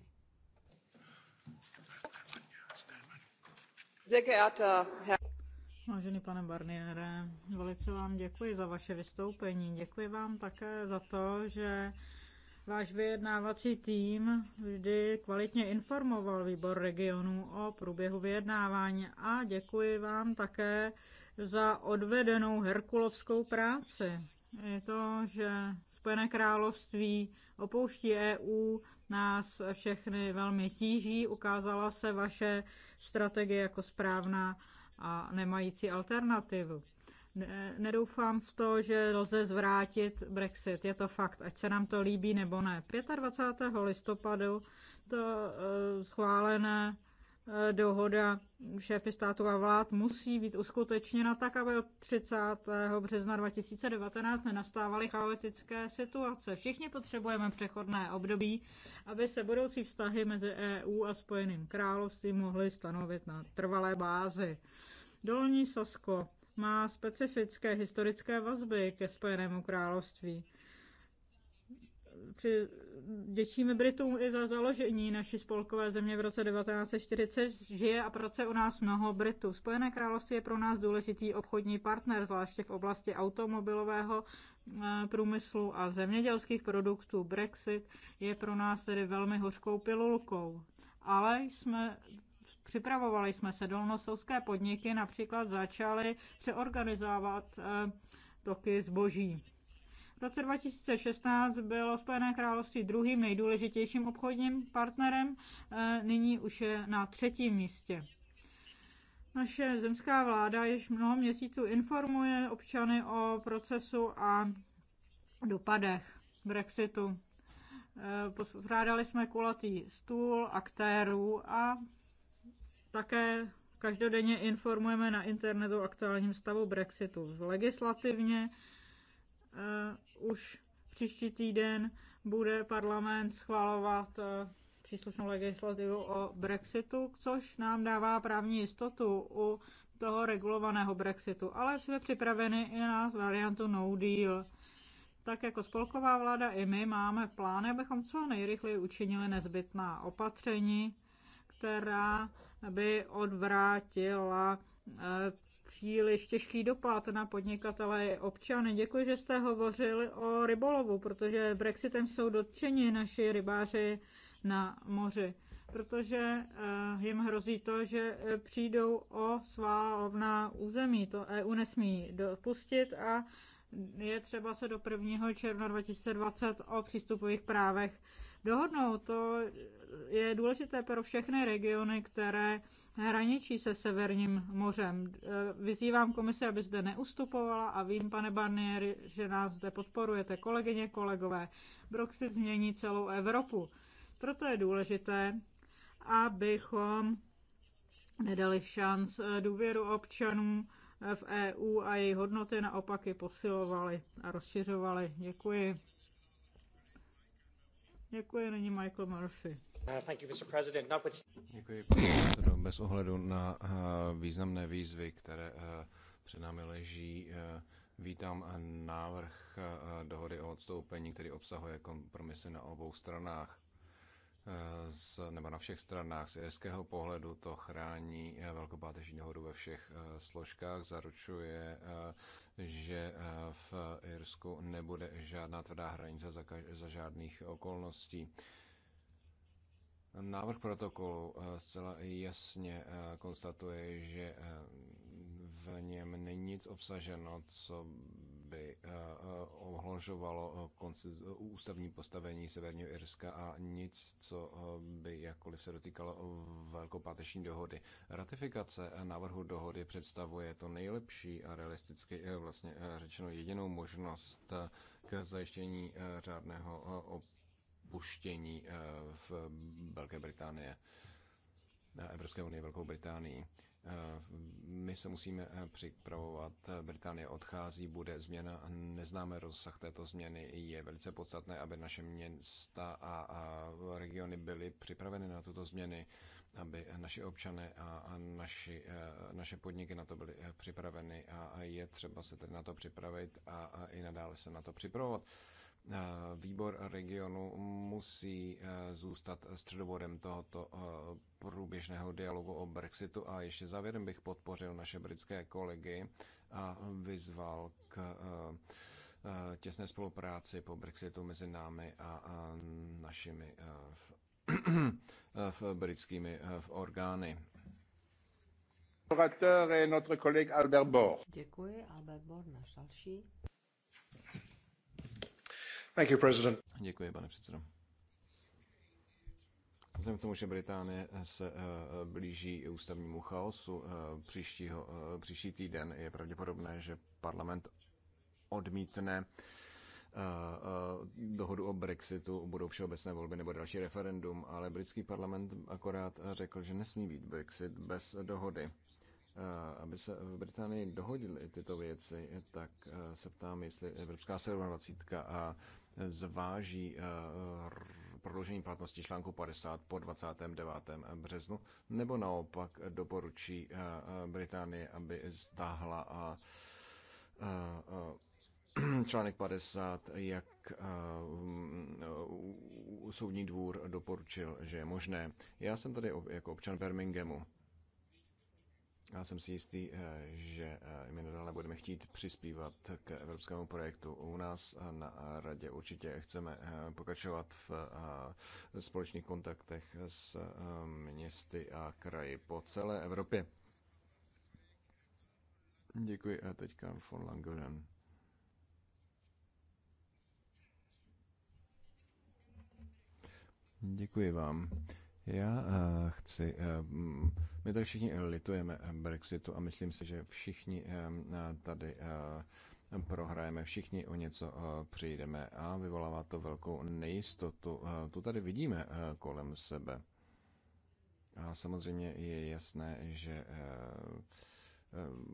S5: Vážený pane
S4: Barniere, velice vám děkuji za vaše vystoupení. Děkuji vám také za to, že váš vyjednávací tým vždy kvalitně informoval výbor regionu o průběhu vyjednávání a děkuji vám také za odvedenou herkulovskou práci. Je to, že Spojené království opouští EU, nás všechny velmi tíží. Ukázala se vaše strategie jako správná a nemající alternativu. Nedoufám v to, že lze zvrátit Brexit. Je to fakt, ať se nám to líbí nebo ne. 25. listopadu to eh, schválené Eh, dohoda šéfy státu a vlád musí být uskutečněna tak, aby od 30. března 2019 nenastávaly chaotické situace. Všichni potřebujeme přechodné období, aby se budoucí vztahy mezi EU a Spojeným královstvím mohly stanovit na trvalé bázi. Dolní Sasko má specifické historické vazby ke Spojenému království při děčíme Britům i za založení naší spolkové země v roce 1940. Žije a pracuje u nás mnoho Britů. Spojené království je pro nás důležitý obchodní partner, zvláště v oblasti automobilového eh, průmyslu a zemědělských produktů. Brexit je pro nás tedy velmi hořkou pilulkou. Ale jsme Připravovali jsme se dolnosovské podniky, například začaly přeorganizovat eh, toky zboží. V roce 2016 bylo Spojené království druhým nejdůležitějším obchodním partnerem, e, nyní už je na třetím místě. Naše zemská vláda již mnoho měsíců informuje občany o procesu a dopadech Brexitu. E, Pořádali jsme kulatý stůl aktérů a také každodenně informujeme na internetu o aktuálním stavu Brexitu. Legislativně Eh, už příští týden bude parlament schvalovat eh, příslušnou legislativu o Brexitu, což nám dává právní jistotu u toho regulovaného Brexitu. Ale jsme připraveni i na variantu no deal. Tak jako spolková vláda i my máme plány, abychom co nejrychleji učinili nezbytná opatření, která by odvrátila eh, příliš těžký dopad na podnikatele i občany. Děkuji, že jste hovořili o rybolovu, protože Brexitem jsou dotčeni naši rybáři na moři, protože eh, jim hrozí to, že eh, přijdou o svá lovná území. To EU nesmí dopustit a je třeba se do 1. června 2020 o přístupových právech dohodnout. To je důležité pro všechny regiony, které hraničí se Severním mořem. Eh, vyzývám komisi, aby zde neustupovala a vím, pane Barnier, že nás zde podporujete, kolegyně, kolegové. Brexit změní celou Evropu. Proto je důležité, abychom nedali šanc eh, důvěru občanů eh, v EU a její hodnoty naopak je posilovali a rozšiřovali. Děkuji. Děkuji, není Michael Murphy. Uh, Děkuji,
S1: pane Bez ohledu na uh, významné výzvy, které uh, před námi leží, vítám návrh dohody o odstoupení, který obsahuje kompromisy na obou stranách. Z, nebo na všech stranách. Z irského pohledu to chrání velkopáteční dohodu ve všech složkách, zaručuje, že v Irsku nebude žádná tvrdá hranice za, za žádných okolností Návrh protokolu eh, zcela jasně eh, konstatuje, že eh, v něm není nic obsaženo, co by ohložovalo ústavní postavení Severního Irska a nic, co by jakkoliv se dotýkalo velkopáteční dohody. Ratifikace návrhu dohody představuje to nejlepší a realisticky vlastně řečeno jedinou možnost k zajištění řádného opuštění eh, v Velké Británie, Evropské unie Velkou Británii. Eh, my se musíme eh, připravovat, Británie odchází, bude změna, neznáme rozsah této změny, je velice podstatné, aby naše města a, regiony byly připraveny na tuto změny, aby naši občané a, naši, naše podniky na to byly připraveny a, je třeba se tedy na to připravit a i nadále se na to připravovat. Eh, výbor regionu musí eh, zůstat středovodem tohoto eh, průběžného dialogu o Brexitu a ještě závěrem bych podpořil naše britské kolegy a vyzval k těsné spolupráci po Brexitu mezi námi a našimi v britskými v orgány.
S5: Děkuji, Albert Bor, náš další.
S1: Thank you, President. Děkuji, pane předsedo. Vzhledem k tomu, že Británie se eh, blíží ústavnímu chaosu eh, příštího, eh, příští týden, je pravděpodobné, že parlament odmítne dohodu o Brexitu, budou všeobecné volby nebo další referendum, ale britský parlament akorát řekl, že nesmí být Brexit bez dohody. Aby se v Británii dohodili tyto věci, tak se ptám, jestli Evropská 27 zváží prodloužení platnosti článku 50 po 29. březnu, nebo naopak doporučí Británie, aby stáhla článek 50, jak soudní dvůr doporučil, že je možné. Já jsem tady jako občan Birminghamu já jsem si jistý, eh, že eh, my nadále budeme chtít přispívat k evropskému projektu. U nás na radě určitě chceme eh, pokračovat v společných kontaktech s městy a kraji po celé Evropě. Děkuji a teď Karl von Langeren. Děkuji vám. Já eh, chci, eh, my tady všichni litujeme Brexitu a myslím si, že všichni eh, tady prohrajeme, všichni o něco přijdeme a vyvolává to velkou nejistotu. Tu tady vidíme kolem sebe. A samozřejmě je jasné, že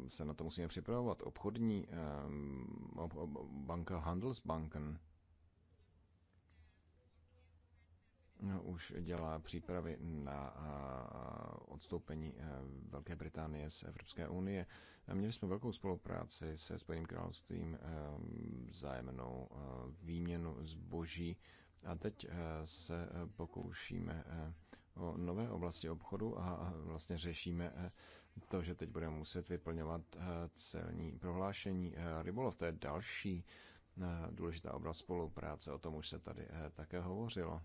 S1: se na to musíme připravovat. Obchodní banka Handelsbanken už dělá přípravy na odstoupení e, Velké Británie z Evropské unie. Měli jsme velkou spolupráci se Spojeným královstvím, e, vzájemnou e, výměnu zboží a teď se pokoušíme o nové oblasti obchodu a vlastně řešíme to, že teď budeme muset vyplňovat celní prohlášení. Rybolov to je další důležitá oblast spolupráce, o tom už se tady také hovořilo.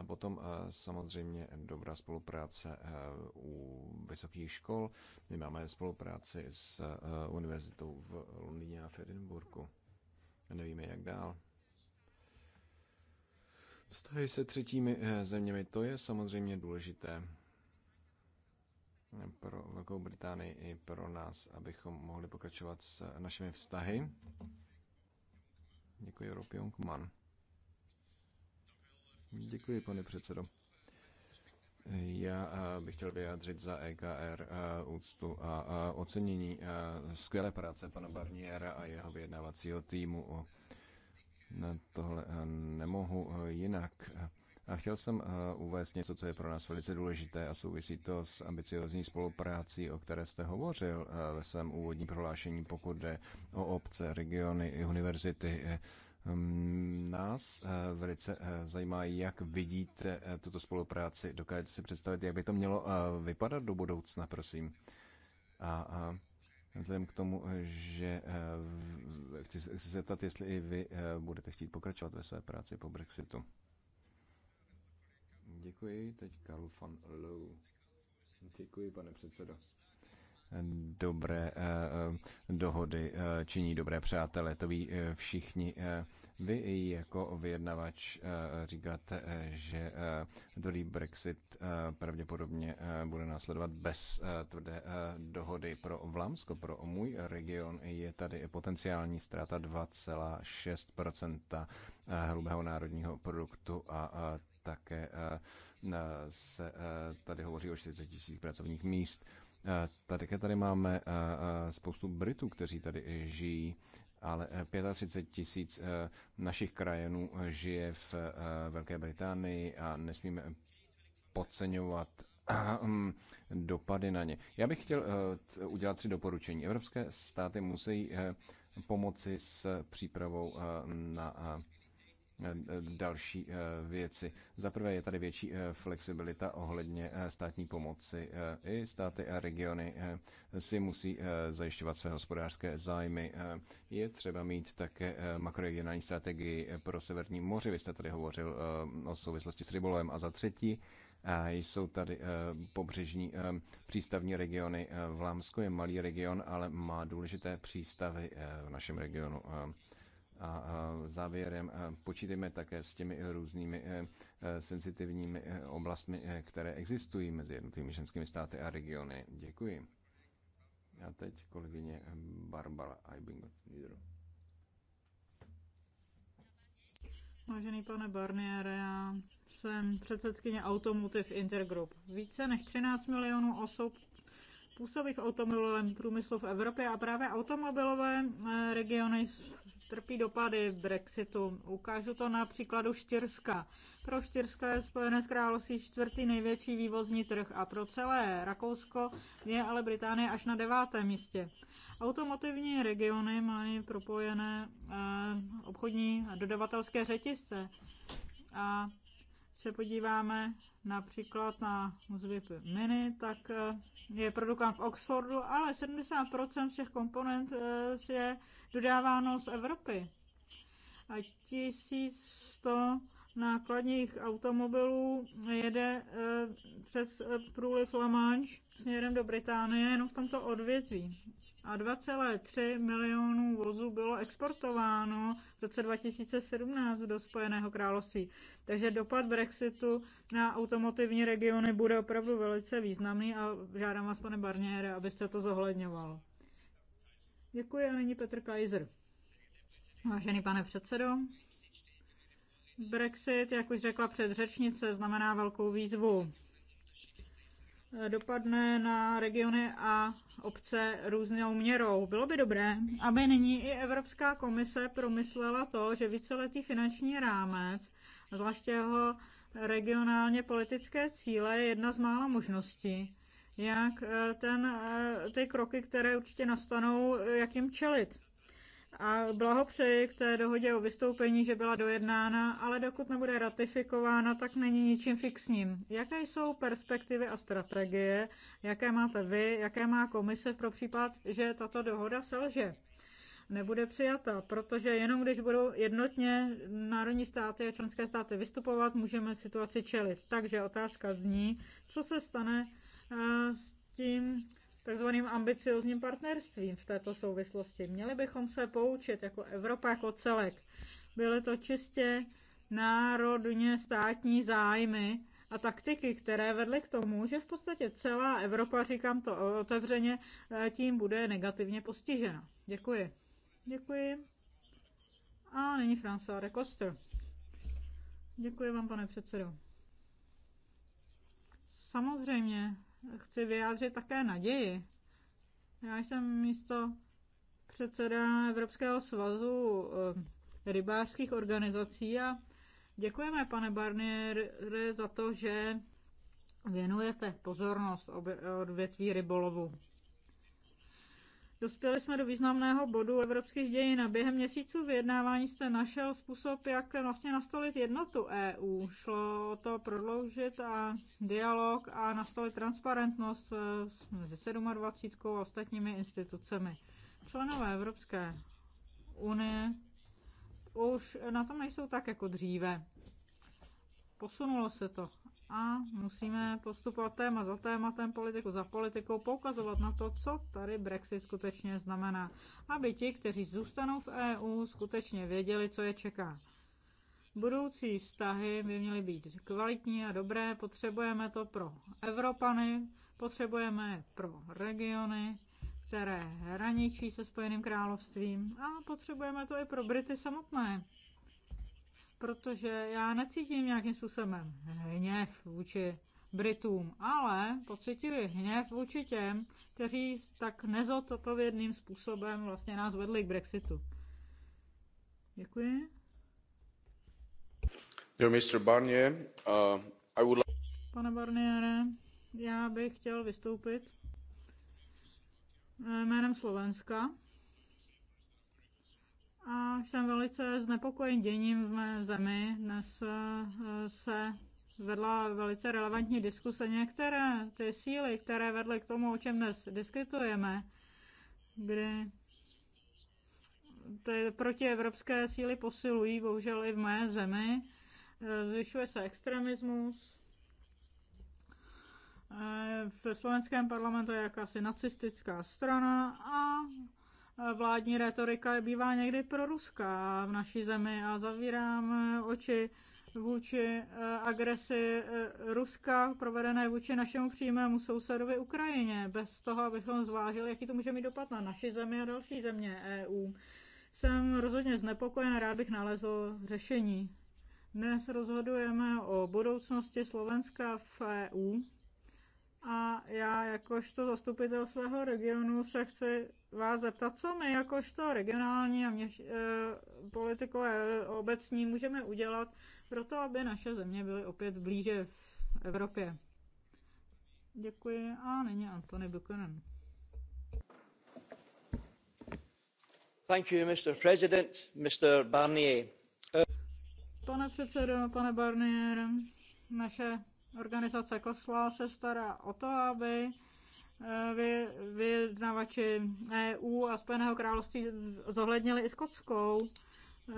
S1: A potom eh, samozřejmě dobrá spolupráce eh, u vysokých škol. My máme spolupráci s eh, univerzitou v Londýně a v Edinburghu. Nevíme, jak dál. Vztahy se třetími zeměmi, to je samozřejmě důležité pro Velkou Británii i pro nás, abychom mohli pokračovat s našimi vztahy. Děkuji, European Command. Děkuji, pane předsedo. Já eh, bych chtěl vyjádřit za EKR eh, úctu a eh, ocenění skvělé práce pana Barniera a jeho vyjednávacího týmu. Na tohle nemohu jinak. A chtěl jsem uvést něco, co je pro nás velice důležité a souvisí to s ambiciozní spoluprácí, o které jste hovořil ve svém úvodním prohlášení, pokud jde o obce, regiony i univerzity Ehm, nás eh, velice eh, zajímá, jak vidíte eh, tuto spolupráci. Dokážete si představit, jak by to mělo vypadat do budoucna, prosím. A, a vzhledem k tomu, že chci, chci se zeptat, jestli i vy budete chtít pokračovat ve své práci po Brexitu. Děkuji, teď Karl van Loo. Děkuji, pane předsedo dobré eh, dohody eh, činí dobré přátelé. To ví eh, všichni. Vy jako vyjednavač říkáte, že tvrdý Brexit pravděpodobně bude následovat bez tvrdé dohody pro Vlámsko, pro můj region. Je tady potenciální ztráta 2,6 hrubého národního produktu a také se tady hovoří o 40 tisíc pracovních míst. Tady, tady máme spoustu Britů, kteří tady žijí, ale 35 tisíc e, našich krajenů žije v e, Velké Británii a nesmíme podceňovat dopady na ně. Já bych chtěl e, udělat tři doporučení. Evropské státy musí pomoci s přípravou na Eh, další eh, věci. Za prvé je tady větší eh, flexibilita ohledně státní pomoci. I státy a regiony si musí zajišťovat své hospodářské zájmy. Je třeba mít také makroregionální strategii pro Severní moře. Vy jste tady hovořil o souvislosti s rybolovem. A za třetí, a jsou tady pobřežní přístavní regiony. V Lámsku je malý region, ale má důležité přístavy v našem regionu. A závěrem počítejme také s těmi různými e, e, senzitivními e, oblastmi, které existují mezi jednotlivými ženskými státy a regiony. Děkuji. A teď kolegyně Barbara Eibinger.
S4: Vážený pane Barnier. já jsem předsedkyně Automotive Intergroup. Více než 13 milionů osob působí v automobilovém průmyslu v Evropě a právě automobilové eh, regiony trpí dopady Brexitu. Ukážu to na příkladu Štyrska. Pro Štyrska je Spojené království čtvrtý největší vývozní trh a pro celé Rakousko je ale Británie až na devátém místě. Automotivní regiony mají propojené eh, obchodní a dodavatelské řetězce a se podíváme například na Muzvip Mini, tak eh, je produkán v Oxfordu, ale 70% všech komponent eh, je dodáváno z Evropy. A 1100 nákladních automobilů jede eh, přes průliv La Manche směrem do Británie jenom v tomto odvětví a 2,3 milionů vozů bylo exportováno v roce 2017 do Spojeného království. Takže dopad Brexitu na automotivní regiony bude opravdu velice významný a žádám vás, pane Barniere, abyste to zohledňoval. Děkuji a nyní Petr Kaiser. Vážený pane předsedo, Brexit, jak už řekla předřečnice, znamená velkou výzvu dopadne na regiony a obce různou měrou. Bylo by dobré, aby nyní i Evropská komise promyslela to, že víceletý finanční rámec, zvláště jeho regionálně politické cíle, je jedna z mála možností, jak eh, ten, eh, ty kroky, které určitě nastanou, eh, jak jim čelit a blahopřeji k té dohodě o vystoupení, že byla dojednána, ale dokud nebude ratifikována, tak není ničím fixním. Jaké jsou perspektivy a strategie, jaké máte vy, jaké má komise pro případ, že tato dohoda selže? nebude přijata, protože jenom když budou jednotně národní státy a členské státy vystupovat, můžeme situaci čelit. Takže otázka zní, co se stane eh, s tím takzvaným ambiciozním partnerstvím v této souvislosti. Měli bychom se poučit jako Evropa jako celek. Byly to čistě národně státní zájmy a taktiky, které vedly k tomu, že v podstatě celá Evropa, říkám to otevřeně, tím bude negativně postižena. Děkuji. Děkuji. A nyní François de Coster. Děkuji vám, pane předsedo. Samozřejmě chci vyjádřit také naději. Já jsem místo předseda Evropského svazu eh, rybářských organizací a děkujeme, pane Barnier, za to, že věnujete pozornost odvětví rybolovu. Dospěli jsme do významného bodu evropských dějin a během měsíců vyjednávání jste našel způsob, jak vlastně nastolit jednotu EU. Šlo o to prodloužit a dialog a nastolit transparentnost eh, mezi 27 a ostatními institucemi. Členové Evropské unie už na tom nejsou tak jako dříve. Posunulo se to a musíme postupovat téma za tématem, politiku za politikou, poukazovat na to, co tady Brexit skutečně znamená, aby ti, kteří zůstanou v EU, skutečně věděli, co je čeká. Budoucí vztahy by měly být kvalitní a dobré, potřebujeme to pro Evropany, potřebujeme je pro regiony, které hraničí se Spojeným královstvím a potřebujeme to i pro Brity samotné protože já necítím nějakým způsobem hněv vůči Britům, ale pocituji hněv vůči těm, kteří tak nezodpovědným způsobem vlastně nás vedli k Brexitu. Děkuji.
S3: Dear Mr. Barnier, uh, I would like...
S4: Pane Barniere, já bych chtěl vystoupit eh, jménem Slovenska a jsem velice znepokojen děním v mé zemi. Dnes eh, se vedla velice relevantní diskuse. Některé ty síly, které vedly k tomu, o čem dnes diskutujeme, kdy ty protievropské síly posilují, bohužel i v mé zemi, eh, zvyšuje se extremismus, eh, v slovenském parlamentu je jakási nacistická strana a vládní retorika bývá někdy proruská v naší zemi a zavírám eh, oči vůči eh, agresi eh, Ruska provedené vůči našemu přímému sousedovi Ukrajině, bez toho, abychom zvážili, jaký to může mít dopad na naši zemi a další země EU. Jsem rozhodně znepokojen a rád bych nalezl řešení. Dnes rozhodujeme o budoucnosti Slovenska v EU a já jakožto zastupitel svého regionu se chci vás zeptat, co my jakožto regionální a měš, e, politikové obecní můžeme udělat pro to, aby naše země byly opět blíže v Evropě. Děkuji a nyní Antony Buchanan.
S1: Thank you, Mr. President, Mr. Barnier.
S4: Pane předsedo, pane Barnier, naše organizace Kosla se stará o to, aby Eh, vyjednavači EU a Spojeného království zohlednili i skotskou eh,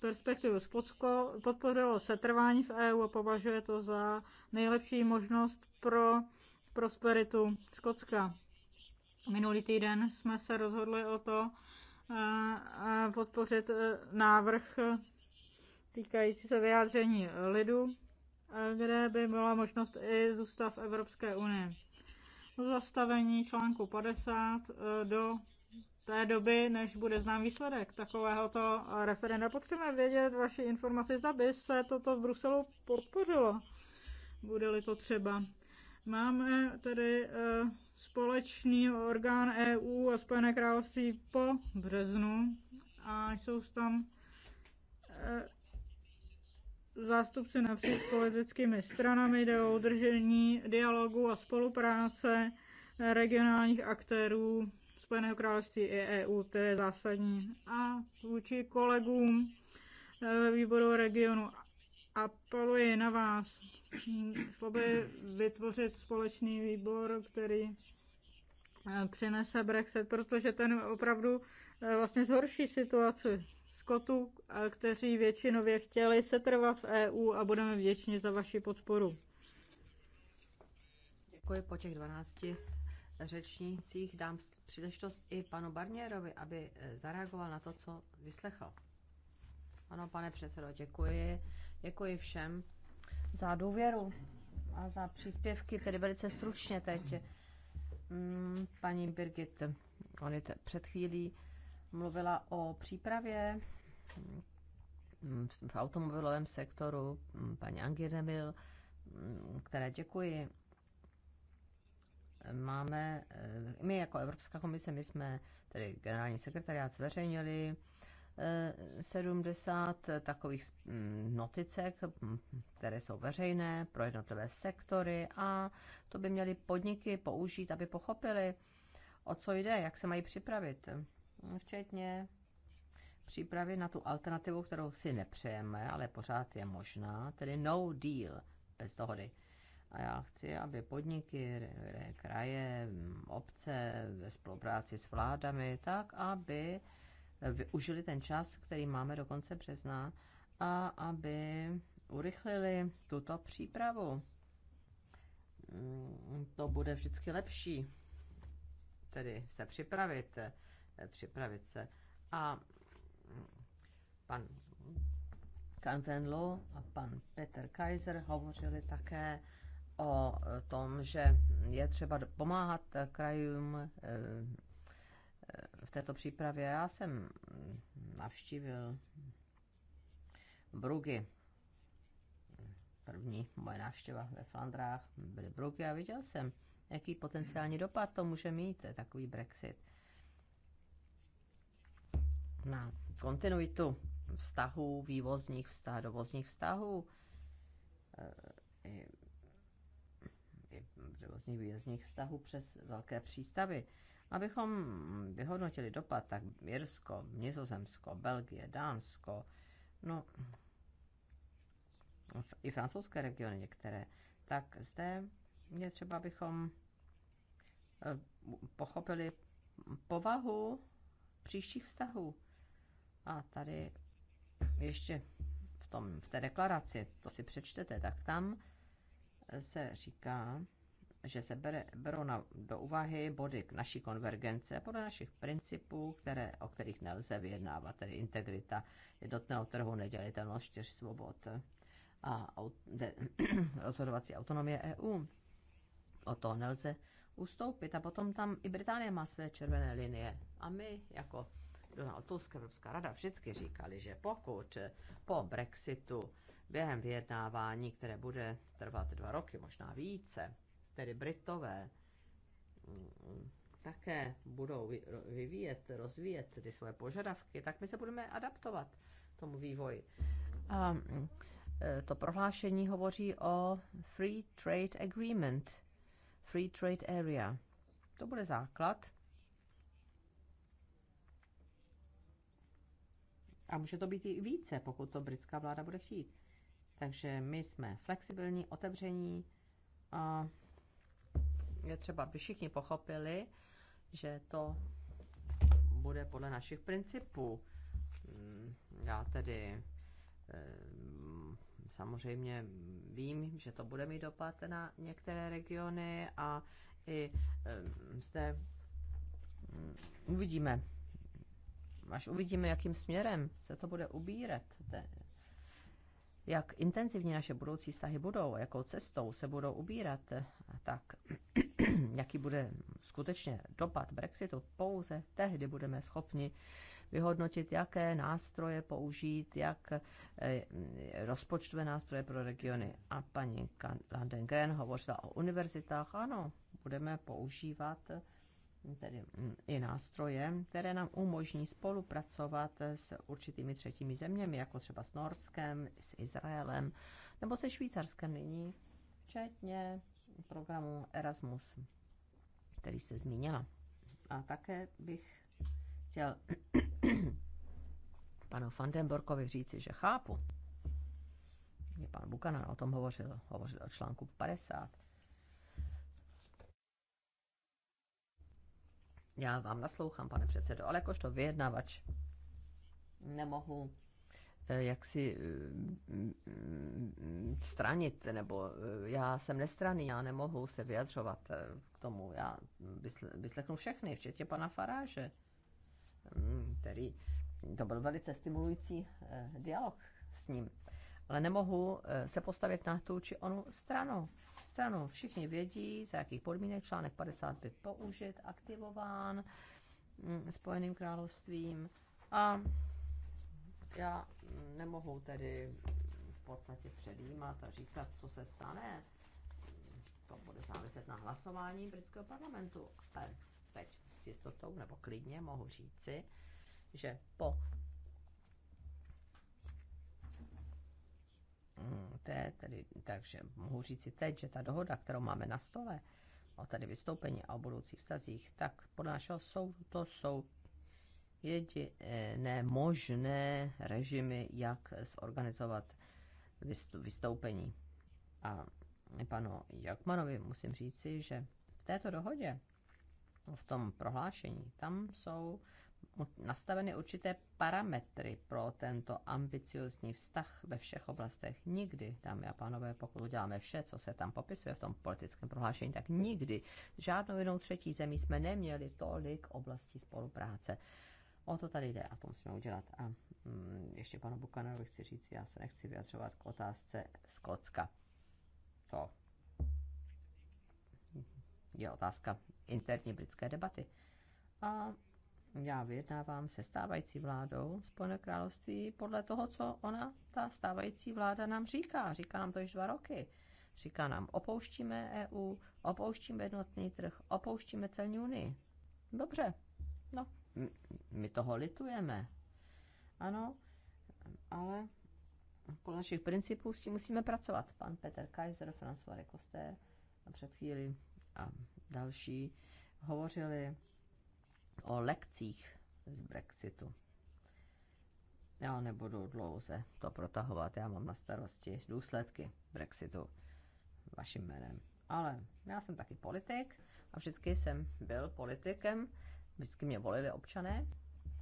S4: perspektivu. Skotsko podporilo setrvání v EU a považuje to za nejlepší možnost pro prosperitu Skotska. Minulý týden jsme se rozhodli o to eh, podpořit návrh týkající se vyjádření lidu, kde by byla možnost i zůstat v Evropské unii zastavení článku 50 eh, do té doby, než bude znám výsledek takovéhoto referenda. Potřebujeme vědět vaši informaci, zda by se toto v Bruselu podpořilo, bude-li to třeba. Máme tedy eh, společný orgán EU a Spojené království po březnu a jsou tam eh, zástupci napříč politickými stranami jde o udržení dialogu a spolupráce regionálních aktérů Spojeného království i EU, to je zásadní. A vůči kolegům ve eh, výboru regionu apeluji na vás, šlo by vytvořit společný výbor, který eh, přinese Brexit, protože ten opravdu eh, vlastně zhorší situaci Skotů, kteří většinově chtěli setrvat v EU a budeme vděční za vaši podporu.
S5: Děkuji po těch 12 řečnících. Dám příležitost i panu Barnierovi, aby eh, zareagoval na to, co vyslechl. Ano, pane předsedo, děkuji. Děkuji všem za důvěru a za příspěvky, tedy velice stručně teď. Mm, paní Birgit je před chvílí mluvila o přípravě mm, v automobilovém sektoru mm, paní Anginemil, mm, které děkuji. Máme, eh, my jako Evropská komise, my jsme, tedy generální sekretariát, zveřejnili 70 eh, takových noticek, které jsou veřejné pro jednotlivé sektory a to by měly podniky použít, aby pochopili, o co jde, jak se mají připravit včetně přípravy na tu alternativu, kterou si nepřejeme, ale pořád je možná, tedy no deal, bez dohody. A já chci, aby podniky, kraje, obce ve spolupráci s vládami, tak aby využili ten čas, který máme do konce března a aby urychlili tuto přípravu. Mm, to bude vždycky lepší, tedy se připravit Eh, připravit se. A mm, pan Kanfen a pan Peter Kaiser hovořili také o eh, tom, že je třeba pomáhat eh, krajům v této přípravě. Já jsem navštívil Brugy. První moje návštěva ve Flandrách byly Brugy a viděl jsem, jaký potenciální dopad to může mít, takový Brexit na kontinuitu vztahů, vývozních vztahů, dovozních vztahů, eh, i, dovozních vývozních vztahů přes velké přístavy. Abychom vyhodnotili dopad, tak Jirsko, Nizozemsko, Belgie, Dánsko, no i francouzské regiony některé, tak zde je třeba, abychom eh, pochopili povahu příštích vztahů a tady ještě v, tom, v té deklaraci, to si přečtete, tak tam se říká, že se bere, berou na, do úvahy body k naší konvergence podle našich principů, které, o kterých nelze vyjednávat, tedy integrita jednotného trhu, nedělitelnost čtyř svobod a aut, de, rozhodovací autonomie EU. O to nelze ustoupit. A potom tam i Británie má své červené linie. A my jako Donald Tusk, Evropská rada vždycky říkali, že pokud po Brexitu během vyjednávání, které bude trvat dva roky, možná více, tedy Britové mm, také budou vyvíjet, rozvíjet ty svoje požadavky, tak my se budeme adaptovat tomu vývoji. A mm, e, to prohlášení hovoří o Free Trade Agreement, Free Trade Area. To bude základ A může to být i více, pokud to britská vláda bude chtít. Takže my jsme flexibilní, otevření a je třeba, aby všichni pochopili, že to bude podle našich principů. Mm, já tedy eh, samozřejmě vím, že to bude mít dopad na některé regiony a i eh, zde mm, uvidíme, až uvidíme, jakým směrem se to bude ubírat, jak intenzivní naše budoucí vztahy budou, jakou cestou se budou ubírat, tak jaký bude skutečně dopad Brexitu, pouze tehdy budeme schopni vyhodnotit, jaké nástroje použít, jak eh, rozpočtové nástroje pro regiony. A paní Landengren hovořila o univerzitách. Ano, budeme používat tedy mm, i nástroje, které nám umožní spolupracovat s určitými třetími zeměmi, jako třeba s Norskem, s Izraelem nebo se Švýcarskem nyní, včetně programu Erasmus, který se zmínila. A také bych chtěl panu Fandenborkovi říci, že chápu, že pan Bukanan o tom hovořil, hovořil o článku 50, Já vám naslouchám, pane předsedo, ale jakožto vyjednavač nemohu eh, jak si eh, mm, mm, stranit, nebo eh, já jsem nestraný, já nemohu se vyjadřovat k tomu. Já vyslechnu všechny, včetně pana Faráže, mm, který to byl velice stimulující dialog s ním ale nemohu eh, se postavit na tu či onu stranu. Stranu všichni vědí, za jakých podmínek článek 50 byl použit, aktivován mm, Spojeným královstvím a já nemohu tedy v podstatě předjímat a říkat, co se stane. To bude záviset na hlasování britského parlamentu. A teď s jistotou nebo klidně mohu říci, že po Mm, té, tedy, takže mohu říci teď, že ta dohoda, kterou máme na stole, o tady vystoupení a o budoucích vztazích, tak podle našeho soudu to jsou jediné možné režimy, jak zorganizovat vystoupení. A panu Jakmanovi musím říci, že v této dohodě, v tom prohlášení, tam jsou nastaveny určité parametry pro tento ambiciozní vztah ve všech oblastech. Nikdy, dámy a pánové, pokud uděláme vše, co se tam popisuje v tom politickém prohlášení, tak nikdy žádnou jinou třetí zemí jsme neměli tolik oblastí spolupráce. O to tady jde a to musíme udělat. A mm, ještě panu Bukanerovi chci říct, já se nechci vyjadřovat k otázce Skotska. To je otázka interní britské debaty. A já vyjednávám se stávající vládou Spojené království podle toho, co ona, ta stávající vláda, nám říká. Říká nám to již dva roky. Říká nám, opouštíme EU, opouštíme jednotný trh, opouštíme celní unii. Dobře, no, my toho litujeme. Ano, ale podle našich principů s tím musíme pracovat. Pan Peter Kaiser, François Recoster před chvíli a další hovořili o lekcích z Brexitu. Já nebudu dlouze to protahovat, já mám na starosti důsledky Brexitu vaším jménem. Ale já jsem taky politik a vždycky jsem byl politikem, vždycky mě volili občané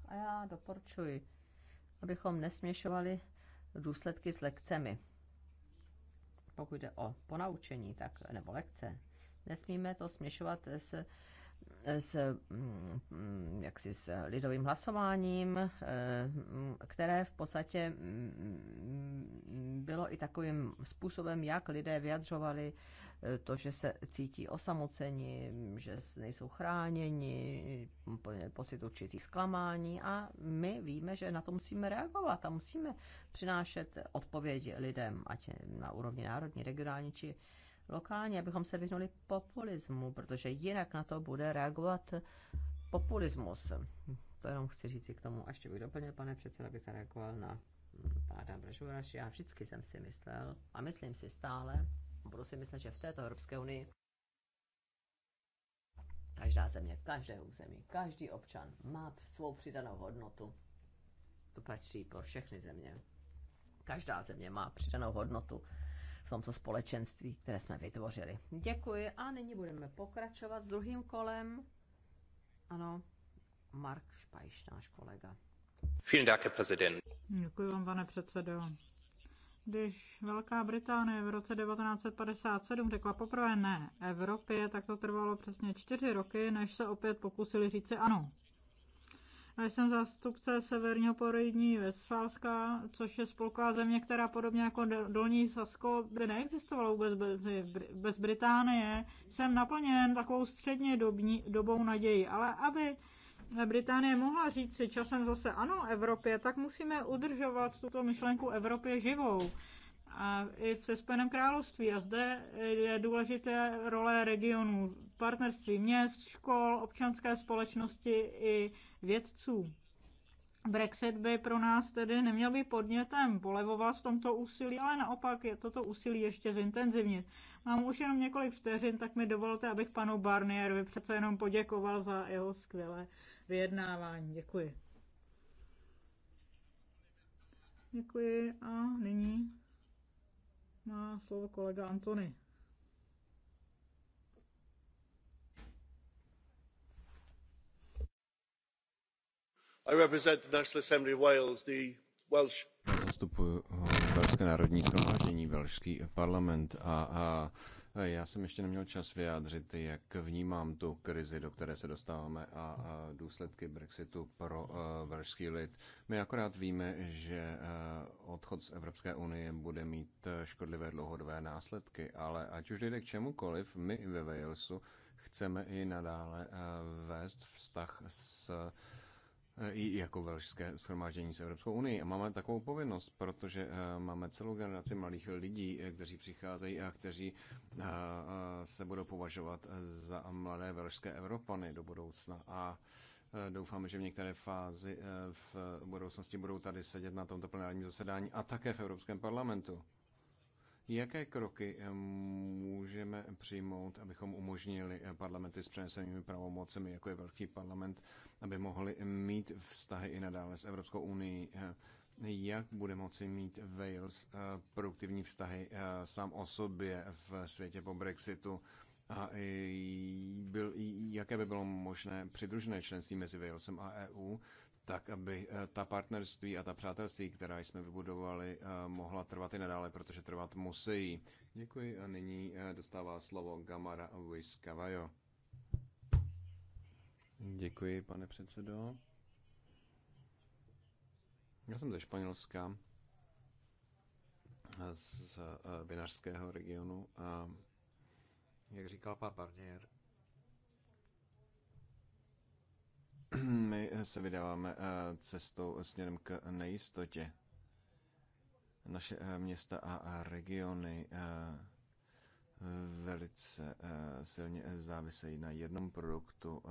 S5: a já doporučuji, abychom nesměšovali důsledky s lekcemi. Pokud jde o ponaučení, tak, nebo lekce, nesmíme to směšovat s s, mm, mm, jaksi s lidovým hlasováním, eh, které v podstatě mm, bylo i takovým způsobem, jak lidé vyjadřovali eh, to, že se cítí osamoceni, že nejsou chráněni, pocit určitých zklamání a my víme, že na to musíme reagovat a musíme přinášet odpovědi lidem, ať na úrovni národní, regionální či lokálně, abychom se vyhnuli populismu, protože jinak na to bude reagovat populismus. To jenom chci říct si k tomu, až bych doplnil, pane předseda, bych reagoval na pána Brežura, já vždycky jsem si myslel a myslím si stále, budu si myslet, že v této Evropské unii každá země, každé území, každý občan má svou přidanou hodnotu. To patří pro všechny země. Každá země má přidanou hodnotu tomto společenství, které jsme vytvořili. Děkuji a nyní budeme pokračovat s druhým kolem. Ano, Mark Špajš, náš kolega.
S2: Vielen Dank, Herr Präsident.
S4: Děkuji vám, pane předsedo.
S5: Když Velká
S4: Británie v roce 1957 řekla poprvé ne Evropě, tak to trvalo přesně čtyři roky, než se opět pokusili říci ano. Já jsem zástupce Severního Porejní Westfalska, což je spolková země, která podobně jako Dolní Sasko by neexistovala vůbec bez, bez Británie. Jsem naplněn takovou středně dobní, dobou naději, ale aby Británie mohla říct si časem zase ano Evropě, tak musíme udržovat tuto myšlenku Evropě živou. A i se Spojeném království. A zde je důležité role regionů, partnerství měst, škol, občanské společnosti i vědců. Brexit by pro nás tedy neměl být podnětem polevovat v tomto úsilí, ale naopak je toto úsilí ještě zintenzivnit. Mám už jenom několik vteřin, tak mi dovolte, abych panu Barnierovi přece jenom poděkoval za jeho skvělé vyjednávání. Děkuji. Děkuji a nyní má slovo kolega Antony.
S3: Já
S1: zastupuji eh, Velské národní shromáždění, Velšský parlament a, a eh, já jsem ještě neměl čas vyjádřit, jak vnímám tu krizi, do které se dostáváme a důsledky Brexitu pro eh, velšský lid. My akorát víme, že odchod z Evropské unie bude mít škodlivé dlouhodobé následky, ale ať už dojde k čemukoliv, my ve Walesu chceme i nadále vést vztah s E, i jako velšské shromáždění s Evropskou unii. A máme takovou povinnost, protože e, máme celou generaci mladých lidí, e, kteří přicházejí a kteří se budou považovat za mladé velšské Evropany do budoucna. A Doufáme, že v některé fázi v budoucnosti budou tady sedět na tomto plenárním zasedání a také v Evropském parlamentu. Jaké kroky eh, můžeme přijmout, abychom umožnili eh, parlamenty s přenesenými pravomocemi, jako je Velký parlament, aby mohli mít vztahy i nadále s Evropskou unii? Eh, jak bude moci mít Wales produktivní vztahy sám o sobě v světě po Brexitu? A byl, jaké by bylo možné přidružené členství mezi Walesem a EU? tak aby eh, ta partnerství a ta přátelství, která jsme vybudovali, eh, mohla trvat i nadále, protože trvat musí. Děkuji a nyní eh, dostává slovo Gamara Wiskavajo. Děkuji, pane předsedo. Já jsem ze Španělska, z vinařského regionu a jak říkal pan Barnier, my se vydáváme eh, cestou směrem k nejistotě. Naše eh, města a regiony eh, velice silně závisejí na jednom produktu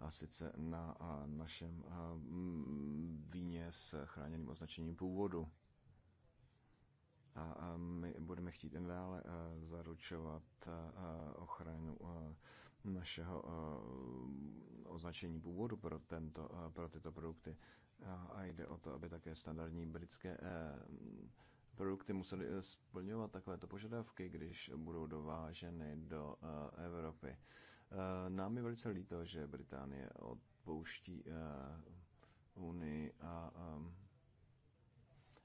S1: a sice na našem víně s chráněným označením původu. A my budeme chtít i dále zaručovat ochranu našeho eh, označení původu pro, tento, eh, pro tyto produkty. A jde o to, aby také standardní britské eh, produkty musely splňovat takovéto požadavky, když budou dováženy do Evropy. Nám je velice líto, že Británie odpouští Unii a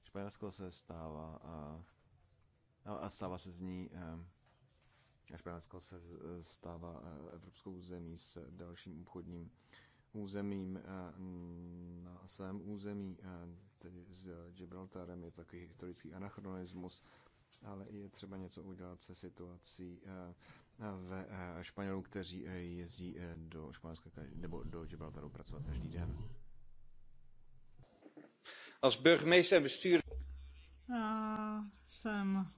S1: Španělsko se stává a stává se z ní Španělsko se stává eh, evropskou zemí s dalším obchodním územím eh, na svém území, eh, tedy s Gibraltarem, je takový historický anachronismus, ale je třeba něco udělat se situací ve Španělů, kteří jezdí do Španělska nebo do Gibraltaru pracovat každý den. Als burgemeester en bestuurder.
S4: Já Sam,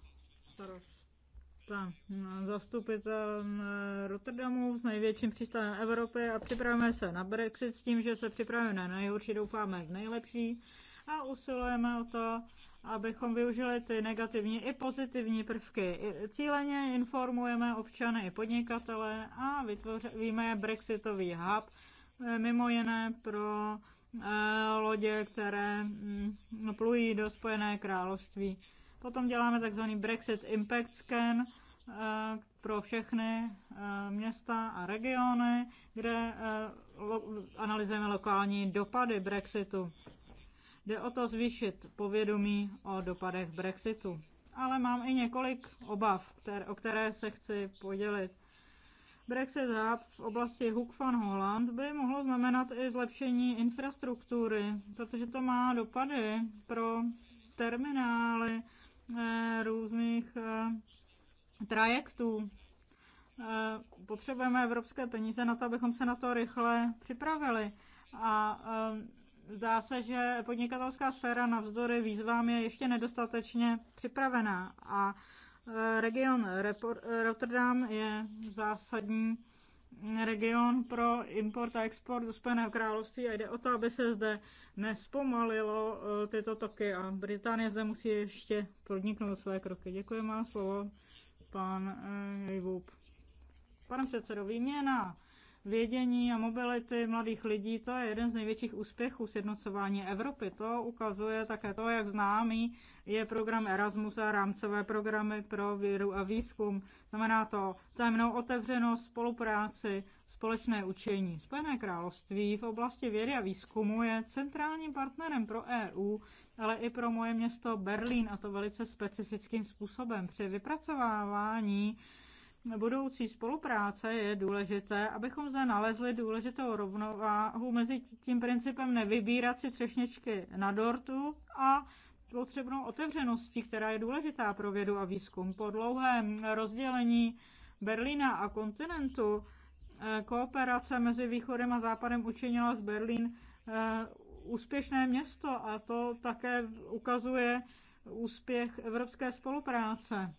S4: starost Grosla, mm, zastupitel mm, Rotterdamu s největším přístavem Evropy a připravujeme se na Brexit s tím, že se připravujeme na nejhorší, doufáme v nejlepší a usilujeme o to, abychom využili ty negativní i pozitivní prvky. Cíleně informujeme občany i podnikatele a vytvoříme Brexitový hub, eh, mimo jiné pro eh, lodě, které mm, plují do Spojené království. Potom děláme takzvaný Brexit Impact Scan eh, pro všechny eh, města a regiony, kde eh, analyzujeme lokální dopady Brexitu. Jde o to zvýšit povědomí o dopadech Brexitu. Ale mám i několik obav, které, o které se chci podělit. Brexit Hub v oblasti Hook van Holland by mohlo znamenat i zlepšení infrastruktury, protože to má dopady pro terminály, Eh, různých eh, trajektů. Eh, potřebujeme evropské peníze na to, abychom se na to rychle připravili. A zdá se, že podnikatelská sféra navzdory výzvám je ještě nedostatečně připravená. A region Rotterdam je zásadní region pro import a export do Spojeného království a jde o to, aby se zde nespomalilo eh, tyto toky a Británie zde musí ještě podniknout své kroky. Děkuji, má slovo pan Jejvůb. Eh, Pane předsedo, výměna vědění a mobility mladých lidí, to je jeden z největších úspěchů sjednocování Evropy. To ukazuje také to, jak známý je program Erasmus a rámcové programy pro vědu a výzkum. Znamená to vzájemnou otevřenost, spolupráci, společné učení. Spojené království v oblasti vědy a výzkumu je centrálním partnerem pro EU, ale i pro moje město Berlín a to velice specifickým způsobem. Při vypracovávání budoucí spolupráce je důležité, abychom zde nalezli důležitou rovnováhu mezi tím principem nevybírat si třešničky na dortu a potřebnou otevřeností, která je důležitá pro vědu a výzkum. Po dlouhém rozdělení Berlína a kontinentu eh, kooperace mezi východem a západem učinila z Berlín eh, úspěšné město a to také ukazuje úspěch evropské spolupráce.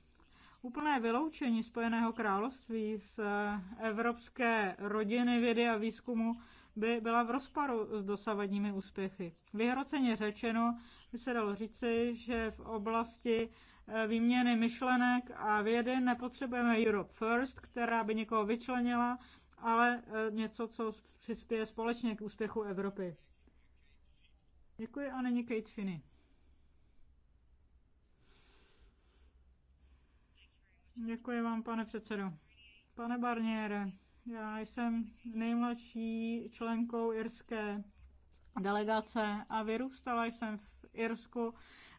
S4: Úplné vyloučení Spojeného království z eh, evropské rodiny vědy a výzkumu by byla v rozparu s dosavadními úspěchy. Vyhroceně řečeno by se dalo říci, že v oblasti eh, výměny myšlenek a vědy nepotřebujeme Europe First, která by někoho vyčlenila, ale eh, něco, co přispěje společně k úspěchu Evropy. Děkuji a nyní Kate Finney. Děkuji vám, pane předsedo. Pane Barniere, já jsem nejmladší členkou irské delegace a vyrůstala jsem v Irsku,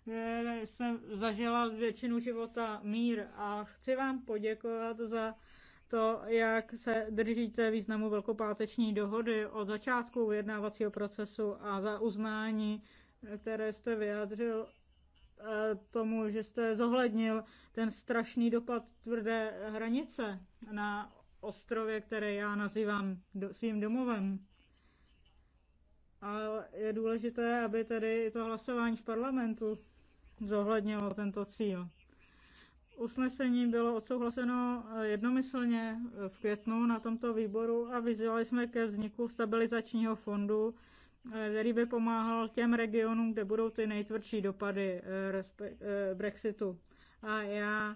S4: kde jsem zažila většinu života mír a chci vám poděkovat za to, jak se držíte významu velkopáteční dohody od začátku vyjednávacího procesu a za uznání, které jste vyjádřil Eh, tomu, že jste zohlednil ten strašný dopad tvrdé hranice na ostrově, které já nazývám do, svým domovem. A je důležité, aby tedy to hlasování v parlamentu zohlednilo tento cíl. Usnesení bylo odsouhlaseno eh, jednomyslně eh, v květnu na tomto výboru a vyzvali jsme ke vzniku stabilizačního fondu Eh, který by pomáhal těm regionům, kde budou ty nejtvrdší dopady eh, eh, Brexitu. A já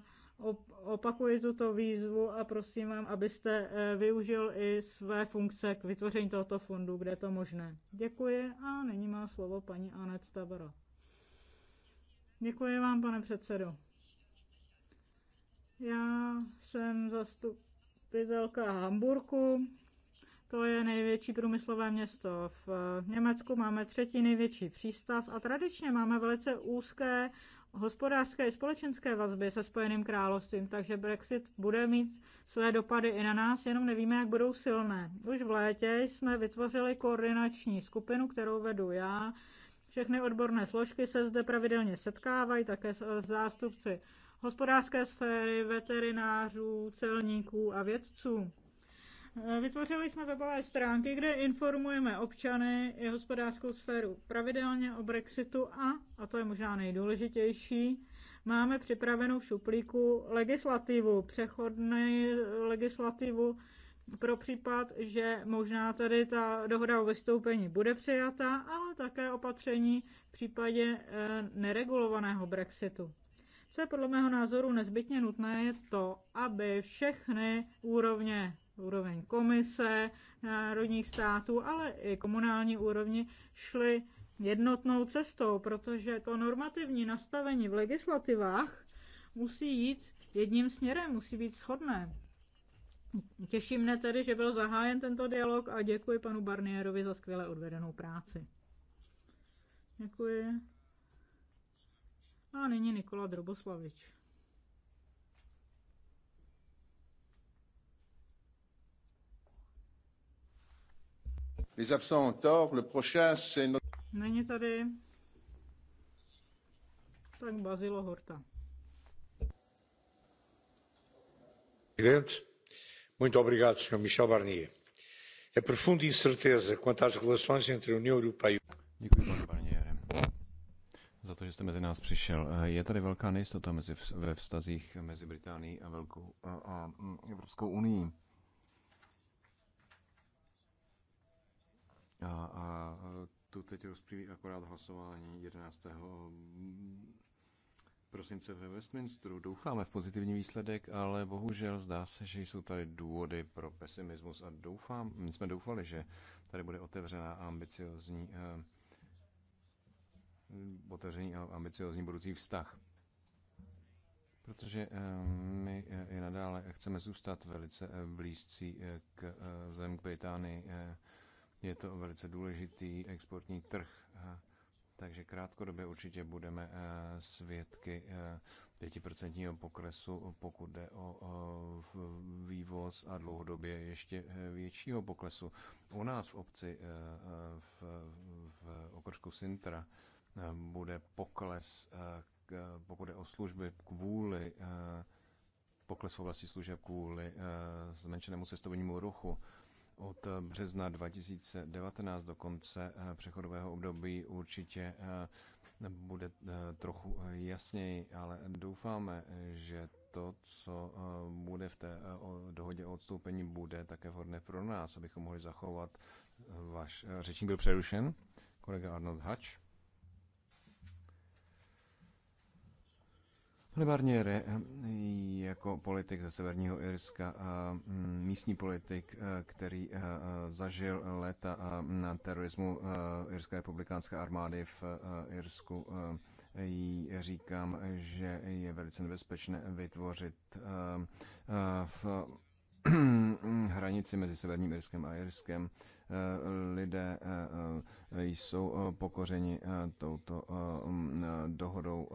S4: opakuji tuto výzvu a prosím vám, abyste využil i své funkce k vytvoření tohoto fondu, kde je to možné. Děkuji a nyní má slovo paní Anet Tabara. Děkuji vám, pane předsedo. Já jsem zastupitelka Hamburku to je největší průmyslové město eh, v Německu, máme třetí největší přístav a tradičně máme velice úzké hospodářské i společenské vazby se Spojeným královstvím, takže Brexit bude mít své dopady i na nás, jenom nevíme, jak budou silné. Už v létě jsme vytvořili koordinační skupinu, kterou vedu já. Všechny odborné složky se zde pravidelně setkávají, také s eh, zástupci hospodářské sféry, veterinářů, celníků a vědců. Vytvořili jsme webové stránky, kde informujeme občany i hospodářskou sféru pravidelně o Brexitu a, a to je možná nejdůležitější, máme připravenou v šuplíku legislativu, přechodnou legislativu pro případ, že možná tady ta dohoda o vystoupení bude přijata, ale také opatření v případě e, neregulovaného Brexitu. Co je podle mého názoru nezbytně nutné, je to, aby všechny úrovně úroveň komise národních států, ale i komunální úrovni šly jednotnou cestou, protože to normativní nastavení v legislativách musí jít jedním směrem, musí být shodné. Těší mne tedy, že byl zahájen tento dialog a děkuji panu Barnierovi za skvěle odvedenou práci. Děkuji. A nyní Nikola Droboslavič.
S3: Les absents ont tort. Le prochain, c'est notre...
S4: Není tady. Tak Bazilo Horta.
S3: Presidente, muito obrigado, Sr. Michel Barnier. profunda incerteza quanto às relações entre a União Europeia e Děkuji, pane
S1: za to, že jste mezi nás přišel. Je tady velká nejistota mezi, ve vztazích mezi Británií a, Velkou, a, a Evropskou unii. A, a tu teď rozpříví akorát hlasování 11. prosince ve Westminsteru. Doufáme v pozitivní výsledek, ale bohužel zdá se, že jsou tady důvody pro pesimismus a doufám, my jsme doufali, že tady bude otevřená a ambiciozní eh, otevřený a ambiciozní budoucí vztah. Protože eh, my eh, i nadále chceme zůstat velice eh, blízcí k vzhledem k Británii je to velice důležitý exportní trh, eh, takže krátkodobě určitě budeme eh, svědky 5% eh, poklesu, pokud jde o vývoz a dlouhodobě ještě většího poklesu. U nás v obci v, v okrsku Sintra bude pokles, pokud jde o služby kvůli pokles v oblasti služeb kvůli zmenšenému cestovnímu ruchu od eh, března 2019 do konce eh, přechodového období určitě eh, bude trochu jasněji, ale doufáme, že to, co bude v té dohodě o odstoupení, bude také vhodné pro nás, abychom mohli zachovat váš řečník byl přerušen, kolega Arnold Hač. Pane Barniere, eh, jako politik ze Severního Irska, mm, místní politik, eh, který eh, zažil léta na terorismu Irské republikánské armády v Irsku, jí říkám, že je velice nebezpečné vytvořit v hranici mezi Severním Irskem a Irskem. Lidé jsou pokořeni touto mm, dohodou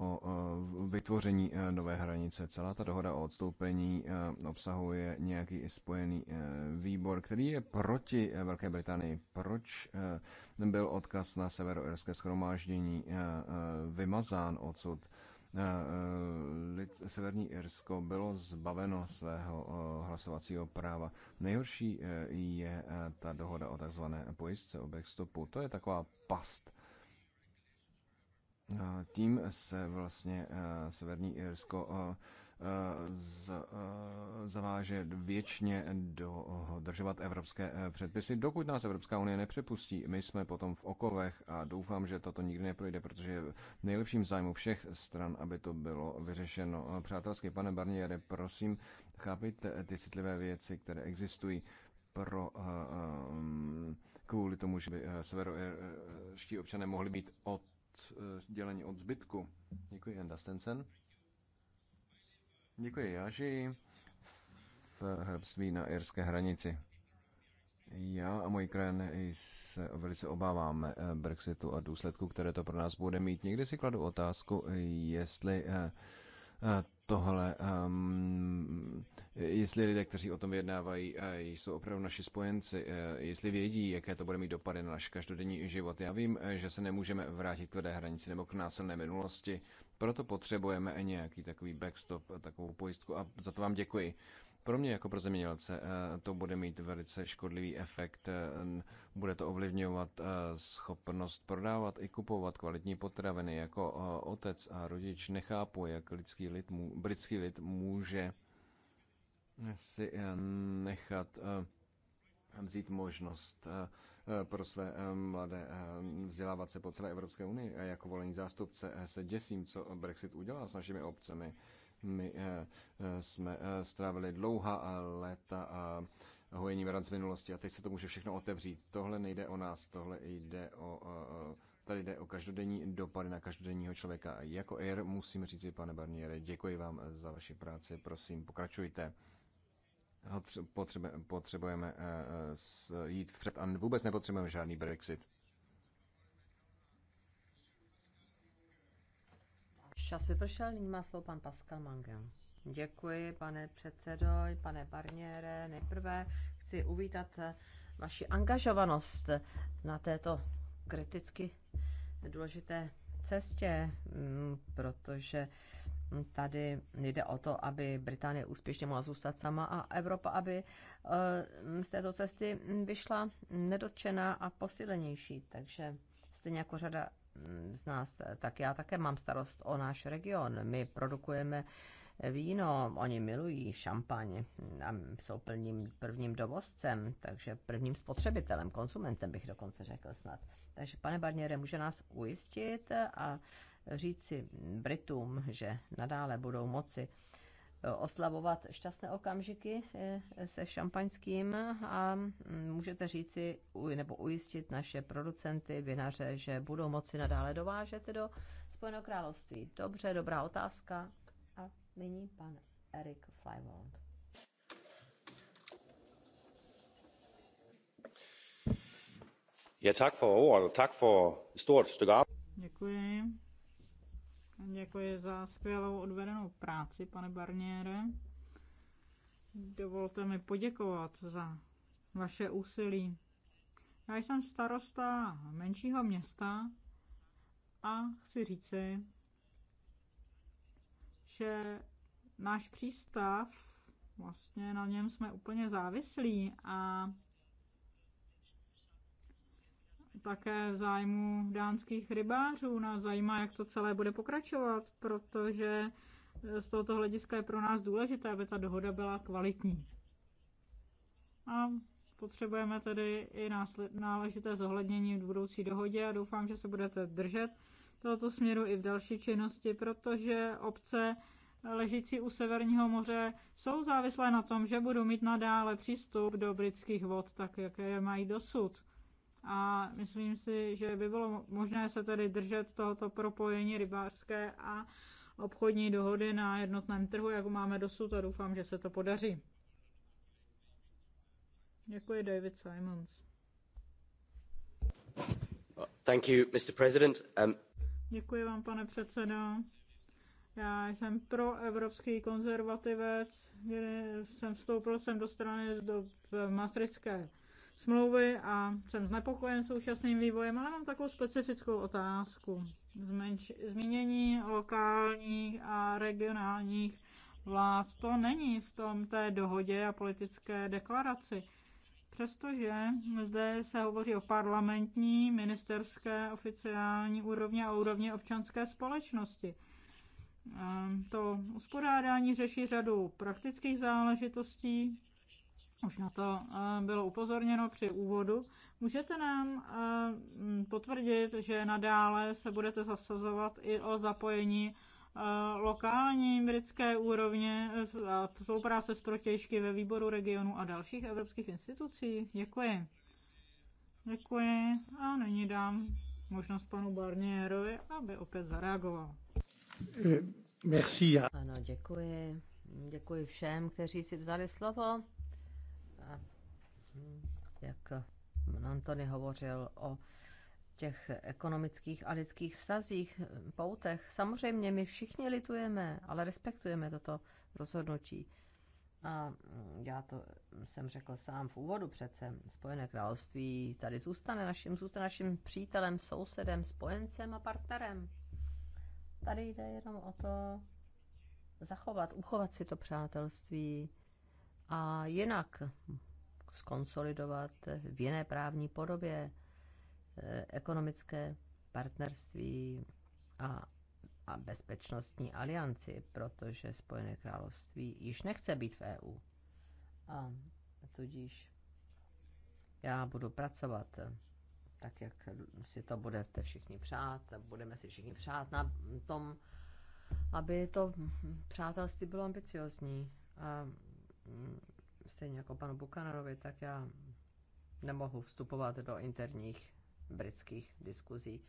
S1: o vytvoření e, nové hranice. Celá ta dohoda o odstoupení e, obsahuje nějaký spojený e, výbor, který je proti Velké Británii. Proč byl odkaz na severoirské schromáždění vymazán odsud? Severní Irsko bylo zbaveno svého hlasovacího práva. Nejhorší je ta dohoda o takzvané pojistce, o backstopu. To je taková past tím se vlastně eh, Severní Irsko eh, eh, zaváže věčně dodržovat evropské předpisy, dokud nás Evropská unie nepřepustí. My jsme potom v okovech a doufám, že toto nikdy neprojde, protože je v nejlepším zájmu všech stran, aby to bylo vyřešeno. Přátelský pane Barniere, prosím, chápejte ty citlivé věci, které existují pro, kvůli tomu, že by severoirští občané mohli být od Eh, dělení od zbytku. Děkuji, Enda Stensen. Děkuji, já žiji v hrbství na irské hranici. Já a můj krajan se velice obáváme eh, Brexitu a důsledku, které to pro nás bude mít. Někdy si kladu otázku, jestli eh, tohle, um, jestli lidé, kteří o tom vyjednávají, eh, jsou opravdu naši spojenci, eh, jestli vědí, jaké to bude mít dopady na náš každodenní život. Já vím, eh, že se nemůžeme vrátit k tvrdé hranici nebo k násilné minulosti, proto potřebujeme nějaký takový backstop, takovou pojistku a za to vám děkuji. Pro mě jako pro zemědělce eh, to bude mít velice škodlivý efekt. Eh, bude to ovlivňovat eh, schopnost prodávat i kupovat kvalitní potraviny. Jako otec a rodič nechápu, jak lidský lid, britský lid může si nechat vzít možnost pro své mladé vzdělávat se po celé Evropské unii. A jako volený zástupce se děsím, co Brexit udělá s našimi obcemi, my eh, eh, jsme eh, strávili dlouhá léta a hojení z minulosti a teď se to může všechno otevřít. Tohle nejde o nás, tohle jde o tady jde o každodenní dopady na každodenního člověka. Jako Air musím říct, pane Barniere, děkuji vám za vaši práci, prosím, pokračujte. Potřebujeme jít vpřed a vůbec nepotřebujeme žádný Brexit.
S5: Čas vypršel, nyní má slovo pan Pascal Mangel. Děkuji, pane předsedo, pane Barniere. Nejprve chci uvítat eh, vaši angažovanost na této kriticky důležité cestě, mm, protože tady jde o to, aby Británie úspěšně mohla zůstat sama a Evropa, aby eh, z této cesty vyšla nedotčená a posílenější. Takže stejně jako řada Mm, z nás, tak já také mám starost o náš region. My produkujeme víno, oni milují šampaň a jsou plním, prvním dovozcem, takže prvním spotřebitelem, konsumentem bych dokonce řekl snad. Takže pane Barniere, může nás ujistit a říci Britům, že nadále budou moci oslavovat šťastné okamžiky eh, se šampaňským a mm, můžete říci nebo ujistit naše producenty, vinaře, že budou moci nadále dovážet do Spojeného království. Dobře, dobrá otázka. A nyní pan Erik Flywold.
S2: Ja, tak for ordet, tak for et stort stykke arbejde.
S4: Děkuji. Děkuji za skvělou odvedenou práci, pane Barniere. Dovolte mi poděkovat za vaše úsilí. Já jsem starosta menšího města a chci říci, že náš přístav, vlastně na něm jsme úplně závislí a také v zájmu dánských rybářů. Nás zajímá, jak to celé bude pokračovat, protože z tohoto hlediska je pro nás důležité, aby ta dohoda byla kvalitní. A potřebujeme tedy i náležité zohlednění v budoucí dohodě a doufám, že se budete držet tohoto směru i v další činnosti, protože obce ležící u Severního moře jsou závislé na tom, že budou mít nadále přístup do britských vod, tak jak je mají dosud a myslím si, že by bylo možné se tedy držet tohoto propojení rybářské a obchodní dohody na jednotném trhu, jako máme dosud a doufám, že se to podaří. Děkuji, David Simons.
S1: Thank you, Mr. President. Um...
S4: Děkuji vám, pane předsedo. Já jsem pro evropský konzervativec, jsem vstoupil jsem do strany do Maastrichtské smlouvy a jsem znepokojen současným vývojem, ale mám takovou specifickou otázku. Zmenš- zmínění lokálních a regionálních vlád to není v tom té dohodě a politické deklaraci. Přestože zde se hovoří o parlamentní, ministerské, oficiální úrovni a úrovni občanské společnosti. Ehm, to uspořádání řeší řadu praktických záležitostí, už na to eh, bylo upozorněno při úvodu. Můžete nám eh, potvrdit, že nadále se budete zasazovat i o zapojení eh, lokální britské úrovně spolupráce s protěžky ve výboru regionu a dalších evropských institucí? Děkuji. Děkuji a nyní dám možnost panu
S5: Barnierovi, aby opět zareagoval.
S4: Merci. Ano,
S5: děkuji. Děkuji všem, kteří si vzali slovo jak eh, Antony hovořil o těch ekonomických a lidských vztazích, eh, poutech. Samozřejmě my všichni litujeme, ale respektujeme toto rozhodnutí. A mm, já to jsem řekl sám v úvodu přece. Spojené království tady zůstane naším, zůstane naším přítelem, sousedem, spojencem a partnerem. Tady jde jenom o to zachovat, uchovat si to přátelství a jinak skonsolidovat v jiné právní podobě eh, ekonomické partnerství a, a bezpečnostní alianci, protože Spojené království již nechce být v EU. A tudíž já budu pracovat eh, tak, jak si to budete všichni přát, budeme si všichni přát na tom, aby to přátelství bylo ambiciozní. A mm, stejně jako panu Bukanarovi, tak já nemohu vstupovat do interních britských diskuzí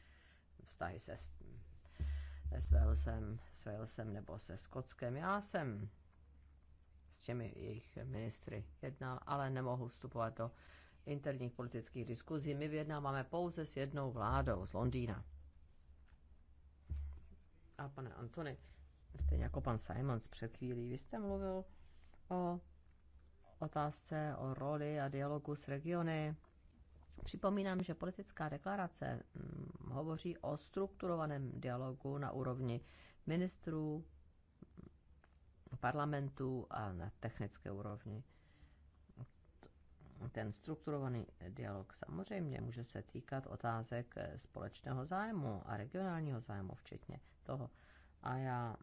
S5: vztahy se s Walesem, s Walesem nebo se Skotskem. Já jsem s těmi jejich ministry jednal, ale nemohu vstupovat do interních politických diskuzí. My vyjednáváme pouze s jednou vládou z Londýna. A pane Antony, stejně jako pan Simons před chvílí, vy jste mluvil o otázce o roli a dialogu s regiony. Připomínám, že politická deklarace mm, hovoří o strukturovaném dialogu na úrovni ministrů, parlamentů a na technické úrovni. Ten strukturovaný dialog samozřejmě může se týkat otázek společného zájmu a regionálního zájmu, včetně toho. A já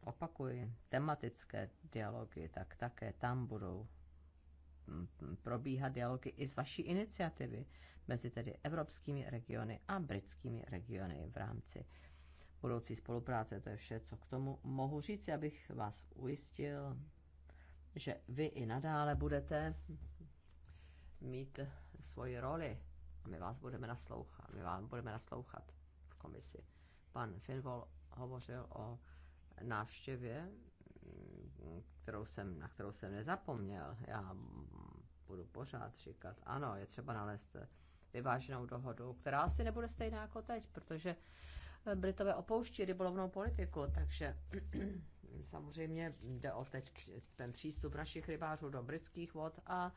S5: opakuji, tematické dialogy, tak také tam budou probíhat dialogy i z vaší iniciativy mezi tedy evropskými regiony a britskými regiony v rámci budoucí spolupráce. To je vše, co k tomu mohu říct, abych vás ujistil, že vy i nadále budete mít svoji roli a my vás budeme naslouchat. My vám budeme naslouchat v komisi. Pan Finvol hovořil o návštěvě kterou jsem, na kterou jsem nezapomněl. Já budu pořád říkat, ano, je třeba nalézt vyváženou dohodu, která asi nebude stejná jako teď, protože eh, Britové opouští rybolovnou politiku, takže samozřejmě jde o teď ten přístup našich rybářů do britských vod a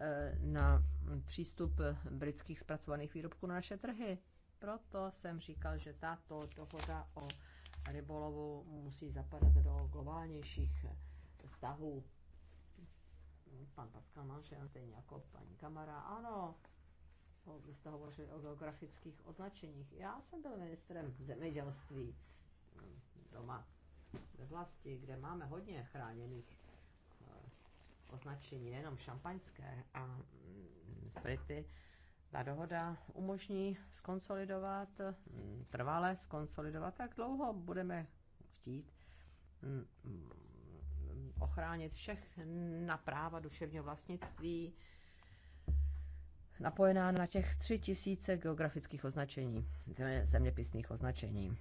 S5: eh, na přístup britských zpracovaných výrobků na naše trhy. Proto jsem říkal, že tato dohoda o rybolovu musí zapadat do globálnějších vztahu. No, pan Pascal Manšel, stejně jako paní Kamara, ano, vy jste hovořili o geografických označeních. Já jsem byl ministrem zemědělství hm, doma ve vlasti, kde máme hodně chráněných eh, označení, nejenom šampaňské a sprity. Hm, Ta dohoda umožní skonsolidovat, hm, trvale skonsolidovat, tak dlouho budeme chtít ochránit všech na práva duševního vlastnictví, napojená na těch tři tisíce geografických označení, zeměpisných označení.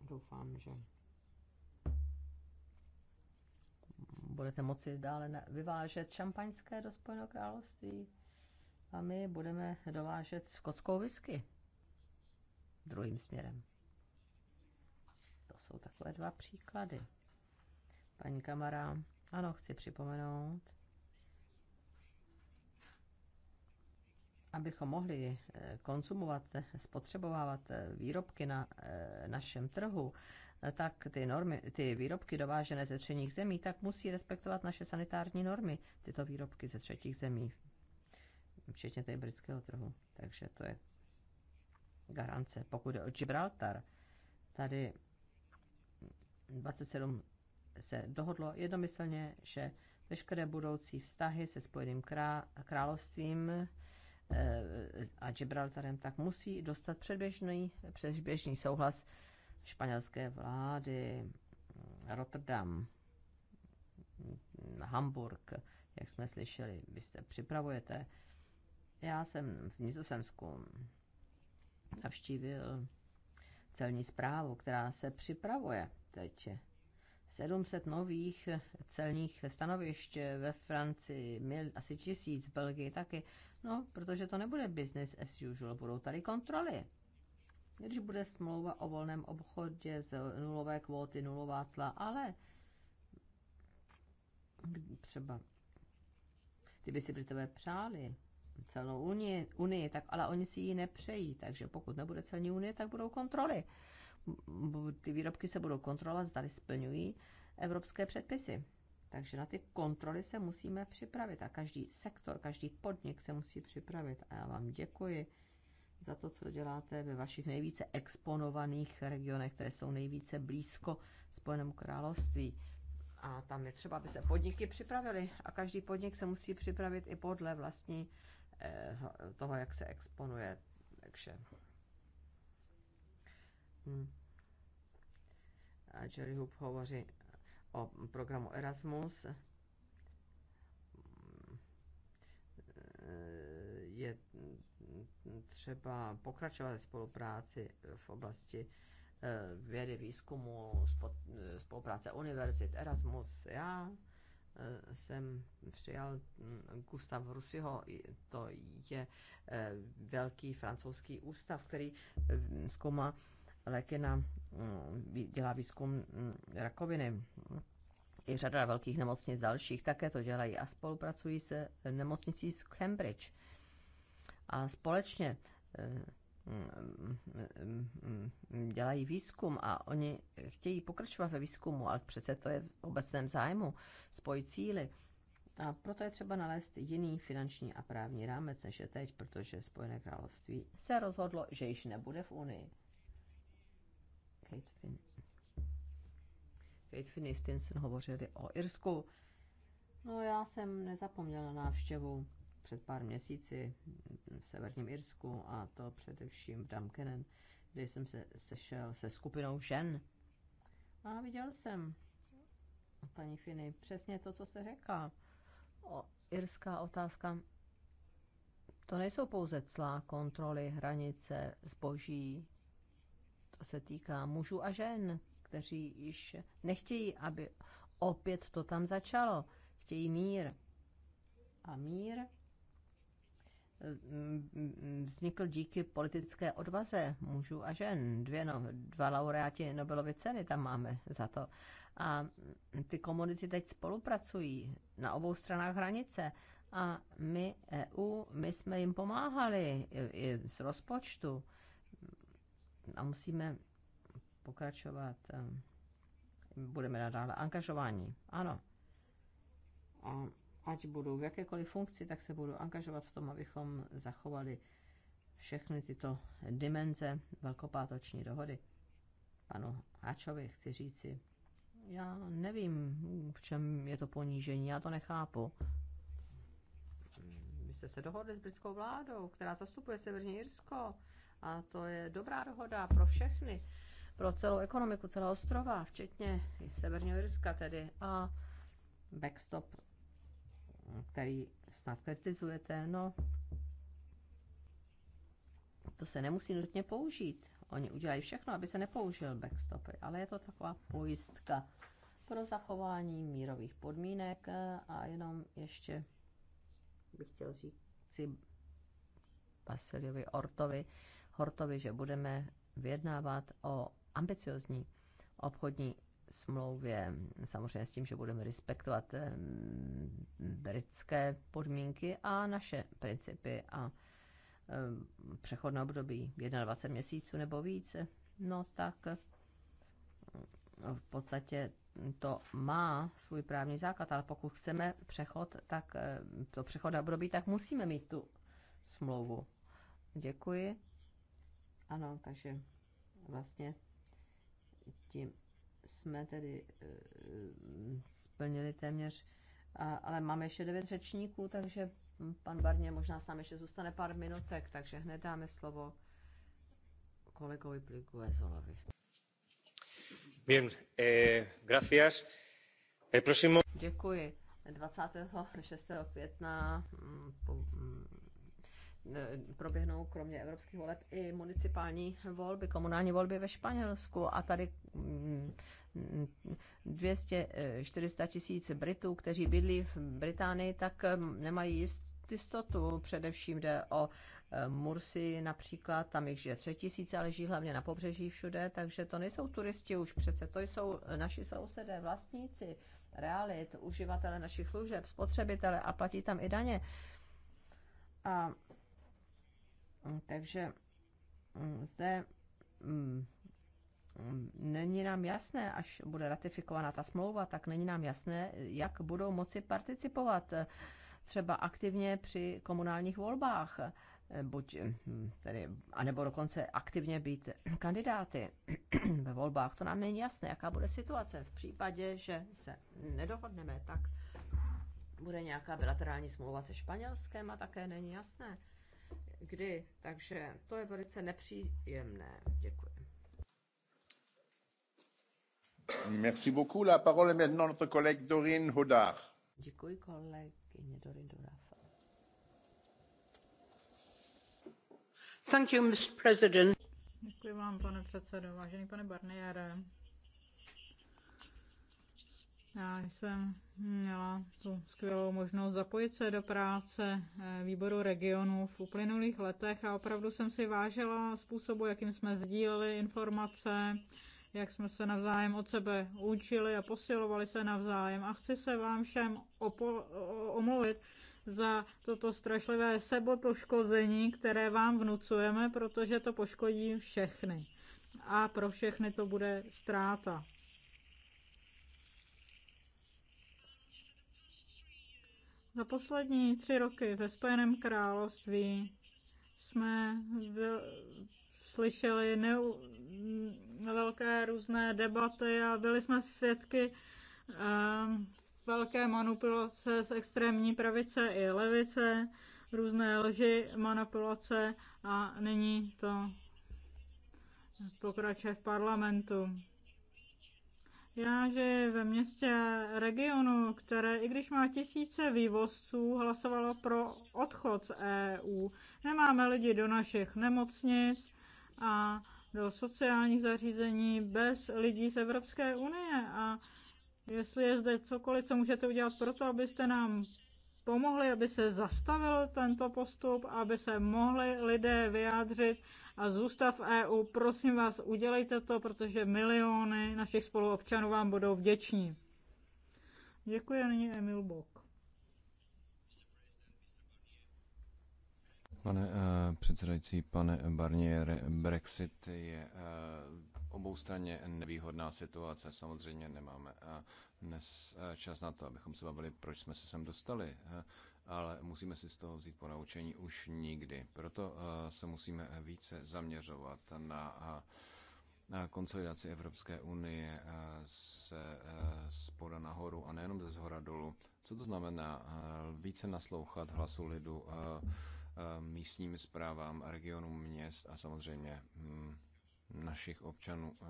S5: Doufám, že budete moci dále vyvážet šampaňské do Spojeného království a my budeme dovážet skotskou whisky druhým směrem. To jsou takové dva příklady. Paní kamará, ano, chci připomenout, abychom mohli eh, konzumovat, eh, spotřebovávat eh, výrobky na našem trhu, tak ty, normy, ty výrobky dovážené ze třetích zemí, tak musí respektovat naše sanitární normy, tyto výrobky ze třetích zemí, včetně té britského trhu. Takže to je garance. Pokud je o Gibraltar, tady 27 se dohodlo jednomyslně, že veškeré budoucí vztahy se Spojeným královstvím eh, a Gibraltarem tak musí dostat předběžný, předběžný souhlas španělské vlády Rotterdam, Hamburg, jak jsme slyšeli, vy se připravujete. Já jsem v Nizozemsku navštívil celní zprávu, která se připravuje teď 700 nových celních stanovišť ve Francii, mil, asi tisíc, v Belgii taky. No, protože to nebude business as usual, budou tady kontroly. Když bude smlouva o volném obchodě z nulové kvóty, nulová cla, ale třeba kdyby si Britové přáli celou unii, unii, tak ale oni si ji nepřejí, takže pokud nebude celní unie, tak budou kontroly ty výrobky se budou kontrolovat, zda splňují evropské předpisy. Takže na ty kontroly se musíme připravit a každý sektor, každý podnik se musí připravit. A já vám děkuji za to, co děláte ve vašich nejvíce exponovaných regionech, které jsou nejvíce blízko Spojenému království. A tam je třeba, aby se podniky připravili. A každý podnik se musí připravit i podle vlastní eh, toho, jak se exponuje. Takže Hmm. A Jerry Hoop hovoří o programu Erasmus. Hmm. Je třeba pokračovat spolupráci v oblasti eh, vědy, výzkumu, eh, spolupráce univerzit, Erasmus. Já eh, jsem přijal hm, Gustav Rusiho, to je velký francouzský ústav, který hm, zkoumá léky na, mm, dělá výzkum mm, rakoviny. I řada velkých nemocnic dalších také to dělají a spolupracují se nemocnicí z Cambridge. A společně eh, mm, dělají výzkum a oni chtějí pokračovat ve výzkumu, ale přece to je v obecném zájmu spojit cíly. A proto je třeba nalézt jiný finanční a právní rámec než je teď, protože Spojené království se rozhodlo, že již nebude v Unii. Kate Finn. Kate Finney Stinson hovořili o Irsku. No já jsem nezapomněla návštěvu před pár měsíci v severním Irsku a to především v Dunkenen, kde jsem se sešel se skupinou žen. A viděl jsem, paní Finy, přesně to, co jste řekla. O, irská otázka. To nejsou pouze clá, kontroly, hranice, zboží, se týká mužů a žen, kteří již nechtějí, aby opět to tam začalo. Chtějí mír. A mír mm, mm, vznikl díky politické odvaze mužů a žen. Dvě, no, dva laureáti Nobelovy ceny tam máme za to. A ty komunity teď spolupracují na obou stranách hranice. A my EU, my jsme jim pomáhali i, z rozpočtu a musíme pokračovat. Eh, budeme nadále angažování, Ano. A ať budu v jakékoliv funkci, tak se budu angažovat v tom, abychom zachovali všechny tyto dimenze velkopátoční dohody. Panu Hačovi chci říci, já nevím, v čem je to ponížení, já to nechápu. Vy jste se dohodli s britskou vládou, která zastupuje Severní Irsko. A to je dobrá dohoda pro všechny, pro celou ekonomiku, celého ostrova, včetně Severního Jirska tedy. A backstop, který snad kritizujete, no to se nemusí nutně použít. Oni udělají všechno, aby se nepoužil backstopy, ale je to taková pojistka pro zachování mírových podmínek a jenom ještě bych chtěl říct si Basiliovi Ortovi, Hortovi, že budeme vyjednávat o ambiciozní obchodní smlouvě, samozřejmě s tím, že budeme respektovat britské podmínky a naše principy a přechodné období 21 měsíců nebo více, no tak v podstatě to má svůj právní základ, ale pokud chceme přechod, tak to přechodné období, tak musíme mít tu smlouvu. Děkuji. Ano, takže vlastně tím jsme tedy eh, splnili téměř, a, ale máme ještě devět řečníků, takže pan Barně možná s námi ještě zůstane pár minutek, takže hned dáme slovo kolegovi Pliguezolovi. Bien, eh, gracias. El próximo... Děkuji. 26. května mm, mm, E, proběhnou kromě evropských voleb i municipální volby, komunální volby ve Španělsku a tady 200, mm, 400 e, tisíc Britů, kteří bydlí v Británii, tak e, nemají jistotu. Především jde o Mursi například, tam jich žije tři tisíce, ale žijí hlavně na pobřeží všude, takže to nejsou turisti už přece, to jsou naši sousedé, vlastníci realit, uživatele našich služeb, spotřebitele a platí tam i daně. A Eh, takže mm, zde mm, mm, není nám jasné, až bude ratifikována ta smlouva, tak není nám jasné, jak budou moci participovat eh, třeba aktivně při komunálních volbách, eh, buď hm, tedy, anebo dokonce aktivně být kandidáty ve volbách. To nám není jasné, jaká bude situace. V případě, že se nedohodneme, tak bude nějaká bilaterální smlouva se Španělskem a také není jasné, kdy. Takže to je velice nepříjemné. Děkuji.
S3: Merci beaucoup. La parole est maintenant notre collègue Dorine Hodar.
S5: Děkuji kolegyně Dorine Hodard.
S4: Thank you, Mr. President. Děkuji vám, pane předsedo. Vážený pane Barniere, já jsem měla tu skvělou možnost zapojit se do práce eh, výboru regionu v uplynulých letech a opravdu jsem si vážila způsobu, jakým jsme sdíleli informace, jak jsme se navzájem od sebe učili a posilovali se navzájem. A chci se vám všem omluvit za toto strašlivé sebotoškození, které vám vnucujeme, protože to poškodí všechny. A pro všechny to bude ztráta. Za poslední tři roky ve Spojeném království jsme slyšeli neu, velké různé debaty a byli jsme svědky um, velké manipulace z extrémní pravice i levice, různé lži, manipulace a nyní to pokračuje v parlamentu. Já žiji ve městě regionu, které, i když má tisíce vývozců, hlasovalo pro odchod z EU. Nemáme lidi do našich nemocnic a do sociálních zařízení bez lidí z Evropské unie. A jestli je zde cokoliv, co můžete udělat pro to, abyste nám pomohli, aby se zastavil tento postup, aby se mohli lidé vyjádřit a zůstav EU. Prosím vás, udělejte to, protože miliony našich spoluobčanů vám budou vděční. Děkuji nyní Emil Bok.
S1: Pane eh, předsedající, pane Barnier, Brexit je eh, oboustranně nevýhodná situace. Samozřejmě nemáme eh, dnes čas na to, abychom se bavili, proč jsme se sem dostali, ale musíme si z toho vzít po naučení už nikdy. Proto se musíme více zaměřovat na konsolidaci Evropské unie se spoda nahoru a nejenom ze zhora dolů. Co to znamená? Více naslouchat hlasu lidu, Eh, místním zprávám, regionu měst a samozřejmě hm, našich občanů. Eh,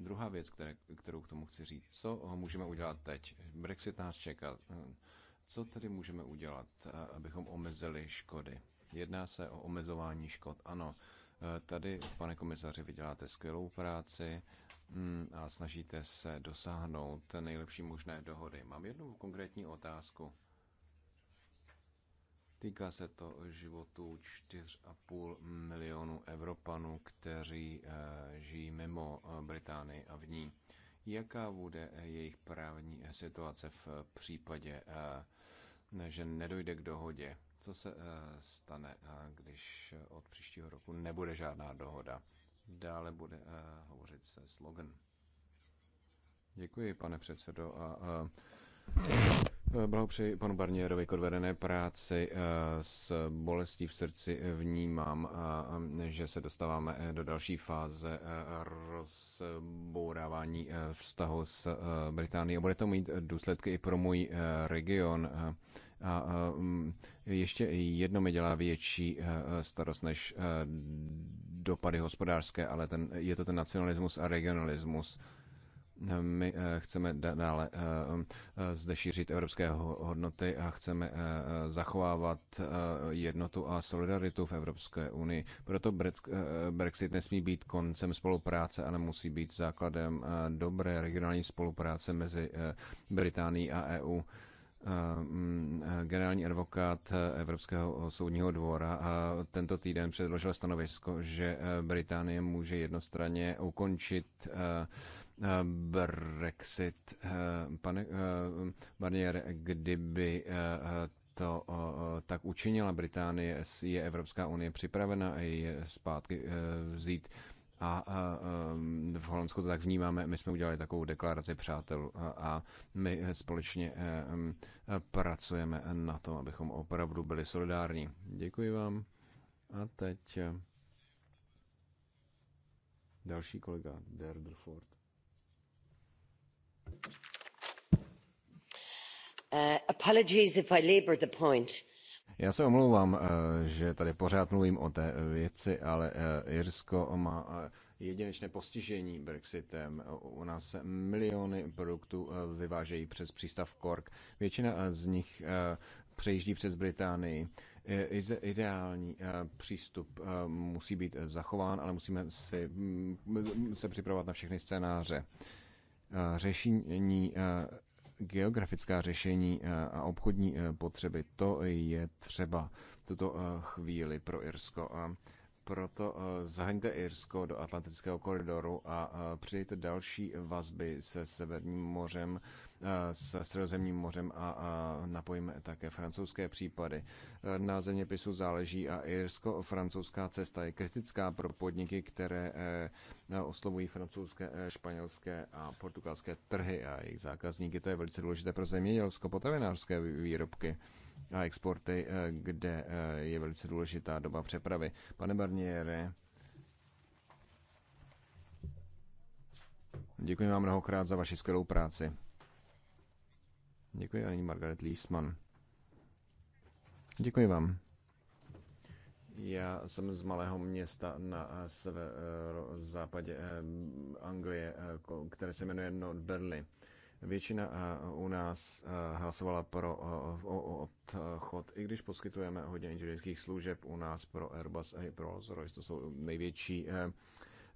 S1: druhá věc, které, kterou k tomu chci říct, co můžeme udělat teď? Brexit nás čeká. Eh, co tedy můžeme udělat, abychom omezili škody? Jedná se o omezování škod. Ano, tady, pane komisaři, vyděláte skvělou práci hm, a snažíte se dosáhnout nejlepší možné dohody. Mám jednu konkrétní otázku. Týká se to životu 4,5 milionů Evropanů, kteří eh, žijí mimo eh, Británii a v ní. Jaká bude eh, jejich právní situace v případě, že nedojde k dohodě? Co se stane, když od příštího roku nebude žádná dohoda? Dále bude hovořit se slogan. Děkuji, pane předsedo. A, a... Eh, blahopřeji panu Barnierovi k odvedené práci. Eh, s bolestí v srdci vnímám, eh, že se dostáváme do další fáze rozbourávání vztahu s Británií. Bude to mít důsledky i pro můj region. A mm, ještě jedno mi dělá větší starost než dopady hospodářské, ale ten, je to ten nacionalismus a regionalismus my eh, chceme dále eh, eh, zde šířit evropské hodnoty a chceme zachovávat jednotu a solidaritu v Evropské unii. Proto Brexit nesmí být koncem spolupráce, ale musí být základem dobré regionální spolupráce mezi Británií a EU mm, generální advokát Evropského soudního dvora tento týden předložil stanovisko, že Británie může jednostranně ukončit Eh, Brexit. Eh, pane eh, Barnier, kdyby to tak učinila Británie, je Evropská unie připravena je zpátky vzít a v Holandsku to tak vnímáme. My jsme udělali takovou deklaraci přátel a my společně pracujeme na tom, abychom opravdu byli solidární. Děkuji vám. A teď další kolega Derderford. Uh, Já se omlouvám, eh, že tady pořád mluvím o té věci, ale eh, Irsko má eh, jedinečné postižení Brexitem. U nás miliony produktů vyvážejí přes přístav Cork. Většina z nich přejíždí přes Británii. Ideální přístup musí být zachován, ale musíme si, mm, se připravovat na všechny scénáře. Eh, řešení, eh, geografická řešení eh, a obchodní potřeby, to je třeba tuto chvíli pro Irsko. A proto eh, zahaňte Irsko do Atlantického koridoru a eh, přidejte další vazby se Severním mořem, eh, se Středozemním mořem a napojíme také francouzské případy. Na zeměpisu záleží a Irsko-francouzská cesta je kritická pro podniky, které oslovují francouzské, španělské a portugalské trhy a jejich zákazníky. To je velice důležité pro zemědělsko-potravinářské výrobky a exporty, eh, kde eh, je velice důležitá doba přepravy. Pane Barniere, děkuji vám mnohokrát za vaši skvělou práci. Děkuji ani Margaret Liesman. Děkuji vám. Já jsem z malého města na sever, západě eh, Anglie, které se jmenuje North Berlin. Většina eh, u nás eh, hlasovala pro eh, odchod, i když poskytujeme hodně inženýrských služeb u nás pro Airbus a pro Rolls-Royce, to jsou největší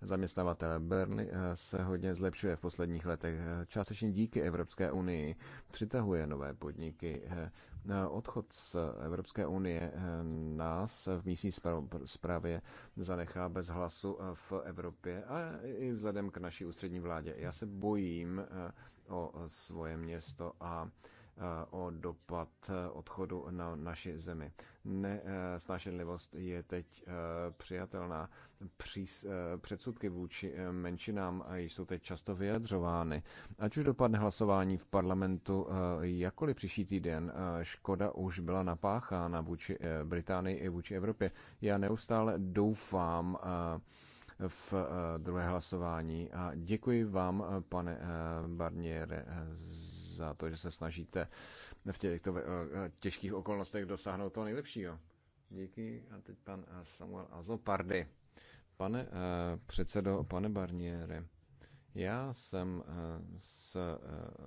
S1: zaměstnavatele. Berny se hodně zlepšuje v posledních letech. Částečně díky Evropské unii přitahuje nové podniky. Odchod z Evropské unie nás v místní zprávě zanechá bez hlasu v Evropě a i vzhledem k naší ústřední vládě. Já se bojím o svoje město a e, o dopad e, odchodu na naši zemi. Nesnášenlivost e, je teď přijatelná. předsudky vůči menšinám jsou teď často vyjadřovány. Ať už dopadne hlasování v parlamentu jakkoliv příští týden, škoda už byla napáchána vůči Británii i vůči Evropě. Já neustále doufám, v eh, druhé hlasování. A děkuji vám, eh, pane eh, Barniere, za to, že se snažíte v těchto těžkých okolnostech dosáhnout toho nejlepšího. Díky. A teď pan Samuel Azopardy. Pane předsedo, pane Barniere, já jsem z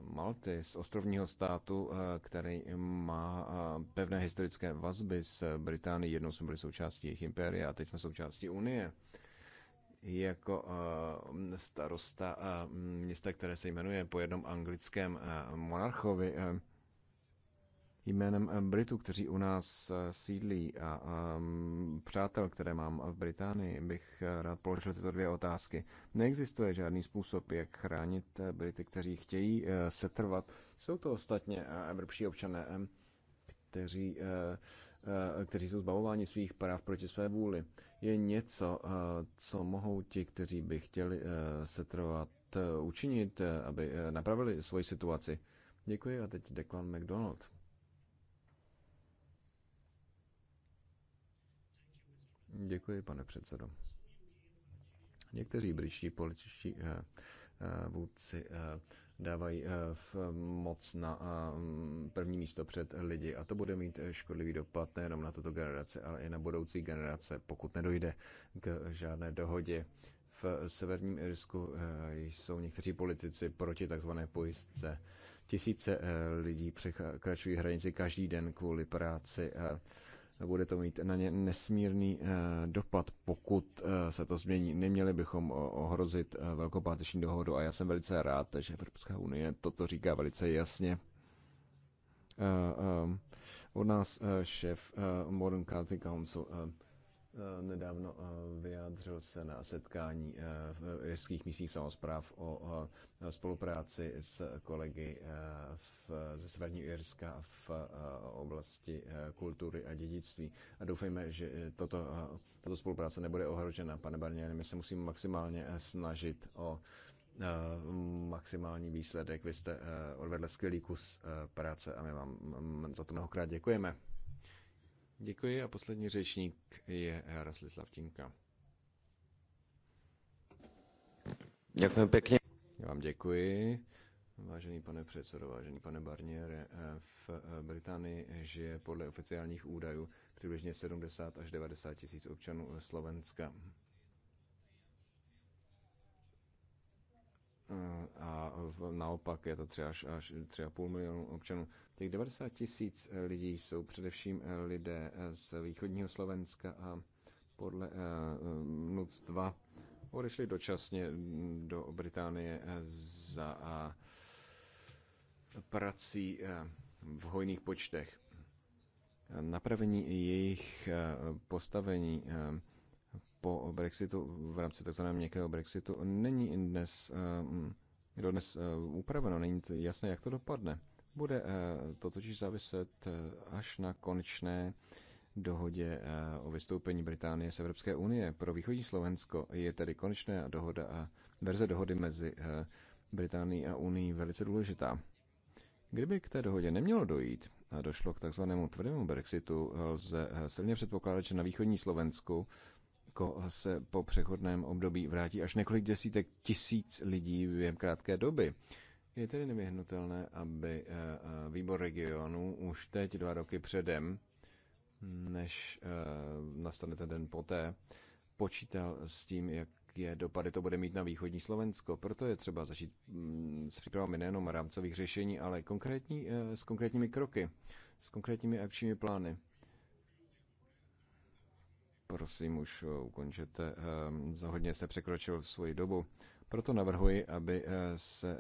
S1: Malty, z ostrovního státu, který má pevné historické vazby s Británií. Jednou jsme byli součástí jejich impéria a teď jsme součástí Unie jako eh, starosta eh, města, které se jmenuje po jednom anglickém eh, monarchovi jménem Britu, kteří u nás sídlí a přátel, které mám v Británii, bych rád položil tyto dvě otázky. Neexistuje žádný způsob, jak chránit Brity, kteří chtějí setrvat. Jsou to ostatně evropští občané, kteří Eh, kteří jsou zbavováni svých práv proti své vůli, je něco, eh, co mohou ti, kteří by chtěli eh, setrvat, učinit, aby napravili svoji situaci. Děkuji a teď Declan McDonald. Děkuji, pane předsedo. Někteří britští političtí vůdci dávají eh, v moc na eh, první místo před lidi. A to bude mít eh, škodlivý dopad nejenom na tuto generaci, ale i na budoucí generace, pokud nedojde k žádné dohodě. V severním Irsku jsou někteří politici proti takzvané pojistce. Tisíce lidí překračují hranici každý den kvůli práci bude to mít na ně nesmírný eh, dopad, pokud eh, se to změní. Neměli bychom eh, ohrozit velkopáteční dohodu a já jsem velice rád, že Evropská unie toto říká velice jasně. Od nás šéf Modern Country Council nedávno eh, vyjádřil se na setkání eh, v jeřských místních samozpráv o eh, spolupráci s kolegy v, ze Severního Jirska v oblasti kultury a dědictví. A doufejme, že toto, tato spolupráce nebude ohrožena. Pane Barnier, my se musíme maximálně snažit o maximální výsledek. Vy jste odvedl skvělý kus práce a my vám mm, za to mnohokrát děkujeme. Děkuji a poslední řečník je Jaroslav Tinka.
S2: Děkuji pěkně. Já vám
S1: děkuji. Vážený pane předsedo, vážený pane Barnier, v eh, Británii žije podle oficiálních údajů přibližně 70 až 90 tisíc občanů eh, Slovenska. Eh, a naopak je to tři až, až 3,5 milionů občanů. Těch 90 tisíc eh, lidí jsou především eh, lidé z východního Slovenska a podle NUC 2 odešli dočasně mm, do Británie za prací v hojných počtech. Napravení jejich postavení po Brexitu, v rámci tzv. měkkého Brexitu, není dnes, dodnes eh, eh, upraveno, není jasné, jak to dopadne. Bude eh, to totiž záviset až na konečné dohodě o vystoupení Británie z Evropské unie. Pro východní Slovensko je tedy konečná dohoda a verze dohody mezi Británií a Unii velice důležitá. Kdyby k té dohodě nemělo dojít a došlo k takzvanému tvrdému Brexitu, lze silně předpokládat, že na východní Slovensku Řecko se po přechodném období vrátí až několik desítek tisíc lidí během krátké doby. Je tedy nevyhnutelné, aby eh, eh, výbor regionů už teď dva roky předem, než eh, nastane ten den poté, počítal s tím, jak jaké dopady to bude mít na východní Slovensko. Proto je třeba začít mm, s přípravami nejenom rámcových řešení, ale konkrétní, s konkrétními kroky, s konkrétními akčními plány. Prosím, už eh, ukončete. Za eh, hodně se překročil svoji dobu. Proto navrhuji, aby eh, se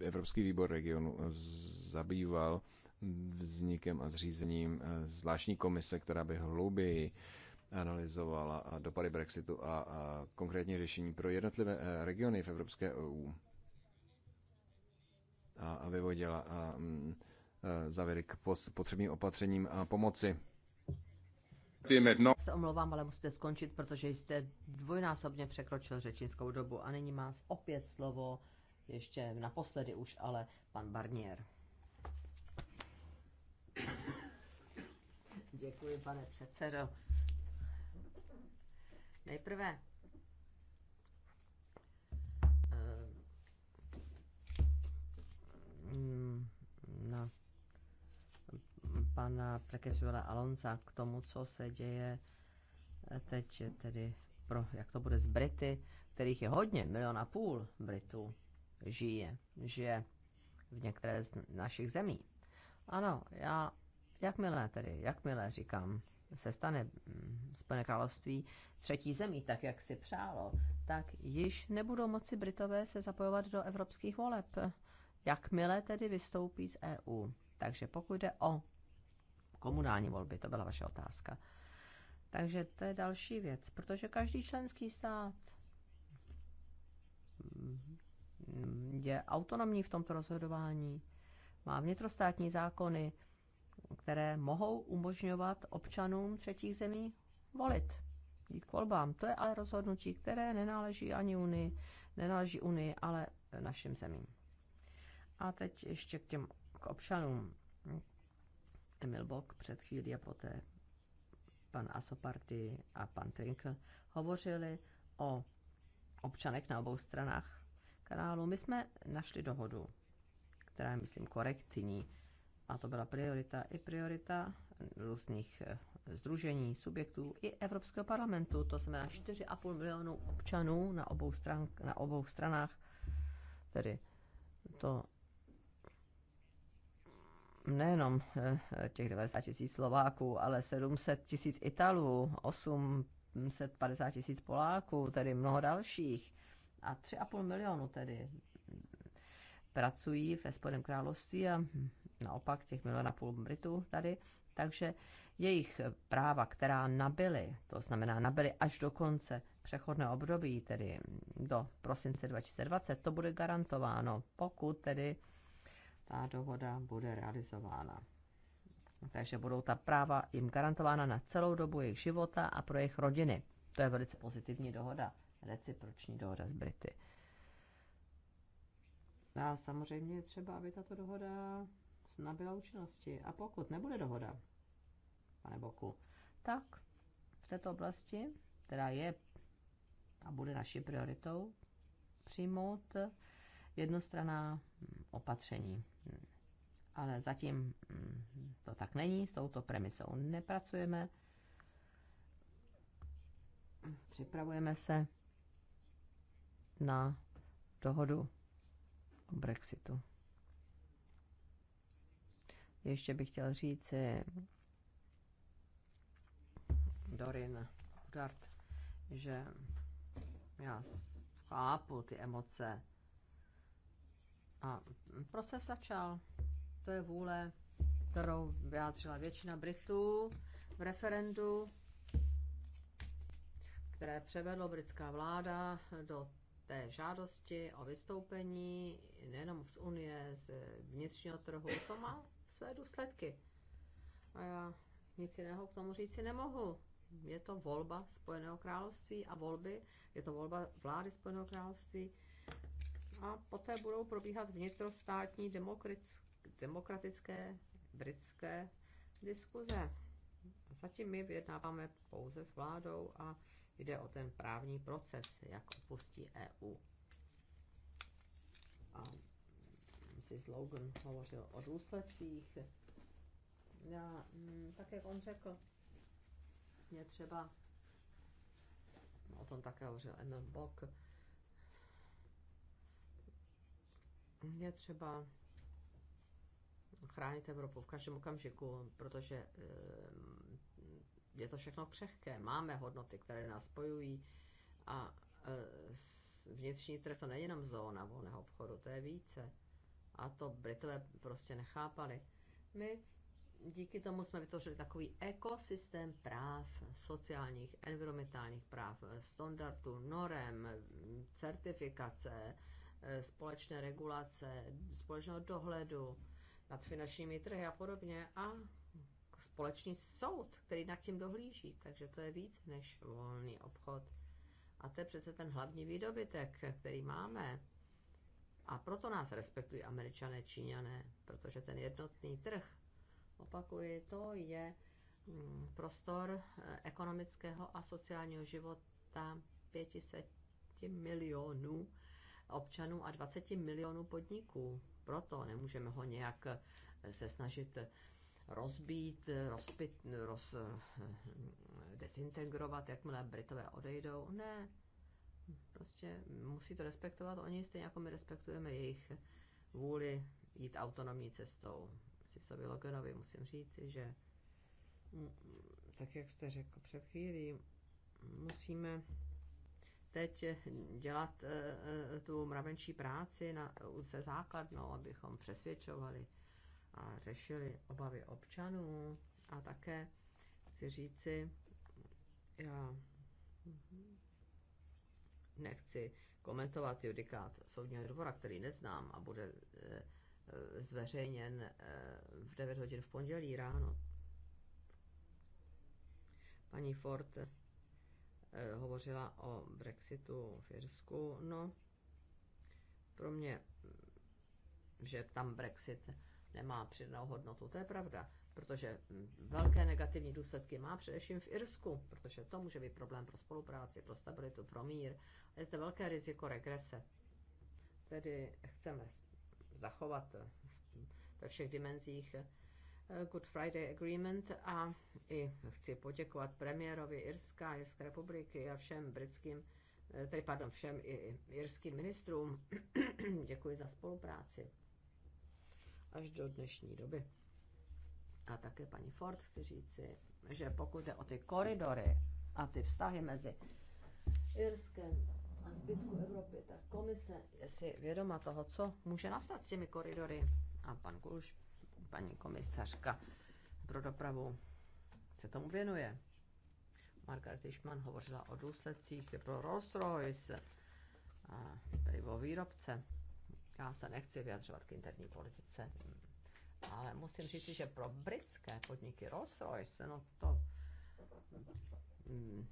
S1: Evropský výbor regionu zabýval vznikem a zřízením zvláštní komise, která by hlouběji analyzovala dopady Brexitu a konkrétní řešení pro jednotlivé regiony v Evropské EU a vyvodila mm, závěry k potřebným opatřením a pomoci se
S5: omlouvám, ale musíte skončit, protože jste dvojnásobně překročil řečnickou dobu a nyní má opět slovo, ještě naposledy už, ale pan Barnier. Děkuji, pane předsedo. Nejprve eh, na no pana Plekezuela Alonza k tomu, co se děje eh, teď tedy pro, jak to bude s Brity, kterých je hodně, milion a půl Britů žije, žije v některé z našich zemí. Ano, já, jakmile tedy, jakmile říkám, se stane mm, Spojené království třetí zemí, tak jak si přálo, tak již nebudou moci Britové se zapojovat do evropských voleb, jakmile tedy vystoupí z EU. Takže pokud jde o komunální volby, to byla vaše otázka. Takže to je další věc, protože každý členský stát mm, je autonomní v tomto rozhodování, má vnitrostátní zákony, které mohou umožňovat občanům třetích zemí volit, jít k volbám. To je ale rozhodnutí, které nenáleží ani Unii, nenáleží Unii, ale našim zemím. A teď ještě k těm k občanům. Emil Bok před chvílí a poté pan Asoparty a pan Trinkl hovořili o občanech na obou stranách kanálu. My jsme našli dohodu, která je, myslím, korektní. A to byla priorita i priorita různých združení, eh, subjektů i Evropského parlamentu. To znamená 4,5 milionů občanů na obou, stran, na obou stranách. Tedy to nejenom eh, těch 90 tisíc Slováků, ale 700 tisíc Italů, 850 tisíc Poláků, tedy mnoho dalších a 3,5 milionu tedy pracují ve Spodném království a naopak těch milion a půl Britů tady, takže jejich práva, která nabyly, to znamená nabyly až do konce přechodné období, tedy do prosince 2020, to bude garantováno, pokud tedy ta dohoda bude realizována. Takže budou ta práva jim garantována na celou dobu jejich života a pro jejich rodiny. To je velice pozitivní dohoda, reciproční dohoda s Brity. A samozřejmě je třeba, aby tato dohoda nabyla účinnosti. A pokud nebude dohoda, pane Boku, tak v této oblasti, která je a bude naší prioritou, přijmout jednostraná opatření. Hmm. Ale zatím hmm, to tak není, s touto premisou nepracujeme. Připravujeme se na dohodu o Brexitu. Ještě bych chtěl říct Dorin Dart, že já chápu ty emoce a proces začal. To je vůle, kterou vyjádřila většina Britů v referendu, které převedlo britská vláda do té žádosti o vystoupení nejenom z Unie, z vnitřního trhu. To má své důsledky. A já nic jiného k tomu říci nemohu. Je to volba Spojeného království a volby, je to volba vlády Spojeného království a poté budou probíhat vnitrostátní demokratické britské diskuze. Zatím my vyjednáváme pouze s vládou a jde o ten právní proces, jak opustí EU. A Mrs. Logan hovořil o důsledcích. Já, mm, tak jak on řekl, mě třeba, no, o tom také hovořil Emil Bock, je třeba chránit Evropu v každém okamžiku, protože eh, je to všechno křehké. Máme hodnoty, které nás spojují a eh, vnitřní trh to nejenom zóna volného obchodu, to je více. A to Britové prostě nechápali. My díky tomu jsme vytvořili takový ekosystém práv, sociálních, environmentálních práv, eh, standardů, norem, certifikace, Eh, společné regulace, společného dohledu nad finančními trhy a podobně a společný soud, který nad tím dohlíží. Takže to je víc než volný obchod. A to je přece ten hlavní výdobytek, který máme. A proto nás respektují američané, číňané, protože ten jednotný trh, opakuji, to je mm, prostor eh, ekonomického a sociálního života 500 milionů občanů a 20 milionů podniků. Proto nemůžeme ho nějak eh, se snažit eh, rozbít, eh, rozpit, roz, hm, dezintegrovat, jakmile Britové odejdou. Ne, prostě musí to respektovat oni, stejně jako my respektujeme jejich vůli jít autonomní cestou. Sisovi Loganovi musím říct, že mm, mm, tak jak jste řekl před chvílí, musíme teď dělat eh, eh, tu mravenčí práci na, se základnou, abychom přesvědčovali a řešili obavy občanů. A také chci říci, já nechci komentovat judikát soudního dvora, který neznám a bude eh, zveřejněn v 9 hodin v pondělí ráno. Paní Ford Eh, hovořila o Brexitu v Irsku. No, pro mě, mm, že tam Brexit nemá přidanou hodnotu, to je pravda, protože mm, velké negativní důsledky má především v Irsku, protože to může být problém pro spolupráci, pro stabilitu, pro mír. A je zde velké riziko regrese. Tedy chceme zachovat eh, ve všech dimenzích eh, Eh, Good Friday Agreement a i chci poděkovat premiérovi Irska, Irské republiky a všem britským, eh, tedy pardon, všem i irským ministrům. Děkuji za spolupráci až do dnešní doby. A také paní Ford chci říci, že pokud jde o ty koridory a ty vztahy mezi Irskem a zbytku Evropy, tak komise je si vědoma toho, co může nastat s těmi koridory. A pan Kulš paní komisařka pro dopravu se tomu věnuje. Margaret Ishman hovořila o důsledcích pro Rolls-Royce, tady o výrobce. Já se nechci vyjadřovat k interní politice, ale musím říct, že pro britské podniky Rolls-Royce, no to mm,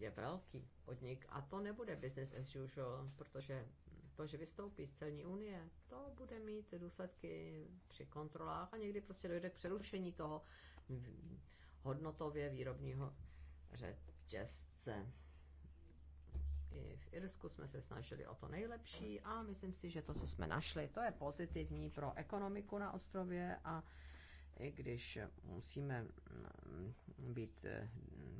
S5: je velký podnik a to nebude business as usual, protože to, že vystoupí z celní unie, to bude mít důsledky při kontrolách a někdy prostě dojde k přerušení toho hodnotově výrobního řetězce. I v Irsku jsme se snažili o to nejlepší a myslím si, že to, co jsme našli, to je pozitivní pro ekonomiku na ostrově a i když musíme mm, být eh,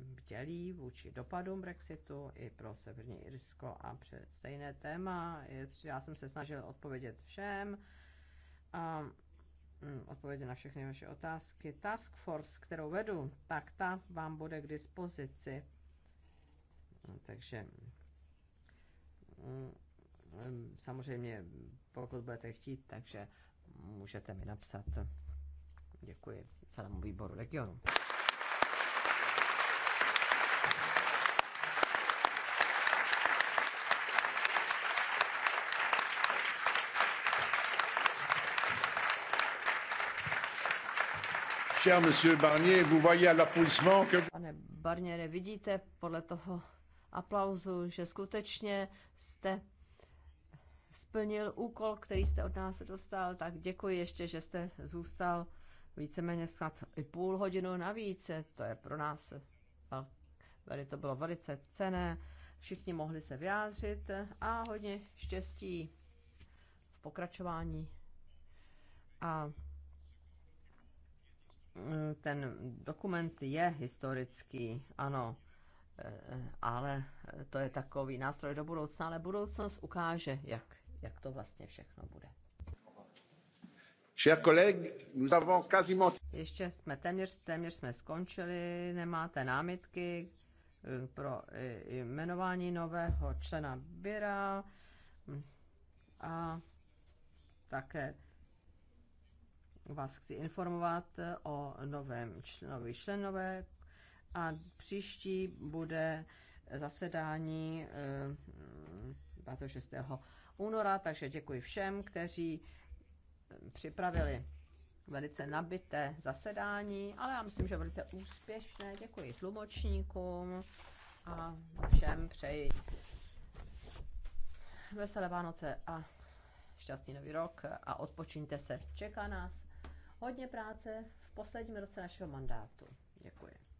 S5: vdělí vůči dopadům Brexitu i pro Severní Irsko a před stejné téma. Já jsem se snažil odpovědět všem a mm, odpovědět na všechny vaše otázky. Task Force, kterou vedu, tak ta vám bude k dispozici. Mm, takže samozřejmě, pokud budete chtít, takže můžete mi napsat Děkuji celému výboru regionu.
S3: Cher monsieur Barnier, vous voyez à l'applaudissement que... Pane
S5: Barniere, vidíte podle toho aplauzu, že skutečně jste splnil úkol, který jste od nás dostal, tak děkuji ještě, že jste zůstal víceméně snad i půl hodinu navíc. To je pro nás velice to bylo velice cené. Všichni mohli se vyjádřit a hodně štěstí v pokračování. A mm, ten dokument je historický, ano, eh, ale to je takový nástroj do budoucna, ale budoucnost ukáže, jak, jak to vlastně všechno bude. Ještě jsme téměř, téměř jsme skončili, nemáte námitky eh, pro eh, jmenování nového člena Byra hm, a také vás chci informovat eh, o novém členovi členové a příští bude zasedání 26. Hm, února, takže děkuji všem, kteří připravili velice nabité zasedání, ale já myslím, že velice úspěšné. Děkuji tlumočníkům a všem přeji veselé Vánoce a šťastný nový rok a odpočíňte se. Čeká nás hodně práce v posledním roce našeho mandátu. Děkuji.